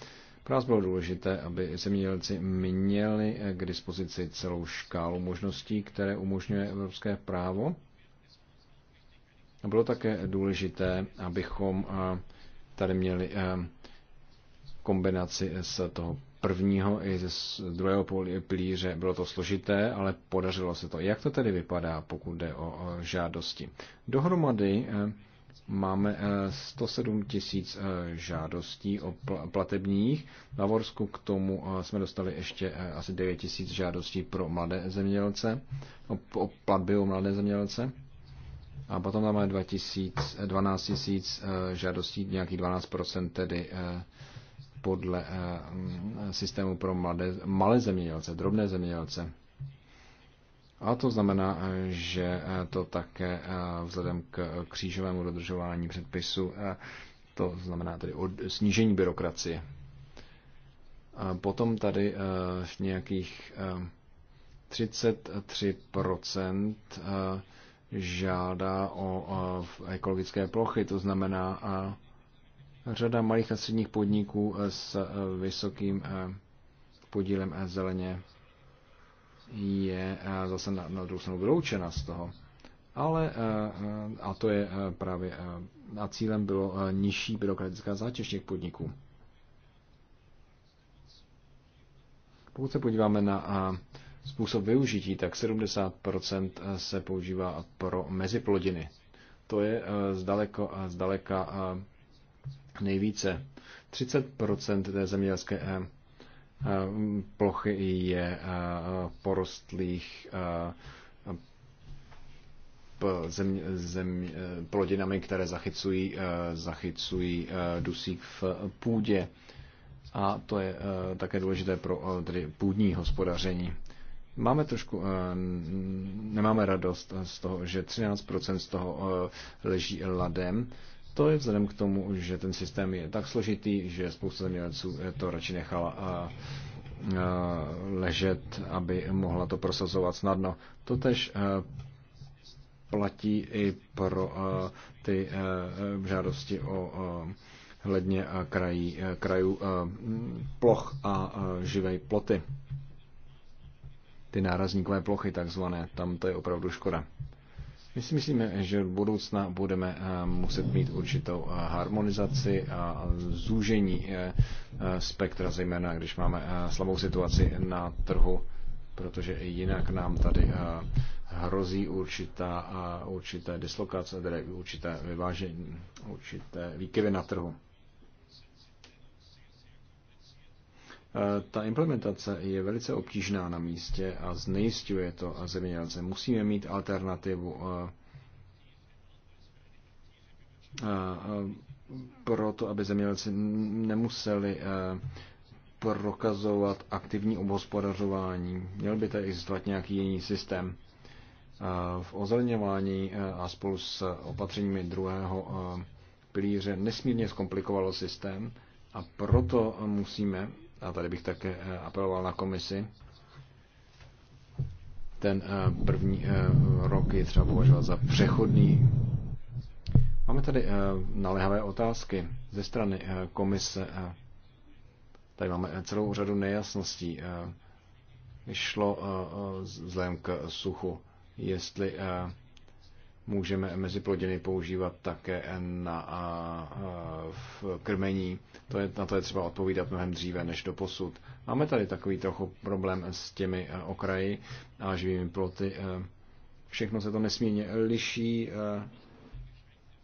Pro nás bylo důležité, aby zemědělci měli k dispozici celou škálu možností, které umožňuje evropské právo bylo také důležité, abychom eh, tady měli eh, kombinaci z toho prvního i z druhého pilíře. Bylo to složité, ale podařilo se to. Jak to tedy vypadá, pokud jde o žádosti? Dohromady eh, máme 107 tisíc žádostí o platebních. V Lavorsku k tomu jsme dostali ještě asi 9 tisíc žádostí pro mladé zemědělce, o platby o mladé zemědělce. A potom tam máme 2000, 12 tisíc eh, žádostí, nějakých 12% tedy eh, podle eh, mm, systému pro mladé, malé zemědělce, drobné zemědělce. A to znamená, že to také vzhledem k křížovému dodržování předpisu, to znamená tedy snížení byrokracie. A potom tady nějakých 33% žádá o ekologické plochy, to znamená řada malých a středních podniků e, s e, vysokým e, podílem zeleně je zase na, na druhou stranu vyloučena z toho. Ale a to je právě a cílem bylo nižší byrokratická zátěž těch podniků. Pokud se podíváme na způsob využití, tak 70% se používá pro meziplodiny. To je eh, zdaleko, eh, zdaleka eh, nejvíce. 30% té zemědělské plochy je porostlých zem, zem, plodinami, které zachycují, zachycují dusík v půdě. A to je také důležité pro tedy půdní hospodaření. Máme trošku, eh, nemáme radost z toho, že 13% z toho eh, leží ladem. To je vzhledem k tomu, že ten systém je tak složitý, že spousta zemědělců eh, to radši nechala a ležet, aby mohla to prosazovat snadno. To tež platí i pro ty žádosti o hledně krají, krajů ploch a živej ploty ty nárazníkové plochy takzvané, tam to je opravdu škoda. My si myslíme, že v budoucna budeme eh, muset mít určitou eh, harmonizaci a zúžení eh, spektra, zejména když máme slabou situaci na trhu, protože jinak nám tady hrozí určitá, určité dislokace, tedy určité vyvážení, určité výkyvy na trhu. Eh, ta implementace je velice obtížná na místě a znejistuje to a zemědělce. Musíme mít alternativu eh, eh, pro to, aby zemědělci nemuseli prokazovat aktivní obhospodařování. Měl by tady existovat nějaký jiný systém. V ozelňování a spolu s opatřeními druhého pilíře nesmírně zkomplikovalo systém a proto musíme a tady bych také eh, apeloval na komisi, ten eh, první eh, rok je třeba považovat za přechodný. Máme tady naléhavé otázky ze strany komise. Tady máme celou řadu nejasností. Šlo vzhledem k suchu, jestli můžeme mezi plodiny používat také na a, a, v krmení. To je, na to je třeba odpovídat mnohem dříve než do posud. Máme tady takový trochu problém s těmi e, okraji a živými ploty. E, všechno se to nesmírně liší e,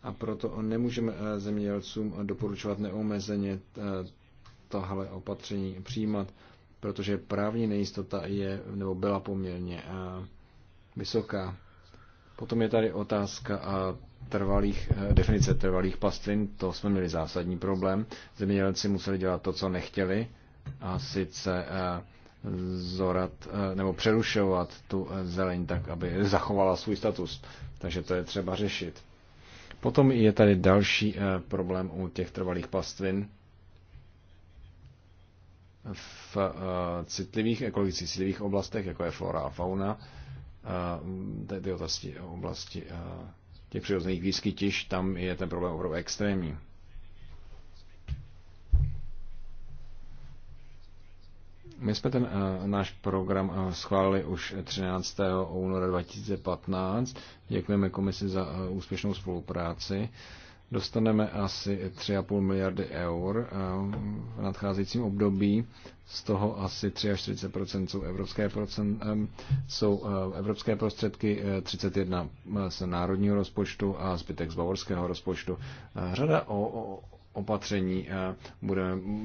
a proto nemůžeme zemědělcům doporučovat neomezeně tohle opatření přijímat, protože právní nejistota je nebo byla poměrně vysoká. Potom je tady otázka a trvalých, e, definice trvalých pastvin, to jsme měli zásadní problém. Zemědělci museli dělat to, co nechtěli, a sice e, zorat e, nebo přerušovat tu zeleň tak, aby zachovala svůj status. Takže to je třeba řešit. Potom je tady další problém u těch trvalých pastvin. V citlivých, ekologicky citlivých oblastech, jako je flora a fauna, ty oblasti, oblasti těch přirozených výskytiš, tam je ten problém opravdu extrémní. My jsme ten uh, náš program uh, schválili už 13. února 2015. Děkujeme komisi za uh, úspěšnou spolupráci dostaneme asi 3,5 miliardy eur eh, v nadcházejícím období. Z toho asi 43% jsou evropské, procent, jsou evropské eh, prostředky, 31 eh, z národního rozpočtu a zbytek z bavorského rozpočtu. Řada o, o opatření bude,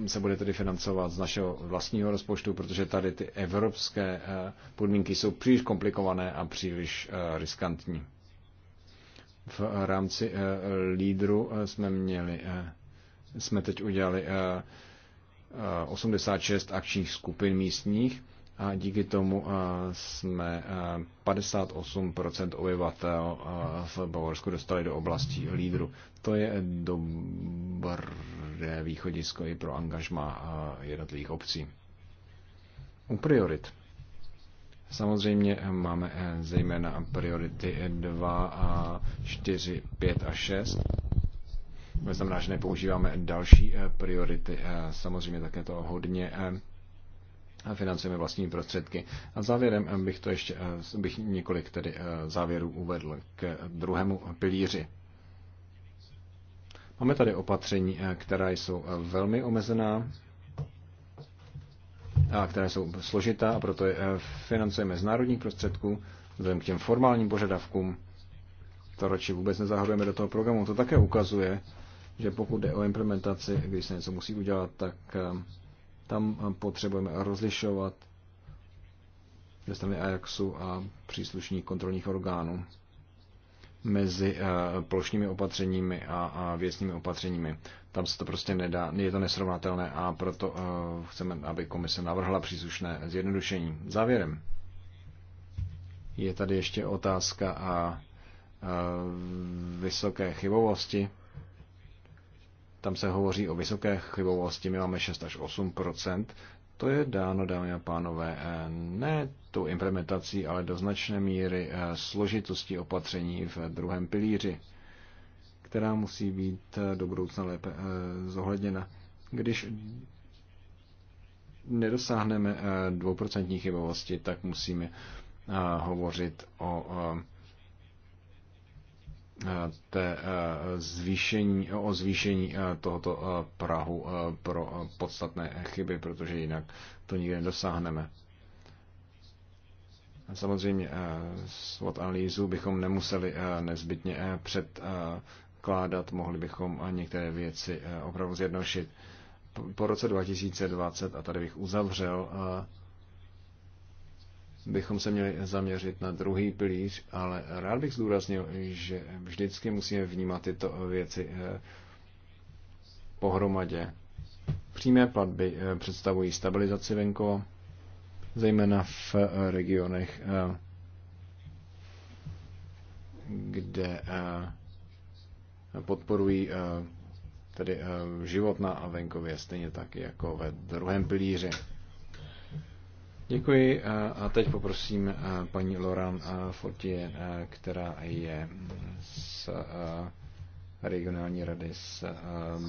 se bude tedy financovat z našeho vlastního rozpočtu, protože tady ty evropské podmínky jsou příliš komplikované a příliš riskantní. V rámci eh, lídru eh, jsme měli, eh, jsme teď udělali 86 akčních skupin místních a díky tomu jsme 58% obyvatel v Bavorsku dostali do oblasti lídru. To je dobré východisko i pro angažma jednotlivých obcí. U priorit. Samozřejmě máme eh, zejména priority 2 eh, a 4, 5 a 6. To znamená, že nepoužíváme další eh, priority. Samozřejmě také to hodně a financujeme vlastní prostředky. A závěrem bych to ještě, bych několik tedy závěrů uvedl k druhému pilíři. Máme tady opatření, která jsou velmi omezená, a které jsou složitá a proto je eh, financujeme z národních prostředků, vzhledem k těm formálním požadavkům, to radši vůbec nezahrujeme do toho programu. To také ukazuje, že pokud jde o implementaci, když se něco musí udělat, tak eh, tam eh, potřebujeme rozlišovat ze strany Ajaxu a příslušných kontrolních orgánů mezi eh, plošními opatřeními a věcnými opatřeními. Tam se to prostě nedá, je to nesrovnatelné a proto eh, chceme, aby komise navrhla příslušné zjednodušení. Závěrem je tady ještě otázka a eh, vysoké chybovosti. Tam se hovoří o vysoké chybovosti, my máme 6 až 8 to je dáno, dámy a pánové, eh, ne tou implementací, ale do značné míry eh, složitosti opatření v druhém pilíři, která musí být eh, do budoucna lépe zohledněna. Když nedosáhneme dvouprocentní chybovosti, tak musíme hovořit o té eh, zvýšení, o zvýšení eh, tohoto eh, Prahu pro podstatné chyby, protože jinak to nikdy nedosáhneme. Samozřejmě SWOT analýzu bychom nemuseli nezbytně předkládat, mohli bychom některé věci opravdu zjednošit. Po roce 2020, a tady bych uzavřel, bychom se měli zaměřit na druhý pilíř, ale rád bych zdůraznil, že vždycky musíme vnímat tyto věci eh, pohromadě. Přímé platby eh, představují stabilizaci venko, zejména v eh, regionech, kde podporují tedy život na venkově, stejně tak jako ve druhém pilíři. Děkuji a teď poprosím paní Loran Fortier, která je z regionální rady z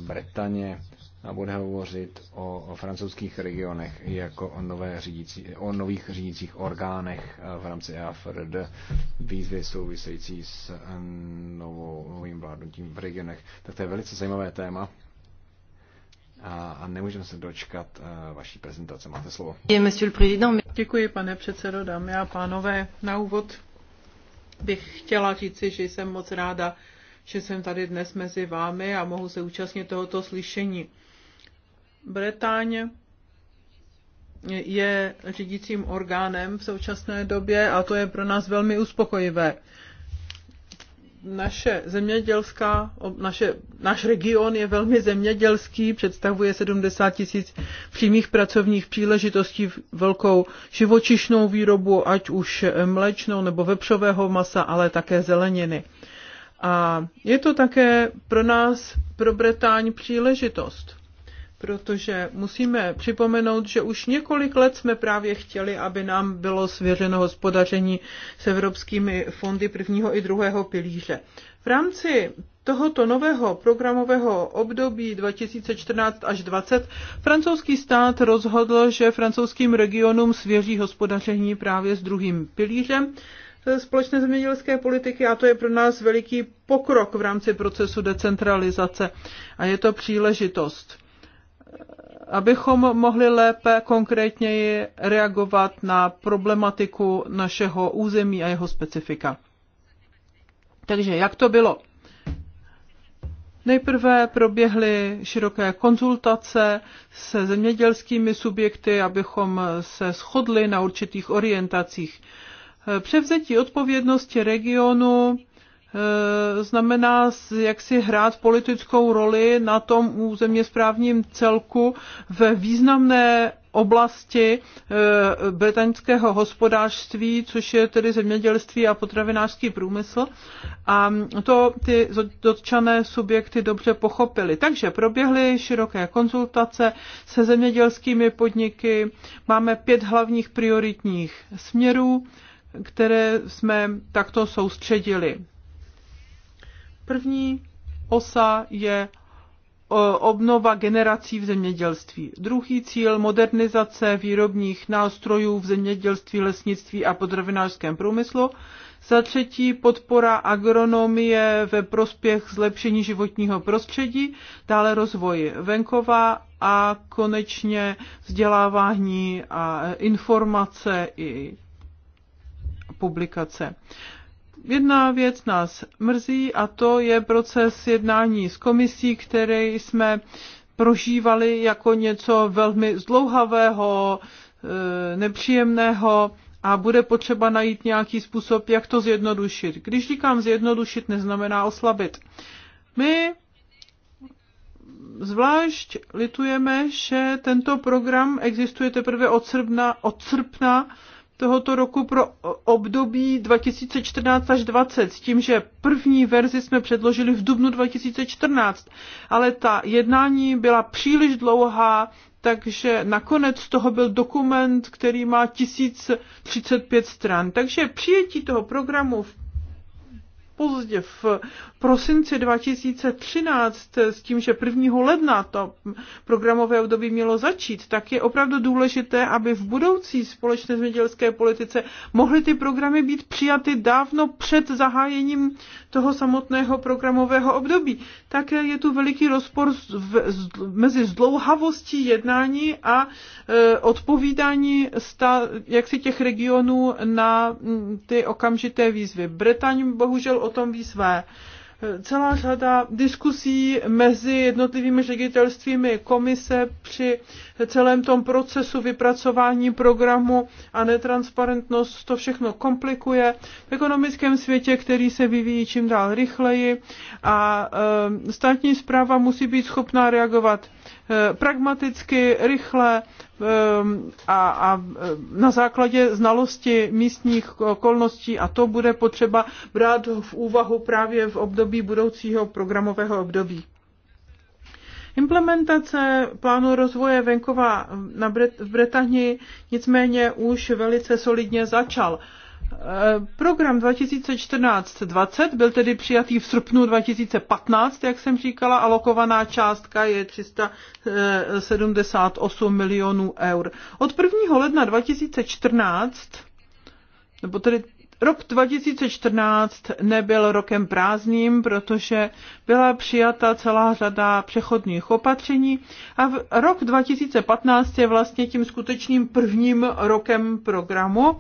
Bretaně a bude hovořit o francouzských regionech jako o, nové řídící, o nových řídících orgánech v rámci EAFRD, výzvy související s novou, novým vládnutím v regionech. Tak to je velice zajímavé téma a nemůžeme se dočkat e, vaší prezentace. Máte slovo. Děkuji, pane předsedo, dámy a pánové. Na úvod bych chtěla říci, že jsem moc ráda, že jsem tady dnes mezi vámi a mohu se účastnit tohoto slyšení. Bretáň je řídícím orgánem v současné době a to je pro nás velmi uspokojivé naše zemědělská, naše, náš region je velmi zemědělský, představuje 70 tisíc přímých pracovních příležitostí, velkou živočišnou výrobu, ať už mlečnou nebo vepřového masa, ale také zeleniny. A je to také pro nás, pro Bretáň, příležitost protože musíme připomenout, že už několik let jsme právě chtěli, aby nám bylo svěřeno hospodaření s evropskými fondy prvního i druhého pilíře. V rámci tohoto nového programového období 2014 až 2020 francouzský stát rozhodl, že francouzským regionům svěří hospodaření právě s druhým pilířem společné zemědělské politiky a to je pro nás veliký pokrok v rámci procesu decentralizace a je to příležitost abychom mohli lépe konkrétněji reagovat na problematiku našeho území a jeho specifika. Takže jak to bylo? Nejprve proběhly široké konzultace se zemědělskými subjekty, abychom se shodli na určitých orientacích. Převzetí odpovědnosti regionu Eh, znamená jak si hrát politickou roli na tom územně správním celku ve významné oblasti eh, britanského hospodářství, což je tedy zemědělství a potravinářský průmysl. A to ty dotčené subjekty dobře pochopili. Takže proběhly široké konzultace se zemědělskými podniky. Máme pět hlavních prioritních směrů, které jsme takto soustředili. První osa je e, obnova generací v zemědělství. Druhý cíl modernizace výrobních nástrojů v zemědělství, lesnictví a potravinářském průmyslu. Za třetí podpora agronomie ve prospěch zlepšení životního prostředí, dále rozvoj venkova a konečně vzdělávání a informace i publikace. Jedna věc nás mrzí a to je proces jednání s komisí, který jsme prožívali jako něco velmi zdlouhavého, eh, nepříjemného a bude potřeba najít nějaký způsob, jak to zjednodušit. Když říkám zjednodušit, neznamená oslabit. My zvlášť litujeme, že tento program existuje teprve od srpna, od srpna tohoto roku pro období 2014 až 2020, s tím, že první verzi jsme předložili v dubnu 2014, ale ta jednání byla příliš dlouhá, takže nakonec z toho byl dokument, který má 1035 stran. Takže přijetí toho programu v pozdě v prosinci 2013 s tím, že 1. ledna to programové období mělo začít, tak je opravdu důležité, aby v budoucí společné zemědělské politice mohly ty programy být přijaty dávno před zahájením toho samotného programového období. Také je tu veliký rozpor mezi zdlouhavostí jednání a e, odpovídání sta, jaksi těch regionů na ty okamžité výzvy. Bretaň bohužel o tom ví své. Celá řada diskusí mezi jednotlivými ředitelstvími komise při celém tom procesu vypracování programu a netransparentnost to všechno komplikuje v ekonomickém světě, který se vyvíjí čím dál rychleji a eh, státní zpráva musí být schopná reagovat Eh, pragmaticky, rychle eh, a, a eh, na základě znalosti místních okolností a to bude potřeba brát v úvahu právě v období budoucího programového období. Implementace plánu rozvoje venkova na Bret- v Bretanii nicméně už velice solidně začal. Eh, program 2014-20 byl tedy přijatý v srpnu 2015, jak jsem říkala, alokovaná částka je 378 eh, milionů eur. Od 1. ledna 2014, nebo tedy Rok 2014 nebyl rokem prázdným, protože byla přijata celá řada přechodných opatření a v rok 2015 je vlastně tím skutečným prvním rokem programu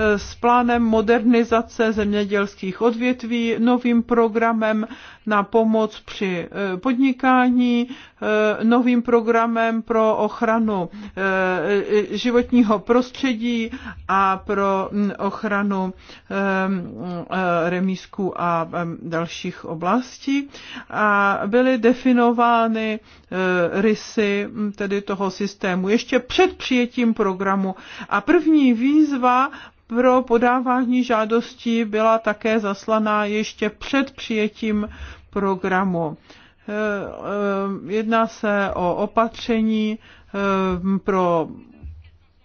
s plánem modernizace zemědělských odvětví, novým programem na pomoc při e, podnikání, e, novým programem pro ochranu e, životního prostředí a pro ochranu remízků a dalších oblastí. A byly definovány rysy tedy toho systému ještě před přijetím programu. A první výzva pro podávání žádostí byla také zaslaná ještě před přijetím programu. Eh, eh, jedná se o opatření eh, pro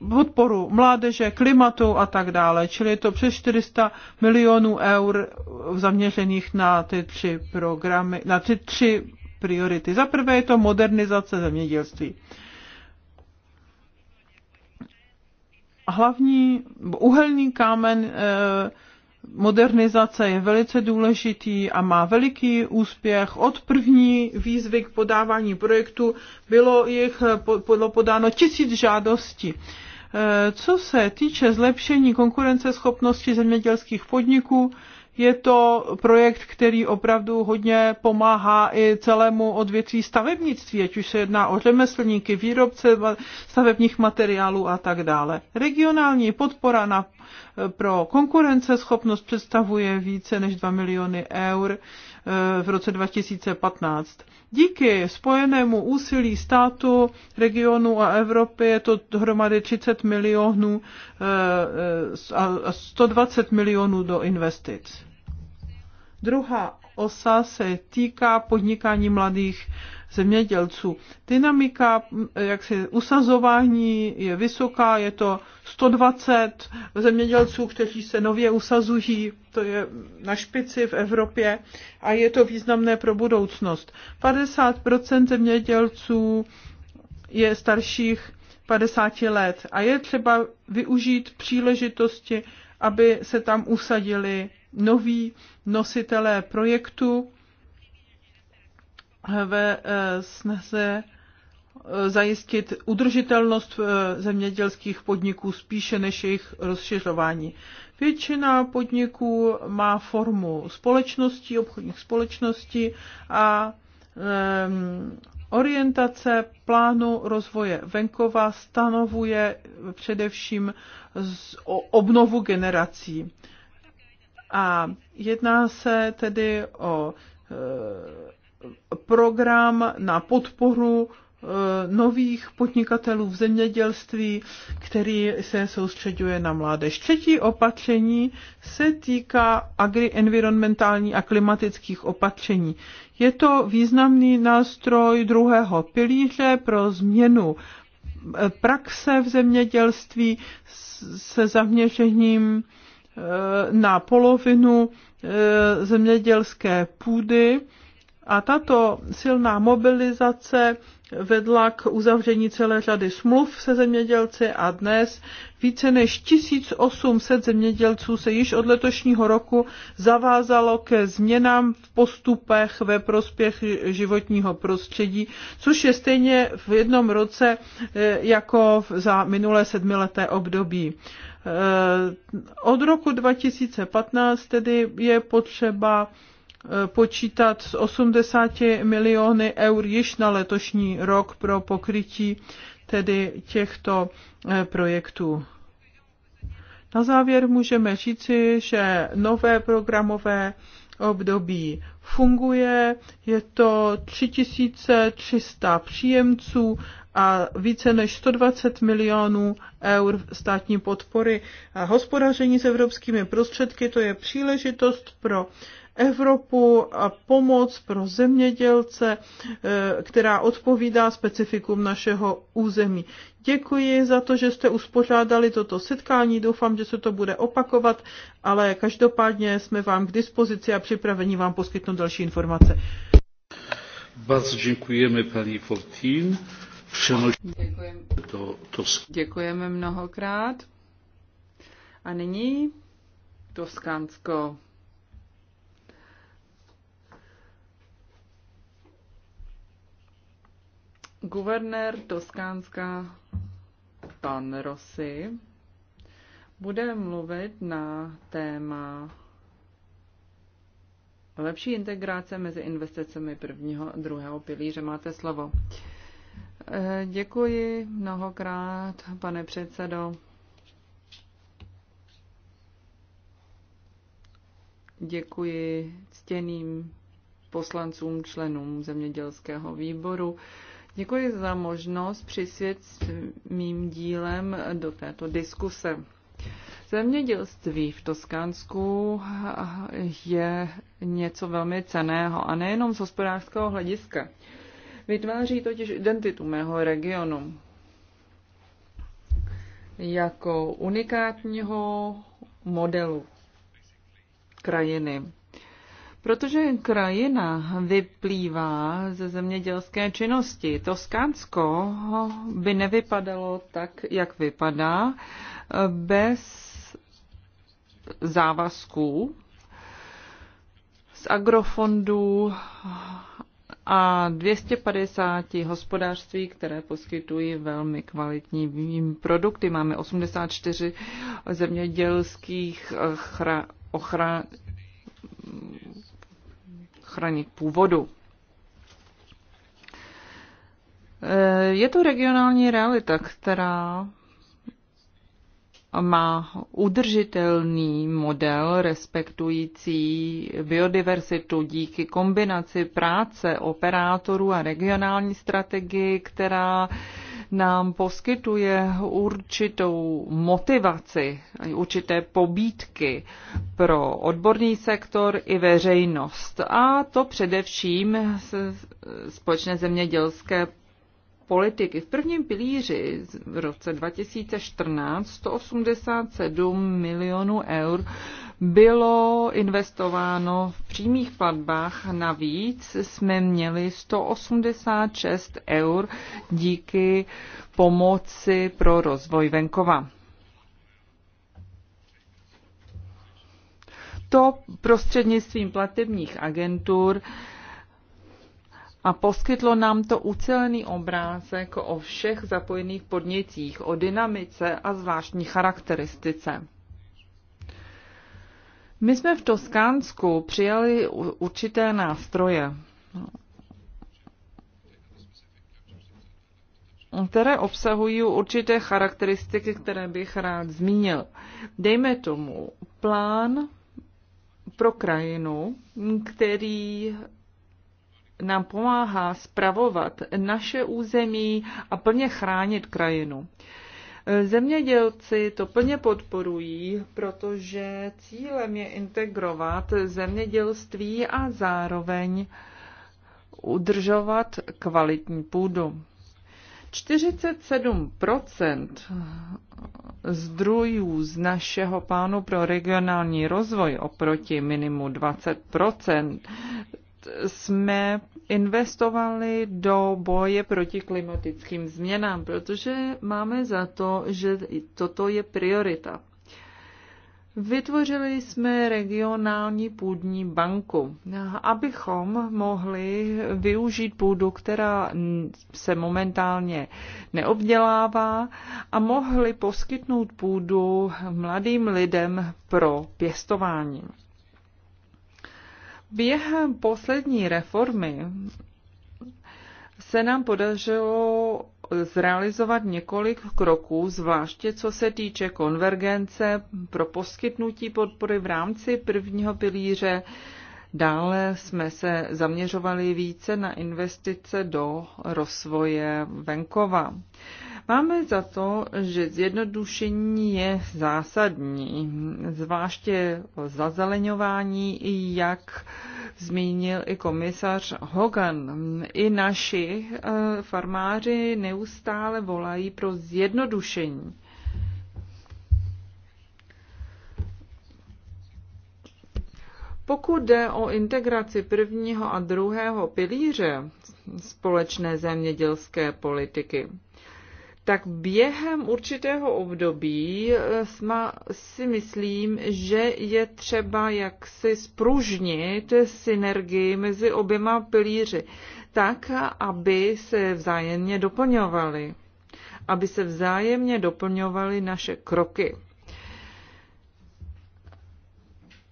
podporu mládeže, klimatu a tak dále. Čili je to přes 400 milionů eur zaměřených na ty tři programy, na ty tři priority. Za prvé je to modernizace zemědělství. hlavní uhelný kámen eh, modernizace je velice důležitý a má veliký úspěch. Od první výzvy k podávání projektu bylo jich eh, bylo podáno tisíc žádostí. Eh, co se týče zlepšení konkurenceschopnosti zemědělských podniků, je to projekt, který opravdu hodně pomáhá i celému odvětví stavebnictví, ať už se jedná o řemeslníky, výrobce stavebních materiálů a tak dále. Regionální podpora na, pro konkurenceschopnost představuje více než 2 miliony eur v roce 2015. Díky spojenému úsilí státu, regionu a Evropy je to dohromady 30 milionů eh, eh, a 120 milionů do investic. Druhá osa se týká podnikání mladých zemědělců. Dynamika jak se usazování je vysoká, je to 120 zemědělců, kteří se nově usazují, to je na špici v Evropě a je to významné pro budoucnost. 50% zemědělců je starších 50 let a je třeba využít příležitosti, aby se tam usadili noví nositelé projektu ve eh, snaze eh, zajistit udržitelnost eh, zemědělských podniků spíše než jejich rozšiřování. Většina podniků má formu společností, obchodních společností a ehm, Orientace plánu rozvoje venkova stanovuje především obnovu generací. A jedná se tedy o eh, program na podporu eh, nových podnikatelů v zemědělství, který se soustředuje na mládež. Třetí opatření se týká agri-environmentální a klimatických opatření. Je to významný nástroj druhého pilíře pro změnu eh, praxe v zemědělství se zaměřením Eh, na polovinu eh, zemědělské půdy a tato silná mobilizace vedla k uzavření celé řady smluv se zemědělci a dnes více než 1800 zemědělců se již od letošního roku zavázalo ke změnám v postupech ve prospěch životního prostředí, což je stejně v jednom roce eh, jako za minulé sedmileté období. Eh, od roku 2015 tedy je potřeba eh, počítat z 80 miliony eur již na letošní rok pro pokrytí tedy těchto eh, projektů. Na závěr můžeme říci, že nové programové období funguje, je to 3300 příjemců a více než 120 milionů eur státní podpory. A hospodaření s evropskými prostředky to je příležitost pro Evropu a pomoc pro zemědělce, e, která odpovídá specifikum našeho území. Děkuji za to, že jste uspořádali toto setkání. Doufám, že se to bude opakovat, ale každopádně jsme vám k dispozici a připraveni vám poskytnout další informace. Bardzo dziękujemy pani Fortin. Děkujeme. To, to... Děkujeme mnohokrát. A nyní Toskánsko. Guvernér Toskánska pan Rossi bude mluvit na téma lepší integrace mezi investicemi prvního a druhého pilíře. Máte slovo. Eh, děkuji mnohokrát, pane předsedo. Děkuji ctěným poslancům, členům zemědělského výboru. Děkuji za možnost přisvět mým dílem do této diskuse. Zemědělství v Toskánsku je něco velmi ceného a nejenom z hospodářského hlediska. Vytváří totiž identitu mého regionu jako unikátního modelu krajiny. Protože krajina vyplývá ze zemědělské činnosti. Toskánsko by nevypadalo tak, jak vypadá, bez závazků z agrofondů a 250 hospodářství, které poskytují velmi kvalitní produkty. Máme 84 zemědělských eh, chra, ochra, původu. Eh, je to regionální realita, která má udržitelný model respektující biodiverzitu díky kombinaci práce operátorů a regionální strategii, která nám poskytuje určitou motivaci, určité pobídky pro odborný sektor i veřejnost. A to především společné zemědělské politiky. V prvním pilíři v roce 2014 187 milionů eur bylo investováno v přímých platbách. Navíc jsme měli 186 eur díky pomoci pro rozvoj venkova. To prostřednictvím platebních agentur a poskytlo nám to ucelený obrázek o všech zapojených podnicích, o dynamice a zvláštní charakteristice. My jsme v Toskánsku přijali určité nástroje, které obsahují určité charakteristiky, které bych rád zmínil. Dejme tomu plán pro krajinu, který nám pomáhá spravovat naše území a plně chránit krajinu. Zemědělci to plně podporují, protože cílem je integrovat zemědělství a zároveň udržovat kvalitní půdu. 47 zdrojů z našeho plánu pro regionální rozvoj oproti minimu 20 jsme investovali do boje proti klimatickým změnám, protože máme za to, že toto je priorita. Vytvořili jsme regionální půdní banku, abychom mohli využít půdu, která se momentálně neobdělává, a mohli poskytnout půdu mladým lidem pro pěstování. Během poslední reformy se nám podařilo zrealizovat několik kroků, zvláště co se týče konvergence pro poskytnutí podpory v rámci prvního pilíře. Dále jsme se zaměřovali více na investice do rozvoje venkova. Máme za to, že zjednodušení je zásadní, zvláště zazeleňování, jak zmínil i komisař Hogan. I naši eh, farmáři neustále volají pro zjednodušení. Pokud jde o integraci prvního a druhého pilíře společné zemědělské politiky, tak během určitého období eh, si myslím, že je třeba jaksi spružnit synergii mezi oběma pilíři, tak, aby se vzájemně doplňovaly. Aby se vzájemně doplňovaly naše kroky.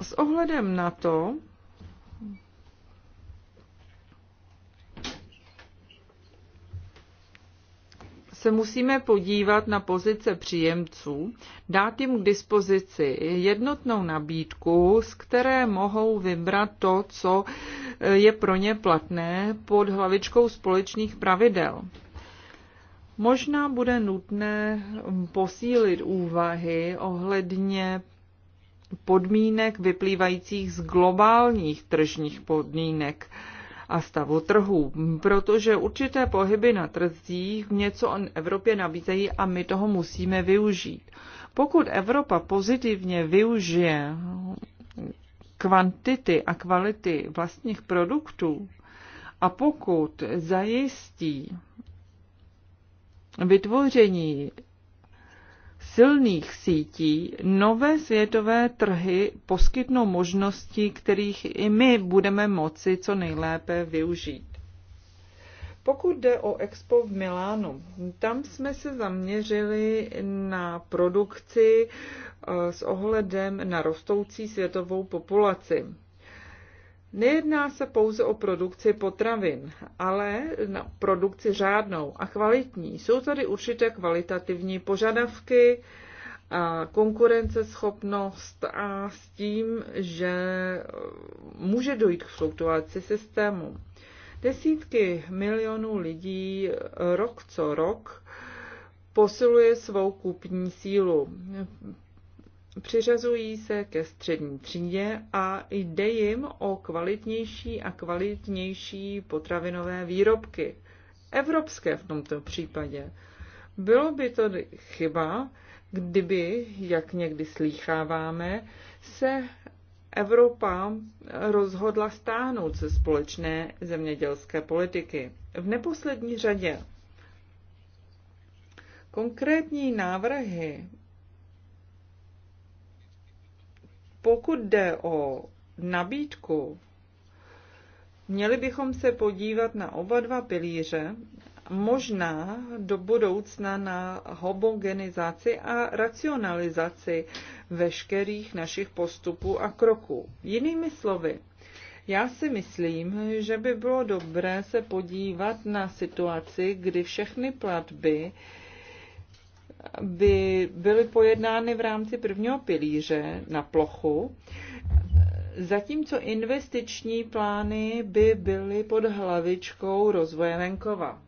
S ohledem na to, se musíme podívat na pozice příjemců, dát jim k dispozici jednotnou nabídku, z které mohou vybrat to, co eh, je pro ně platné pod hlavičkou společných pravidel. Možná bude nutné hm, posílit úvahy ohledně podmínek vyplývajících z globálních tržních podmínek a stavu trhů, protože určité pohyby na trzích něco Evropě nabízejí a my toho musíme využít. Pokud Evropa pozitivně využije kvantity a kvality vlastních produktů a pokud zajistí vytvoření silných sítí nové světové trhy poskytnou možnosti, kterých i my budeme moci co nejlépe využít. Pokud jde o expo v Milánu, tam jsme se zaměřili na produkci eh, s ohledem na rostoucí světovou populaci. Nejedná se pouze o produkci potravin, ale na produkci řádnou a kvalitní. Jsou tady určité kvalitativní požadavky, a konkurenceschopnost a s tím, že může dojít k fluktuaci systému. Desítky milionů lidí rok co rok posiluje svou kupní sílu přiřazují se ke střední třídě a jde jim o kvalitnější a kvalitnější potravinové výrobky. Evropské v tomto případě. Bylo by to chyba, kdyby, jak někdy slýcháváme, se Evropa rozhodla stáhnout ze společné zemědělské politiky. V neposlední řadě konkrétní návrhy Pokud jde o nabídku, měli bychom se podívat na oba dva pilíře, možná do budoucna na homogenizaci a racionalizaci veškerých našich postupů a kroků. Jinými slovy, já si myslím, že by bylo dobré se podívat na situaci, kdy všechny platby by byly pojednány v rámci prvního pilíře na plochu, zatímco investiční plány by byly pod hlavičkou rozvoje venkova.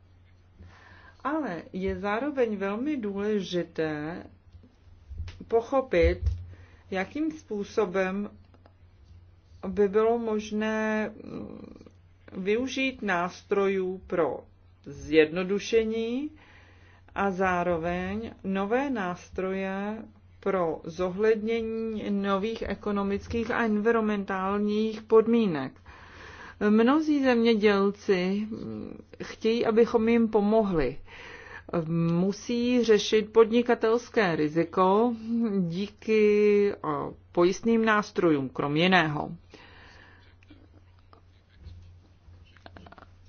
Ale je zároveň velmi důležité pochopit, jakým způsobem by bylo možné využít nástrojů pro zjednodušení a zároveň nové nástroje pro zohlednění nových ekonomických a environmentálních podmínek. Mnozí zemědělci chtějí, abychom jim pomohli. Musí řešit podnikatelské riziko díky pojistným nástrojům, krom jiného.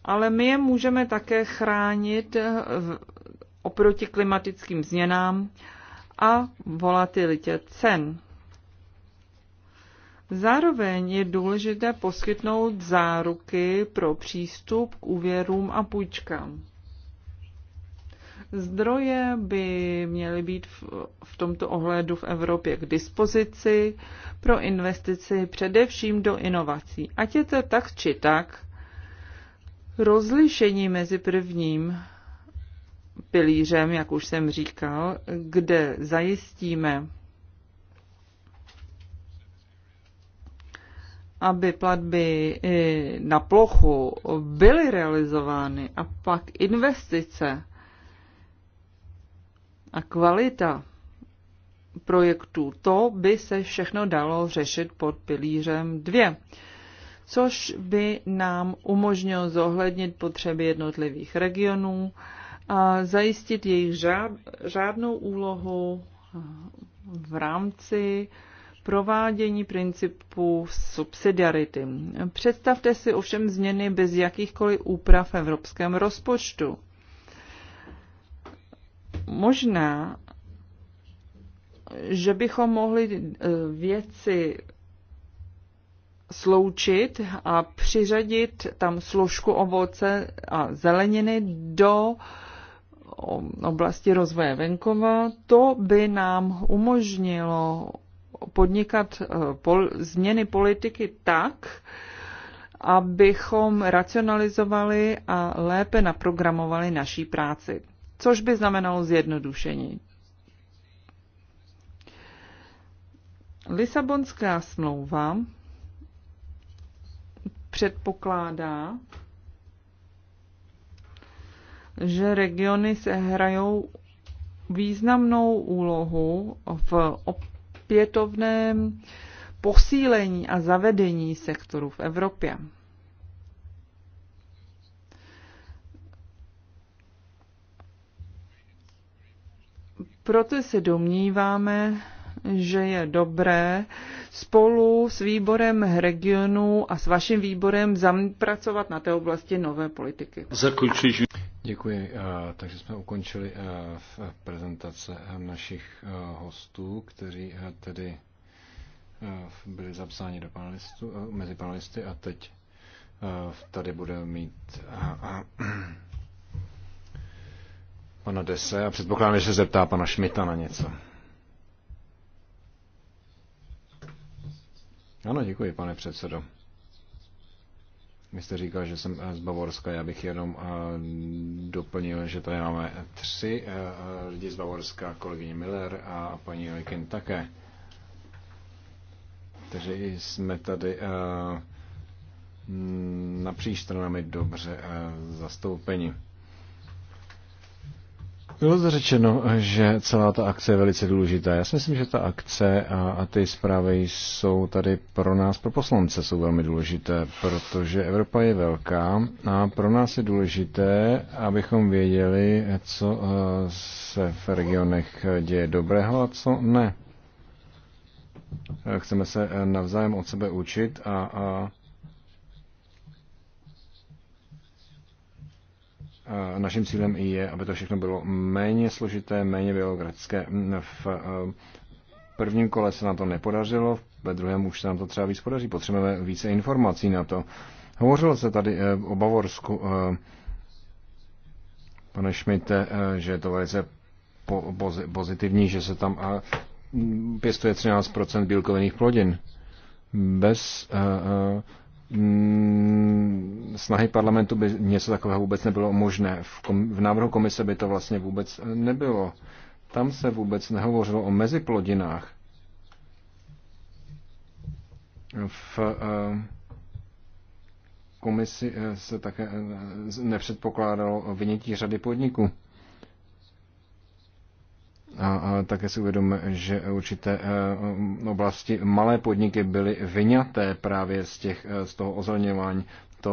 Ale my je můžeme také chránit oproti klimatickým změnám a volatilitě cen. Zároveň je důležité poskytnout záruky pro přístup k úvěrům a půjčkám. Zdroje by měly být v, v tomto ohledu v Evropě k dispozici pro investici především do inovací. Ať je to tak či tak, rozlišení mezi prvním pilířem, jak už jsem říkal, kde zajistíme, aby platby na plochu byly realizovány a pak investice a kvalita projektů, to by se všechno dalo řešit pod pilířem 2 což by nám umožnilo zohlednit potřeby jednotlivých regionů a zajistit jejich řád, žádnou úlohu v rámci provádění principu subsidiarity. Představte si ovšem změny bez jakýchkoliv úprav v evropském rozpočtu. Možná, že bychom mohli e, věci sloučit a přiřadit tam složku ovoce a zeleniny do uh, oblasti rozvoje venkova, to by nám umožnilo podnikat eh, pol, změny politiky tak, abychom racionalizovali a lépe naprogramovali naší práci, což by znamenalo zjednodušení. Lisabonská smlouva předpokládá, že regiony se hrajou významnou úlohu v opětovném posílení a zavedení sektoru v Evropě. Proto se domníváme, že je dobré spolu s výborem regionu a s vaším výborem zapracovat na té oblasti nové politiky. Zakončili. Děkuji. Eh, takže jsme ukončili eh, prezentace eh, našich hostů, kteří tedy byli zapsáni do panelistu, mezi panelisty a teď tady bude mít [clears throat] pana Dese a předpokládám, že se zeptá pana Šmita na něco. Ano, děkuji, pane předsedo. Vy jste říkal, že jsem eh, z Bavorska, já bych jenom eh, doplnil, že tady máme tři eh, lidi z Bavorska, kolegyně Miller a paní Lekin také. Takže jsme tady napříč stranami dobře zastoupeni. Bylo to řečeno, že celá ta akce je velice důležitá. Já si myslím, že ta akce a, a ty zprávy jsou tady pro nás, pro poslance, jsou velmi důležité, protože Evropa je velká a pro nás je důležité, abychom věděli, co eh, se v regionech děje dobrého a co ne. Eh, chceme se eh, navzájem od sebe učit a, a naším cílem je, aby to všechno bylo méně složité, méně byrokratické. V eh, prvním kole se nám to nepodařilo, ve druhém už se nám to třeba víc podaří. Potřebujeme více informací na to. Hovořilo se tady eh, o Bavorsku, eh, pane Šmite, že je to velice pozitivní, že se tam pěstuje 13% bílkovinných plodin. Bez Mm, snahy parlamentu by něco takového vůbec nebylo možné. V, kom, v návrhu komise by to vlastně vůbec eh, nebylo. Tam se vůbec nehovořilo o meziplodinách. V eh, komisi eh, se také nepředpokládalo vynětí řady podniků. A také si uvědomíme, že určité eh, oblasti malé podniky byly vyňaté právě z, těch, eh, z toho ozelňování. To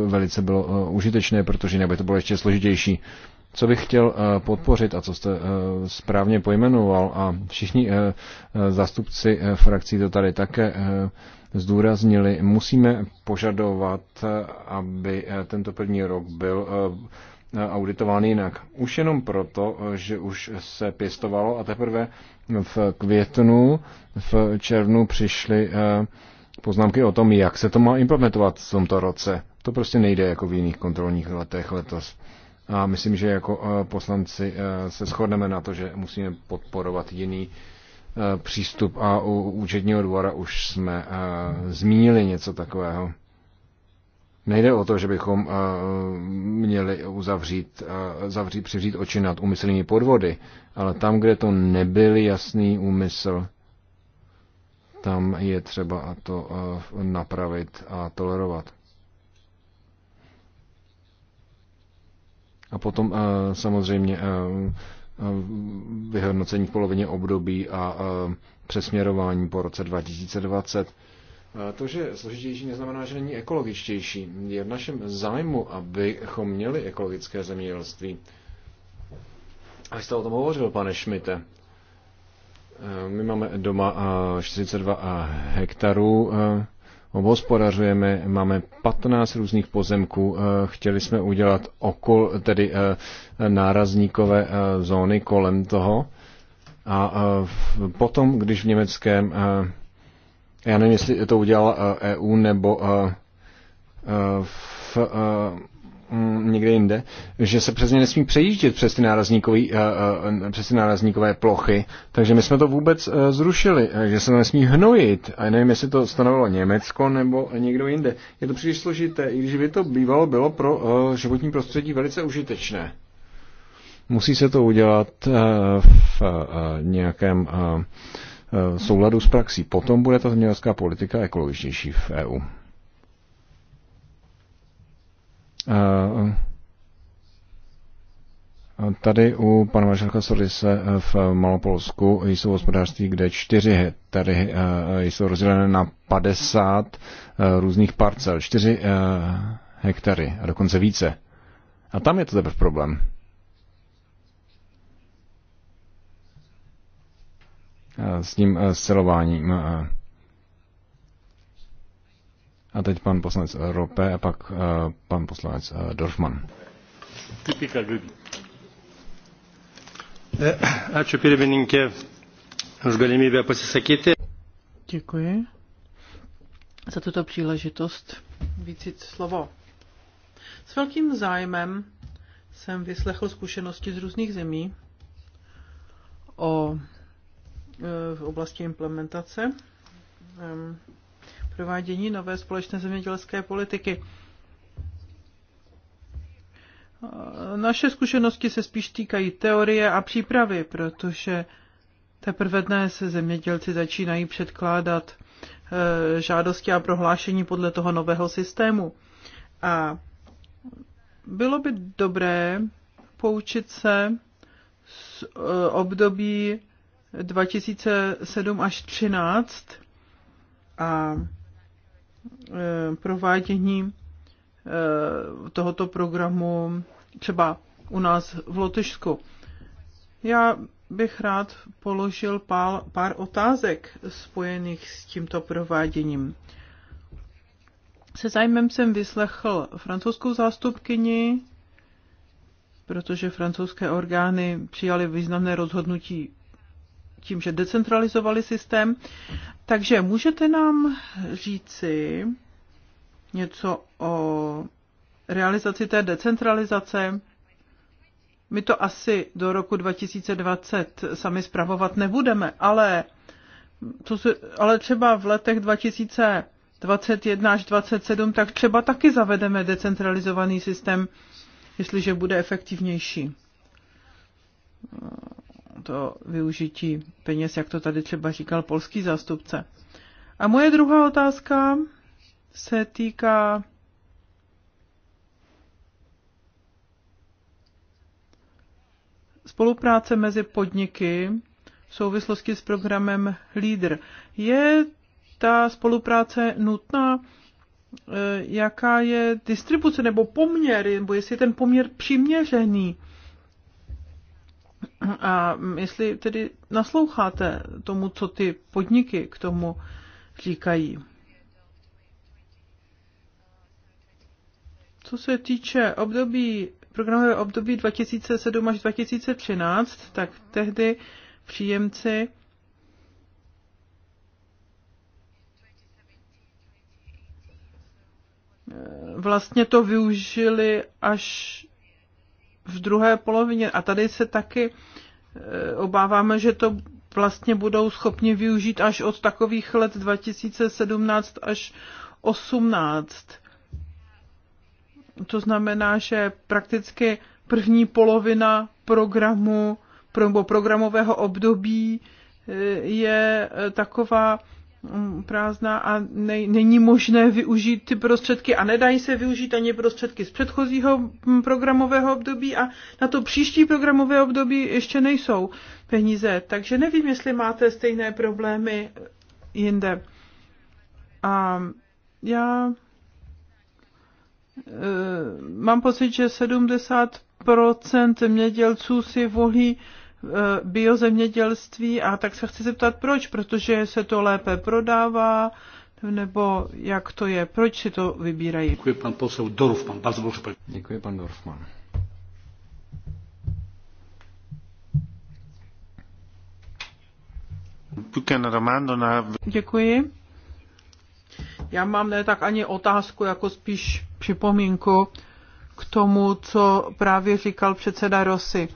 eh, velice bylo užitečné, protože by to bylo ještě složitější. Co bych chtěl podpořit a co jste správně pojmenoval a všichni zástupci frakcí to tady také zdůraznili, musíme požadovat, aby tento první rok byl Eh, auditován jinak. Už jenom proto, eh, že už se pěstovalo a teprve v květnu, v červnu přišly eh, poznámky o tom, jak se to má implementovat v tomto roce. To prostě nejde jako v jiných kontrolních letech letos. A myslím, že jako poslanci se shodneme na to, že musíme podporovat jiný přístup a u účetního dvora už jsme zmínili něco takového. Nejde o to, že bychom eh, měli uzavřít, eh, zavřít, přivřít oči nad úmyslnými podvody, ale tam, kde to nebyl jasný úmysl, tam je třeba to eh, napravit a tolerovat. A potom samozřejmě vyhodnocení v polovině období a přesměrování po roce 2020 to, že je složitější, neznamená, že není ekologičtější. Je v našem zájmu, abychom měli ekologické zemědělství. Až jste o tom hovořil, pane Šmite. Eh, my máme doma 42 eh, eh, hektarů, obhospodařujeme, máme 15 různých pozemků, chtěli jsme udělat okol, tedy nárazníkové zóny kolem toho. A potom, když v německém já nevím, jestli to udělala EU eh, e nebo v, eh, eh, mm, někde jinde, že se přesně nesmí přejíždět přes ty, přes ty nárazníkové plochy. Takže my jsme to vůbec zrušili, že se to nesmí hnojit. A nevím, jestli to stanovilo Německo nebo někdo jinde. Je to příliš složité, i když by to bývalo bylo pro životní prostředí velice užitečné. Musí se to udělat v nějakém souladu s praxí. Potom bude ta zemědělská politika ekologičtější v EU. Tady u pana Mašelka Sorise e, v Malopolsku jsou hospodářství, kde čtyři hektary e, jsou rozdělené na 50 e, různých parcel. Čtyři hektary a dokonce více. A tam je to teprve problém. Eh, s tím eh, scelováním. Eh. A teď pan poslanec Rope a pak pan poslanec Dorfman. Typika lidí. Ačiū pirmininkė už galimybę pasisakyti. Děkuji za tuto příležitost vícit slovo. S velkým zájmem jsem vyslechl zkušenosti z různých zemí o Eh, v oblasti implementace provádění nové společné zemědělské politiky. Eh, naše zkušenosti se spíš týkají teorie a přípravy, protože teprve dnes zemědělci začínají předkládat eh, žádosti a prohlášení podle toho nového systému. A bylo by dobré poučit se z období 2007 až 13 a e, provádění e, tohoto programu třeba u nás v Lotyšsku. Já bych rád položil pár, pár otázek spojených s tímto prováděním. Se zájmem jsem vyslechl francouzskou zástupkyni, protože francouzské orgány přijaly významné rozhodnutí tím, že decentralizovali systém. Takže můžete nám říci něco o realizaci té decentralizace? My to asi do roku 2020 sami zpravovat nebudeme, ale, to se, ale třeba v letech 2021 až 2027, tak třeba taky zavedeme decentralizovaný systém, jestliže bude efektivnější to využití peněz, jak to tady třeba říkal polský zástupce. A moje druhá otázka se týká spolupráce mezi podniky v souvislosti s programem LEADER. Je ta spolupráce nutná? E, jaká je distribuce nebo poměr, nebo jestli je ten poměr přiměřený? A jestli tedy nasloucháte tomu, co ty podniky k tomu říkají. Co se týče období, programové období 2007 až 2013, tak tehdy příjemci vlastně to využili až v druhé polovině. A tady se taky e, obáváme, že to vlastně budou schopni využít až od takových let 2017 až 18. To znamená, že prakticky první polovina programu, programového období e, je taková, Mm, prázdná a ne, není možné využít ty prostředky a nedají se využít ani prostředky z předchozího mm, programového období a na to příští programové období ještě nejsou peníze. Takže nevím, jestli máte stejné problémy jinde. A já e, mám pocit, že 70% zemědělců si volí e, Eh, biozemědělství a tak se chci zeptat, proč, protože se to lépe prodává, nebo jak to je, proč si to vybírají. Děkuji pan posel Dorfman, bardzo Děkuji pan Dorfman. Děkuji. Já mám ne tak ani otázku, jako spíš připomínku k tomu, co právě říkal předseda Rosy.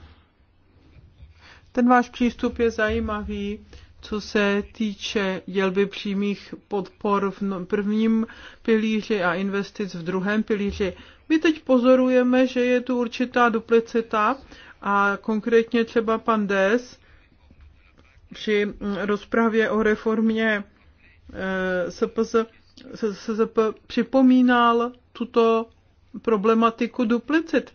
Ten váš přístup je zajímavý, co se týče dělby přímých podpor v no- prvním pilíři a investic v druhém pilíři. My teď pozorujeme, že je tu určitá duplicita a konkrétně třeba pan Des při rozpravě o reformě eh, SZP připomínal tuto problematiku duplicit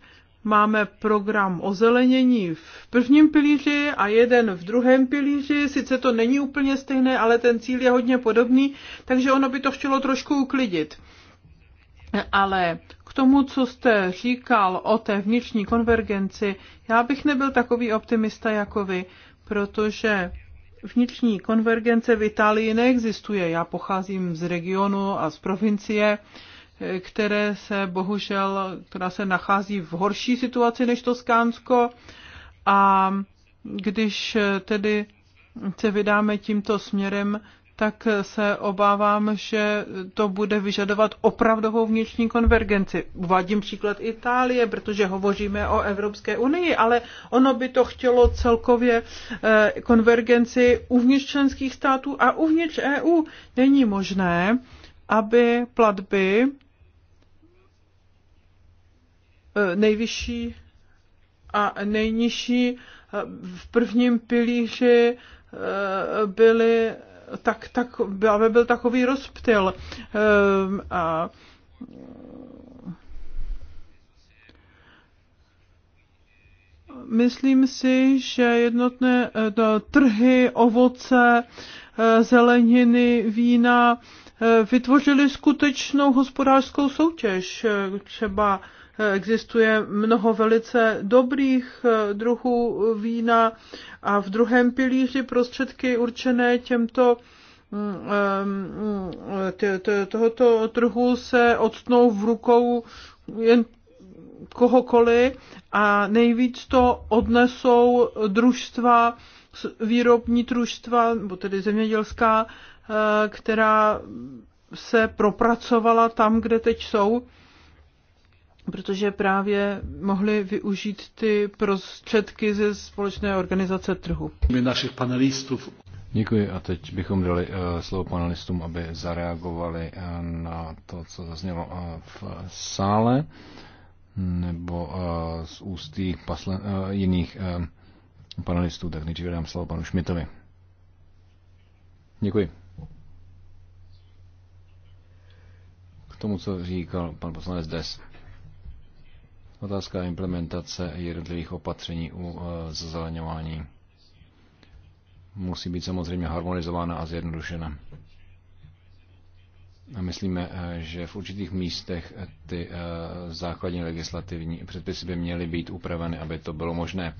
máme program ozelenění v prvním pilíři a jeden v druhém pilíři. Sice to není úplně stejné, ale ten cíl je hodně podobný, takže ono by to chtělo trošku uklidit. Ale k tomu, co jste říkal o té vnitřní konvergenci, já bych nebyl takový optimista jako vy, protože vnitřní konvergence v Itálii neexistuje. Já pocházím z regionu a z provincie, které se bohužel, která se nachází v horší situaci než Toskánsko. A když tedy se vydáme tímto směrem, tak se obávám, že to bude vyžadovat opravdovou vnitřní konvergenci. Uvádím příklad Itálie, protože hovoříme o Evropské unii, ale ono by to chtělo celkově eh, konvergenci uvnitř členských států a uvnitř EU. Není možné, aby platby Eh, nejvyšší a nejnižší eh, v prvním pilíři eh, byly tak, tak, aby byl takový rozptyl. A myslím si, že jednotné trhy, ovoce, zeleniny, vína vytvořily skutečnou hospodářskou soutěž. Třeba existuje mnoho velice dobrých eh, druhů vína a v druhém pilíři prostředky určené těmto mm, eh, tohoto trhu se odstnou v rukou jen kohokoliv a nejvíc to odnesou družstva, výrobní družstva, nebo tedy zemědělská, eh, která se propracovala tam, kde teď jsou protože právě mohli využít ty prostředky ze společné organizace trhu. Našich panelistů. Děkuji a teď bychom dali uh, slovo panelistům, aby zareagovali uh, na to, co zaznělo uh, v sále nebo uh, z ústí pasle, uh, jiných uh, panelistů. Tak nejdříve dám slovo panu Šmitovi. Děkuji. K tomu, co říkal pan poslanec Des. Otázka implementace jednotlivých opatření u eh, zazeleňování musí být samozřejmě harmonizována a zjednodušena. A myslíme, eh, že v určitých místech eh, ty základní legislativní předpisy by měly být upraveny, aby to bylo možné.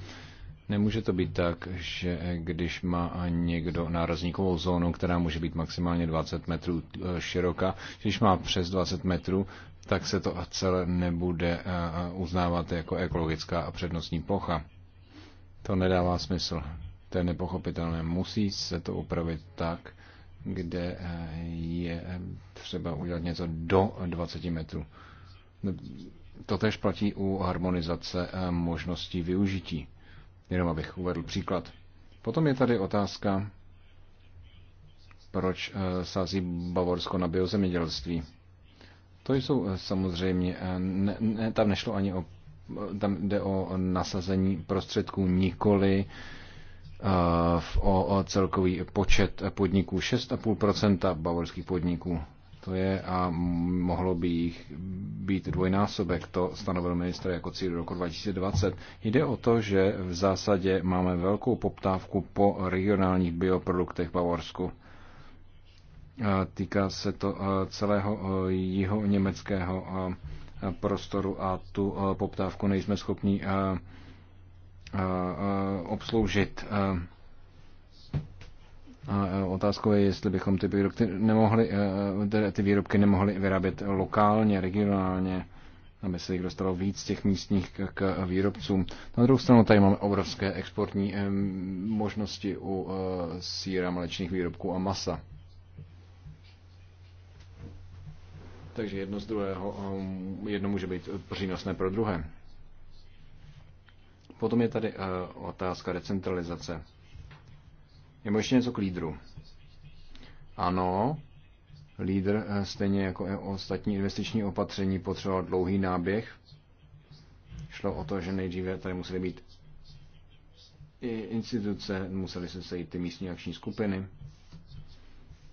Nemůže to být tak, že když má někdo nárazníkovou zónu, která může být maximálně 20 metrů široka, když má přes 20 metrů, tak se to celé nebude eh, eh, uznávat jako ekologická a přednostní plocha. To nedává smysl. To je nepochopitelné. Musí se to upravit tak, kde eh, je třeba udělat něco do 20 metrů. To tež platí u harmonizace možností využití. Jenom abych uvedl příklad. Potom je tady otázka, proč sází Bavorsko na biozemědělství. To jsou eh, samozřejmě, eh, ne, ne, tam nešlo ani o, tam jde o nasazení prostředků nikoli eh, o celkový počet podniků 6,5% bavorských podniků. To je a mohlo by jich být dvojnásobek, to stanovil minister jako cíl roku 2020. Jde o to, že v zásadě máme velkou poptávku po regionálních bioproduktech v Bavorsku Týká se to celého jeho německého prostoru a tu poptávku nejsme schopni obsloužit. otázkou je, jestli bychom ty výrobky nemohli, ty výrobky nemohli vyrábět lokálně, regionálně, aby se jich dostalo víc těch místních k výrobcům. Na druhou stranu tady máme obrovské exportní možnosti u e, síra, mlečných výrobků a masa. takže jedno z druhého, um, jedno může být přínosné pro druhé. Potom je tady uh, otázka decentralizace. Je možná něco k lídru. Ano, lídr, uh, stejně jako ostatní investiční opatření, potřeboval dlouhý náběh. Šlo o to, že nejdříve tady musely být i instituce, musely se sejít ty místní akční skupiny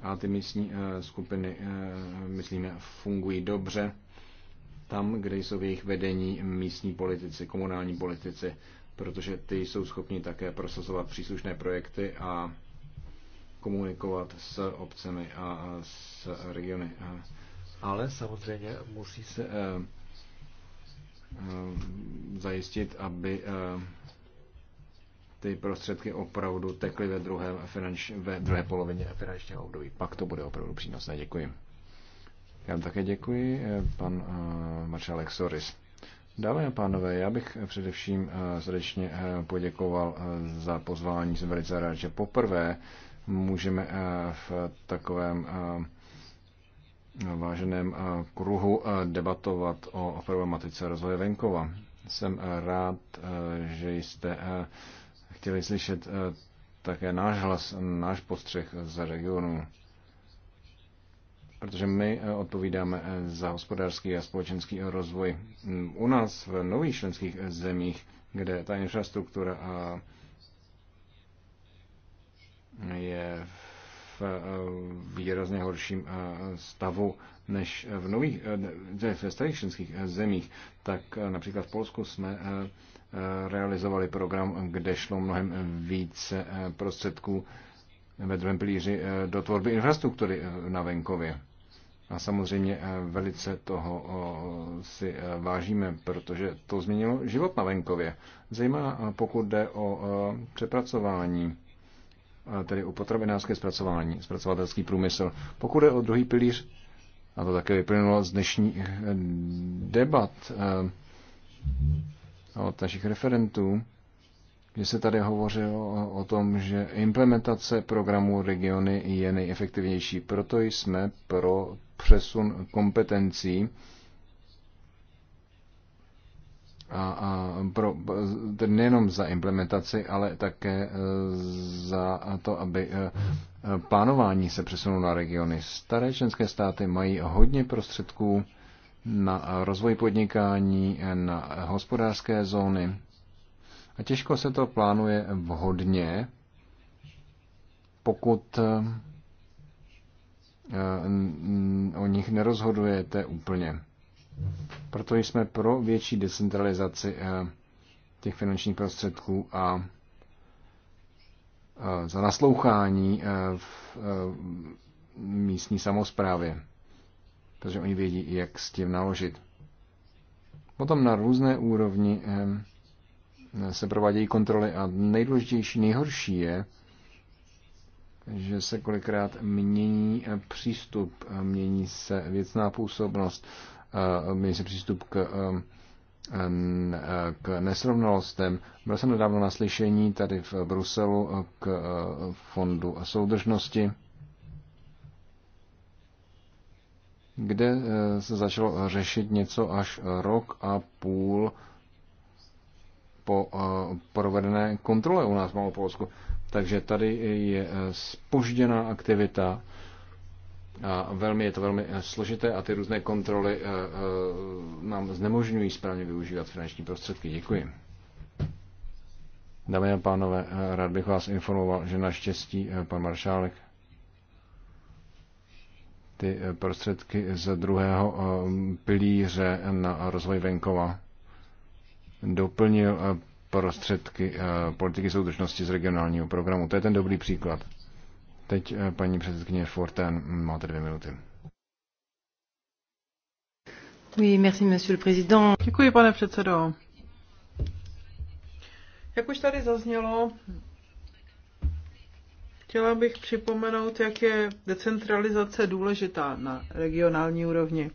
a ty místní eh, skupiny, eh, myslíme, fungují dobře tam, kde jsou v jejich vedení místní politici, komunální politici, protože ty jsou schopni také prosazovat příslušné projekty a komunikovat s obcemi a s regiony. Ale samozřejmě musí se eh, zajistit, aby ty prostředky opravdu tekly ve, druhém finanč, ve druhé polovině finančního období. Pak to bude opravdu přínosné. Děkuji. Já vám také děkuji, eh, pan uh, eh, Maršálek Soris. Dámy a pánové, já bych především eh, srdečně poděkoval za pozvání. Jsem velice rád, že poprvé můžeme v takovém váženém kruhu debatovat o problematice rozvoje venkova. Jsem rád, že jste chtěli slyšet eh, také náš hlas, náš postřeh z regionu. Protože my eh, odpovídáme eh, za hospodářský a společenský rozvoj. Mm, u nás v nových členských zemích, kde ta infrastruktura je v výrazně horším stavu než v nových, eh, v starých členských eh, zemích, tak eh, například v Polsku jsme realizovali program, kde šlo mnohem více prostředků ve druhém pilíři do tvorby infrastruktury na venkově. A samozřejmě velice toho si vážíme, protože to změnilo život na venkově. Zejména pokud jde o přepracování, tedy o potravinářské zpracování, zpracovatelský průmysl. Pokud jde o druhý pilíř, a to také vyplynulo z dnešních eh, debat eh, od našich referentů, že se tady hovořilo o tom, že implementace programu regiony je nejefektivnější. Proto jsme pro přesun kompetencí a, a pro, nejenom za implementaci, ale také eh, za to, aby plánování se přesunou na regiony. Staré členské státy mají hodně prostředků na rozvoj podnikání, na hospodářské zóny a těžko se to plánuje vhodně, pokud eh, o nich nerozhodujete úplně. Proto jsme pro větší decentralizaci eh, těch finančních prostředků a za naslouchání e, v e, místní samozprávě. Takže oni vědí, jak s tím naložit. Potom na různé úrovni e, se provádějí kontroly a nejdůležitější, nejhorší je, že se kolikrát mění přístup, mění se věcná působnost, mění se přístup k Eh, k nesrovnalostem. Byl jsem nedávno na slyšení tady v Bruselu k eh, fondu soudržnosti, kde eh, se začalo řešit něco až rok a půl po provedené kontrole u nás v Malopolsku. Takže tady je spožděná aktivita a velmi, je to velmi eh, složité a ty různé kontroly eh, eh, nám znemožňují správně využívat finanční prostředky. Děkuji. Dámy a pánové, rád bych vás informoval, že naštěstí pan Maršálek ty prostředky z druhého pilíře na rozvoj venkova doplnil prostředky politiky soudržnosti z regionálního programu. To je ten dobrý příklad. Teď eh, paní předsedkyně Forten, máte dvě minuty. Oui, merci, monsieur le président. Děkuji, pane předsedo. Jak už tady zaznělo, chtěla bych připomenout, jak je decentralizace důležitá na regionální úrovni.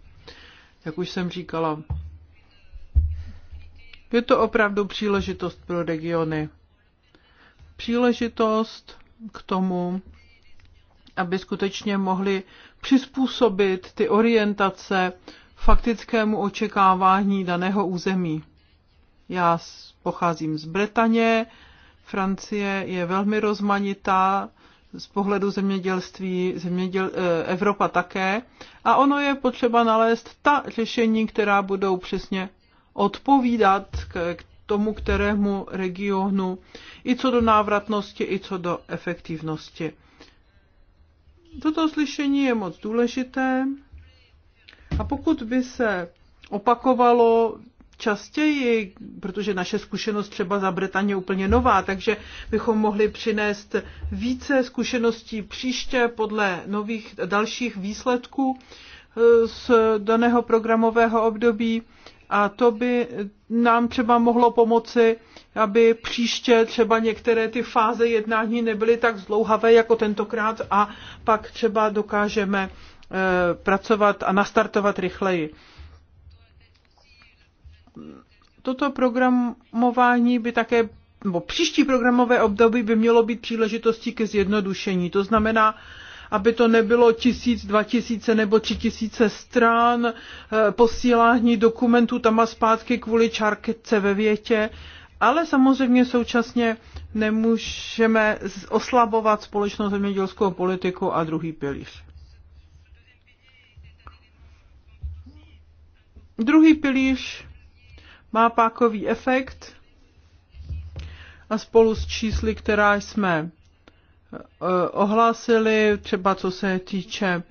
Jak už jsem říkala, je to opravdu příležitost pro regiony. Příležitost k tomu, aby skutečně mohli přizpůsobit ty orientace faktickému očekávání daného území. Já pocházím z Bretaně, Francie je velmi rozmanitá, z pohledu zemědělství, zeměděl, eh, Evropa také. A ono je potřeba nalézt ta řešení, která budou přesně odpovídat k, tomu, kterému regionu, i co do návratnosti, i co do efektivnosti. Toto slyšení je moc důležité a pokud by se opakovalo častěji, protože naše zkušenost třeba za Bretan je úplně nová, takže bychom mohli přinést více zkušeností příště podle nových dalších výsledků eh, z daného programového období a to by nám třeba mohlo pomoci aby příště třeba některé ty fáze jednání nebyly tak zlouhavé jako tentokrát a pak třeba dokážeme eh, pracovat a nastartovat rychleji. Toto programování by také, nebo příští programové období by mělo být příležitostí ke zjednodušení. To znamená, aby to nebylo tisíc, dva tisíce nebo tři tisíce stran eh, posílání dokumentů tam a zpátky kvůli čárkece ve větě ale samozřejmě současně nemůžeme oslabovat společnou zemědělskou politiku a druhý pilíř. Druhý pilíř má pákový efekt a spolu s čísly, která jsme e, ohlásili, třeba co se týče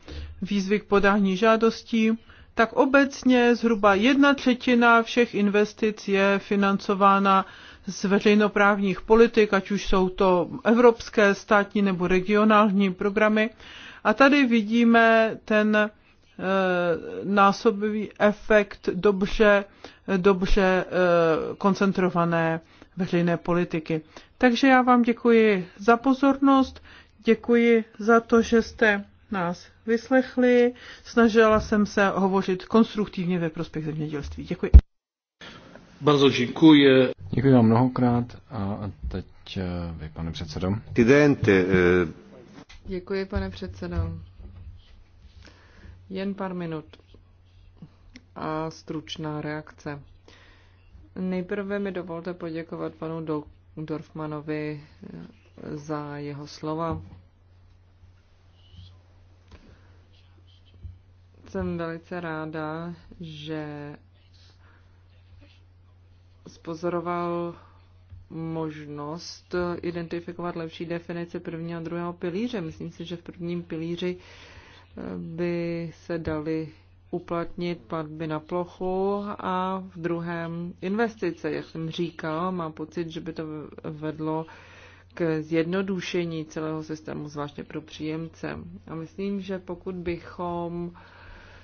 výzvy k podání žádostí, tak obecně zhruba jedna třetina všech investic je financována z veřejnoprávních politik, ať už jsou to evropské, státní nebo regionální programy. A tady vidíme ten eh, násobivý efekt dobře, dobře eh, koncentrované veřejné politiky. Takže já vám děkuji za pozornost, děkuji za to, že jste nás vyslechli. Snažila jsem se hovořit konstruktivně ve prospěch zemědělství. Děkuji. Bardzo děkuji. Děkuji vám mnohokrát a teď eh, vy, pane předsedo. Tidente. Eh. Děkuji, pane předsedo. Jen pár minut a stručná reakce. Nejprve mi dovolte poděkovat panu Dorfmanovi za jeho slova. Jsem velice ráda, že spozoroval možnost identifikovat lepší definice prvního a druhého pilíře. Myslím si, že v prvním pilíři eh, by se daly uplatnit platby na plochu a v druhém investice. Jak jsem říkal, mám pocit, že by to vedlo k zjednodušení celého systému, zvláště pro příjemce. A myslím, že pokud bychom uh,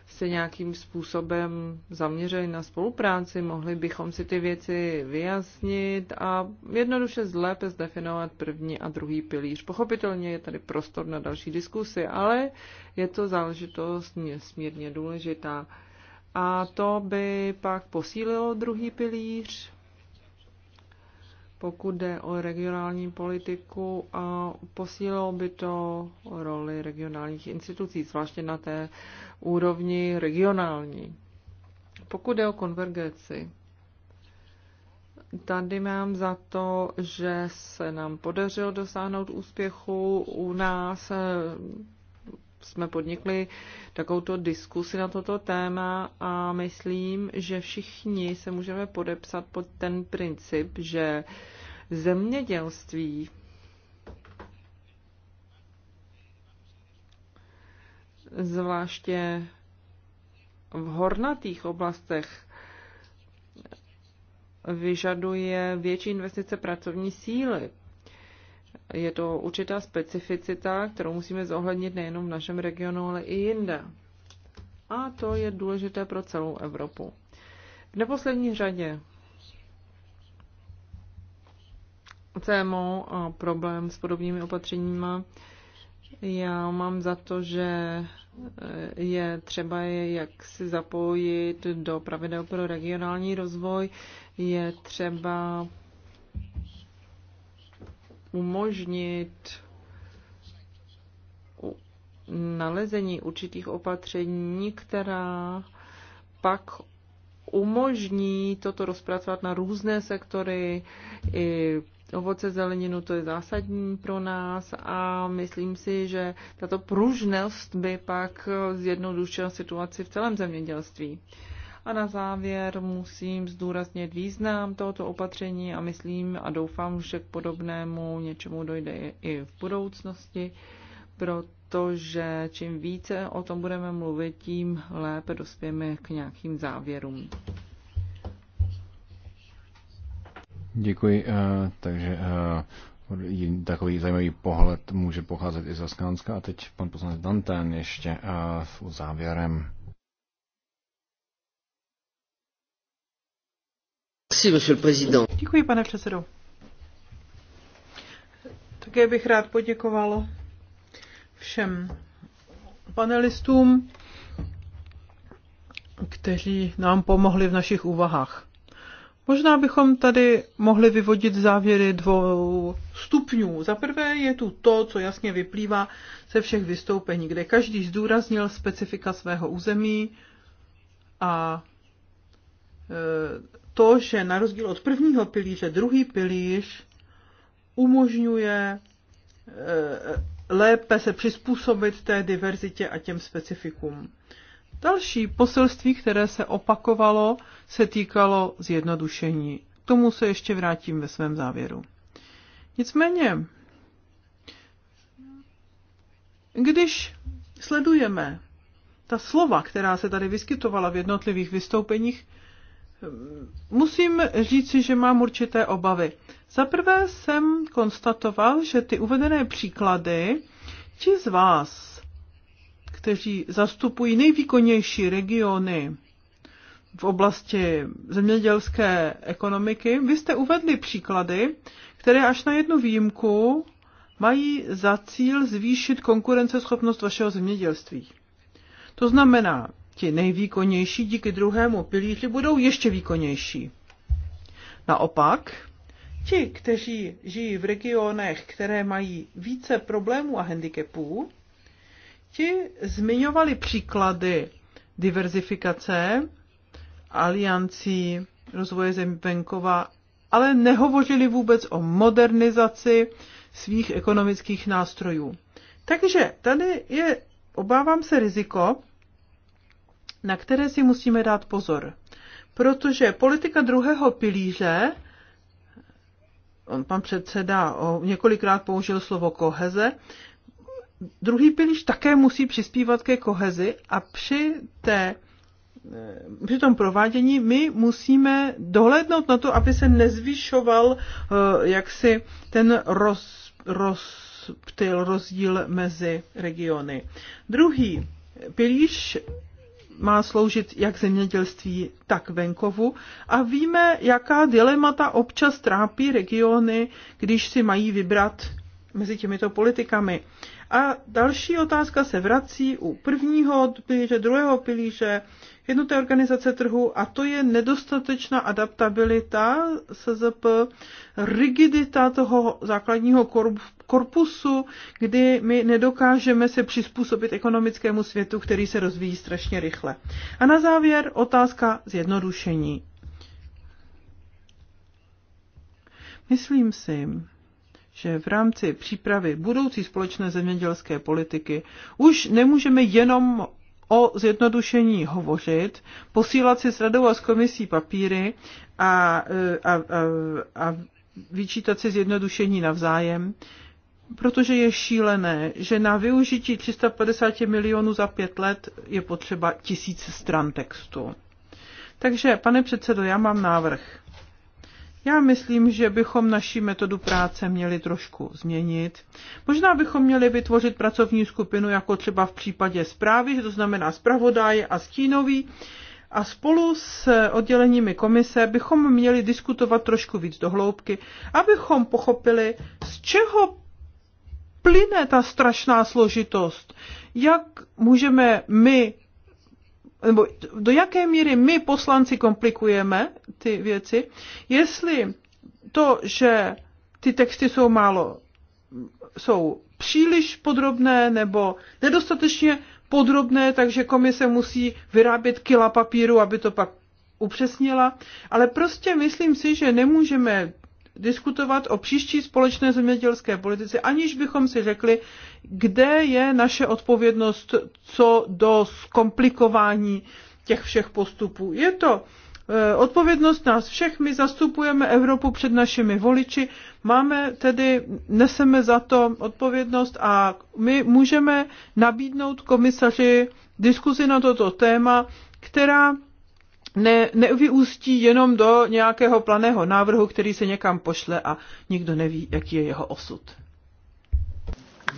se nějakým způsobem zaměřili na spolupráci, mohli bychom si ty věci vyjasnit a jednoduše zlépe zdefinovat první a druhý pilíř. Pochopitelně je tady prostor na další diskusy, ale je to záležitost nesmírně důležitá. A to by pak posílilo druhý pilíř, pokud jde o regionální politiku, a posílilo by to roli regionálních institucí, zvláště na té úrovni regionální. Pokud jde o konvergenci, tady mám za to, že se nám podařilo dosáhnout úspěchu u nás jsme podnikli takovou diskusi na toto téma a myslím, že všichni se můžeme podepsat pod ten princip, že zemědělství zvláště v hornatých oblastech vyžaduje větší investice pracovní síly je to určitá specificita, kterou musíme zohlednit nejenom v našem regionu, ale i jinde. A to je důležité pro celou Evropu. V neposlední řadě CMO a problém s podobnými opatřeními. Já mám za to, že eh, je třeba je jak si zapojit do pravidel pro regionální rozvoj, je třeba umožnit nalezení určitých opatření, která pak umožní toto rozpracovat na různé sektory. I ovoce, zeleninu, to je zásadní pro nás a myslím si, že tato pružnost by pak zjednodušila situaci v celém zemědělství. A na závěr musím zdůraznit význam tohoto opatření a myslím a doufám, že k podobnému něčemu dojde i v budoucnosti, protože čím více o tom budeme mluvit, tím lépe dospějeme k nějakým závěrům. Děkuji. Eh, takže eh, takový zajímavý pohled může pocházet i z Askánska. A teď pan poslanec Dantén ještě eh, s závěrem. Děkuji, pane předsedo. Také bych rád poděkoval všem panelistům, kteří nám pomohli v našich úvahách. Možná bychom tady mohli vyvodit závěry dvou stupňů. Za prvé je tu to, co jasně vyplývá ze všech vystoupení, kde každý zdůraznil specifika svého území a e, to, že na rozdíl od prvního pilíře, druhý pilíř umožňuje e, e, lépe se přizpůsobit té diverzitě a těm specifikům. Další poselství, které se opakovalo, se týkalo zjednodušení. K tomu se ještě vrátím ve svém závěru. Nicméně, když sledujeme ta slova, která se tady vyskytovala v jednotlivých vystoupeních, Musím říci, že mám určité obavy. Za prvé jsem konstatoval, že ty uvedené příklady, ti z vás, kteří zastupují nejvýkonnější regiony v oblasti zemědělské ekonomiky, vy jste uvedli příklady, které až na jednu výjimku mají za cíl zvýšit konkurenceschopnost vašeho zemědělství. To znamená, ti nejvýkonnější díky druhému pilíři budou ještě výkonnější. Naopak, ti, kteří žijí v regionech, které mají více problémů a handicapů, ti zmiňovali příklady diverzifikace, aliancí, rozvoje zemí venkova, ale nehovořili vůbec o modernizaci svých ekonomických nástrojů. Takže tady je, obávám se, riziko, na které si musíme dát pozor. Protože politika druhého pilíře, on pan předseda o, několikrát použil slovo koheze, druhý pilíř také musí přispívat ke kohezi a při té eh, při tom provádění my musíme dohlédnout na to, aby se nezvyšoval eh, jaksi ten roz, rozptyl, rozdíl mezi regiony. Druhý pilíř má sloužit jak zemědělství, tak venkovu. A víme, jaká dilemata občas trápí regiony, když si mají vybrat mezi těmito politikami. A další otázka se vrací u prvního pilíře, druhého pilíře, jednotné organizace trhu a to je nedostatečná adaptabilita SZP, rigidita toho základního korpusu, kdy my nedokážeme se přizpůsobit ekonomickému světu, který se rozvíjí strašně rychle. A na závěr otázka zjednodušení. Myslím si, že v rámci přípravy budoucí společné zemědělské politiky už nemůžeme jenom o zjednodušení hovořit, posílat si s radou a s komisí papíry a, a, a, a vyčítat si zjednodušení navzájem, protože je šílené, že na využití 350 milionů za pět let je potřeba tisíc stran textu. Takže, pane předsedo, já mám návrh. Já myslím, že bychom naši metodu práce měli trošku změnit. Možná bychom měli vytvořit pracovní skupinu, jako třeba v případě zprávy, že to znamená zpravodaje a stínový, a spolu s odděleními komise bychom měli diskutovat trošku víc dohloubky, abychom pochopili, z čeho plyne ta strašná složitost, jak můžeme my nebo do jaké míry my poslanci komplikujeme ty věci, jestli to, že ty texty jsou málo, jsou příliš podrobné nebo nedostatečně podrobné, takže komise musí vyrábět kila papíru, aby to pak upřesnila, ale prostě myslím si, že nemůžeme diskutovat o příští společné zemědělské politice, aniž bychom si řekli, kde je naše odpovědnost co do zkomplikování těch všech postupů. Je to eh, odpovědnost nás všech, my zastupujeme Evropu před našimi voliči, máme tedy, neseme za to odpovědnost a my můžeme nabídnout komisaři diskuzi na toto téma, která ne, nevyústí jenom do nějakého planého návrhu, který se někam pošle a nikdo neví, jaký je jeho osud.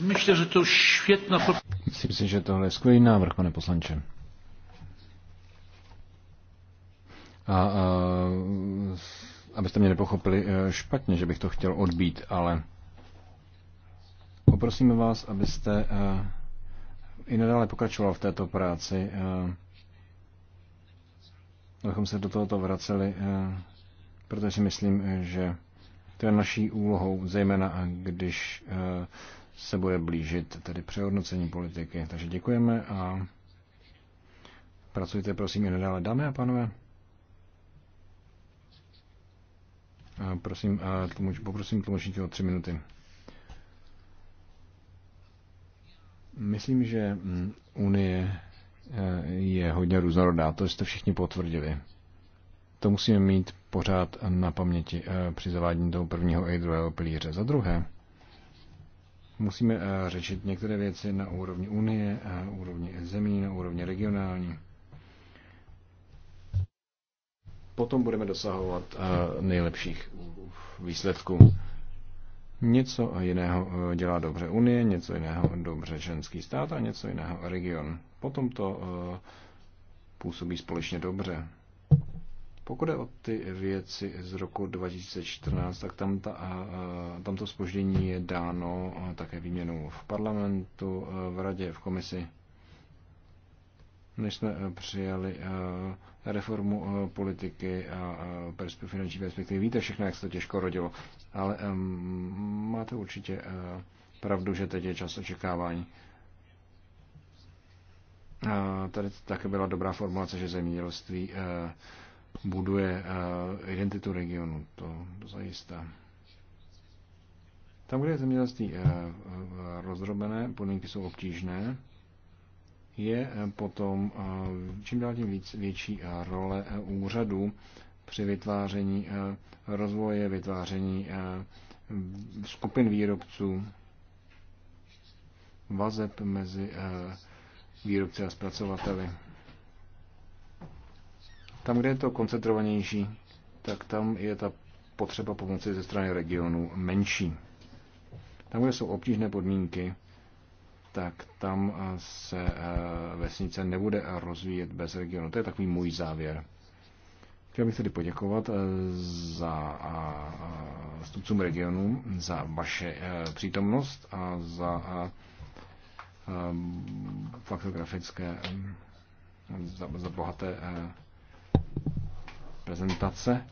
Myslím, že to švětná... Myslím si, že tohle je skvělý návrh, pane poslanče. A, a abyste mě nepochopili e, špatně, že bych to chtěl odbít, ale poprosíme vás, abyste e, i nadále pokračoval v této práci. A, e, abychom se do tohoto vraceli, eh, protože si myslím, eh, že to je naší úlohou, zejména eh, když se bude blížit tedy přehodnocení politiky. Takže děkujeme a pracujte prosím i nadále, dámy a pánové. Prosím, tlumoč, poprosím tlumočníky o tři minuty. Myslím, že mm, Unie je hodně různorodá. To jste všichni potvrdili. To musíme mít pořád na paměti eh, při zavádění toho prvního i druhého pilíře. Za druhé, musíme eh, řešit některé věci na úrovni Unie, na eh, úrovni zemí, na úrovni regionální. Potom budeme dosahovat nejlepších výsledků. Něco jiného eh, dělá dobře Unie, něco jiného dobře ženský stát a něco jiného region. Potom to eh, působí společně dobře. Pokud je o ty věci z roku 2014, tak tam, ta, eh, tam to spoždění je dáno také výměnou v parlamentu, v radě, v komisi než jsme eh, přijali eh, reformu eh, politiky a finanční perspektivy. Víte všechno, jak se to těžko rodilo, ale máte určitě pravdu, že teď je čas očekávání. Tady také byla dobrá formulace, že zemědělství buduje identitu regionu, to zajistá. Tam, kde je zemědělství rozdrobené, podmínky jsou obtížné, je eh, potom eh, čím dál tím víc větší eh, role úřadů při vytváření rozvoje, vytváření skupin výrobců, vazeb mezi výrobci a zpracovateli. Tam, kde je to koncentrovanější, tak tam je ta potřeba pomoci ze strany regionu menší. Tam, kde jsou obtížné podmínky, tak tam eh, se eh, vesnice nebude rozvíjet bez regionu. To je takový můj závěr. Chtěl bych tedy poděkovat eh, za stupcům regionu za vaše přítomnost a za faktografické, za, za bohaté prezentace.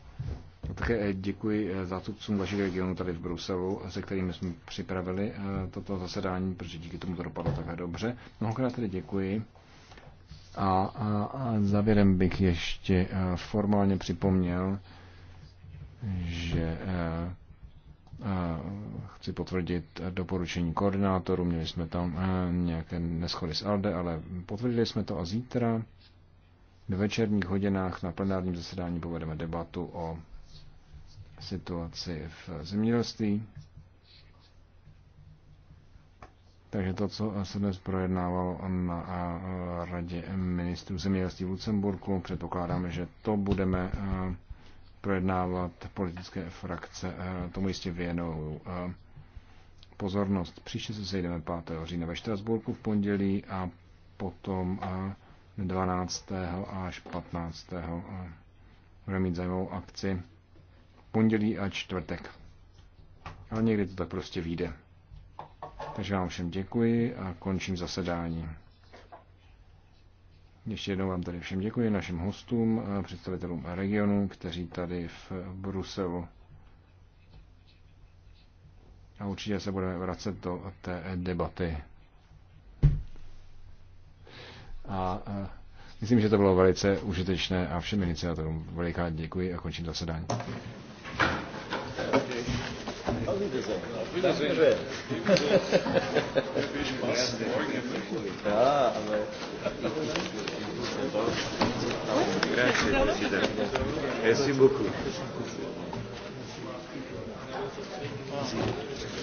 Také eh, děkuji eh, zástupcům vašich regionů tady v Bruselu, se kterými jsme připravili eh, toto zasedání, protože díky tomu to dopadlo takhle dobře. Mnohokrát tedy děkuji. A, a, a závěrem bych ještě formálně připomněl, že chci potvrdit doporučení koordinátorů. Měli jsme tam nějaké neschody s ALDE, ale potvrdili jsme to a zítra ve večerních hodinách na plenárním zasedání povedeme debatu o situaci v zemědělství. Takže to, co se dnes projednávalo na radě ministrů zemědělství v Lucemburku, předpokládáme, že to budeme eh, projednávat politické frakce, eh, tomu jistě věnou eh, pozornost. Příště se sejdeme 5. října ve Štrasburku v pondělí a potom 12. až 15. budeme mít zajímavou akci pondělí a čtvrtek. Ale někdy to tak prostě vyjde. Takže vám všem děkuji a končím zasedání. Ještě jednou vám tady všem děkuji, našim hostům, představitelům regionu, kteří tady v Bruselu. A určitě se budeme vracet do té debaty. A myslím, že to bylo velice užitečné a všem iniciátorům veliká děkuji a končím zasedání. Auf Wiedersehen. Auf Wiedersehen. Wiedersehen. Viel Spaß. Ja, aber. Grazie Presidente. Merci beaucoup. Sì.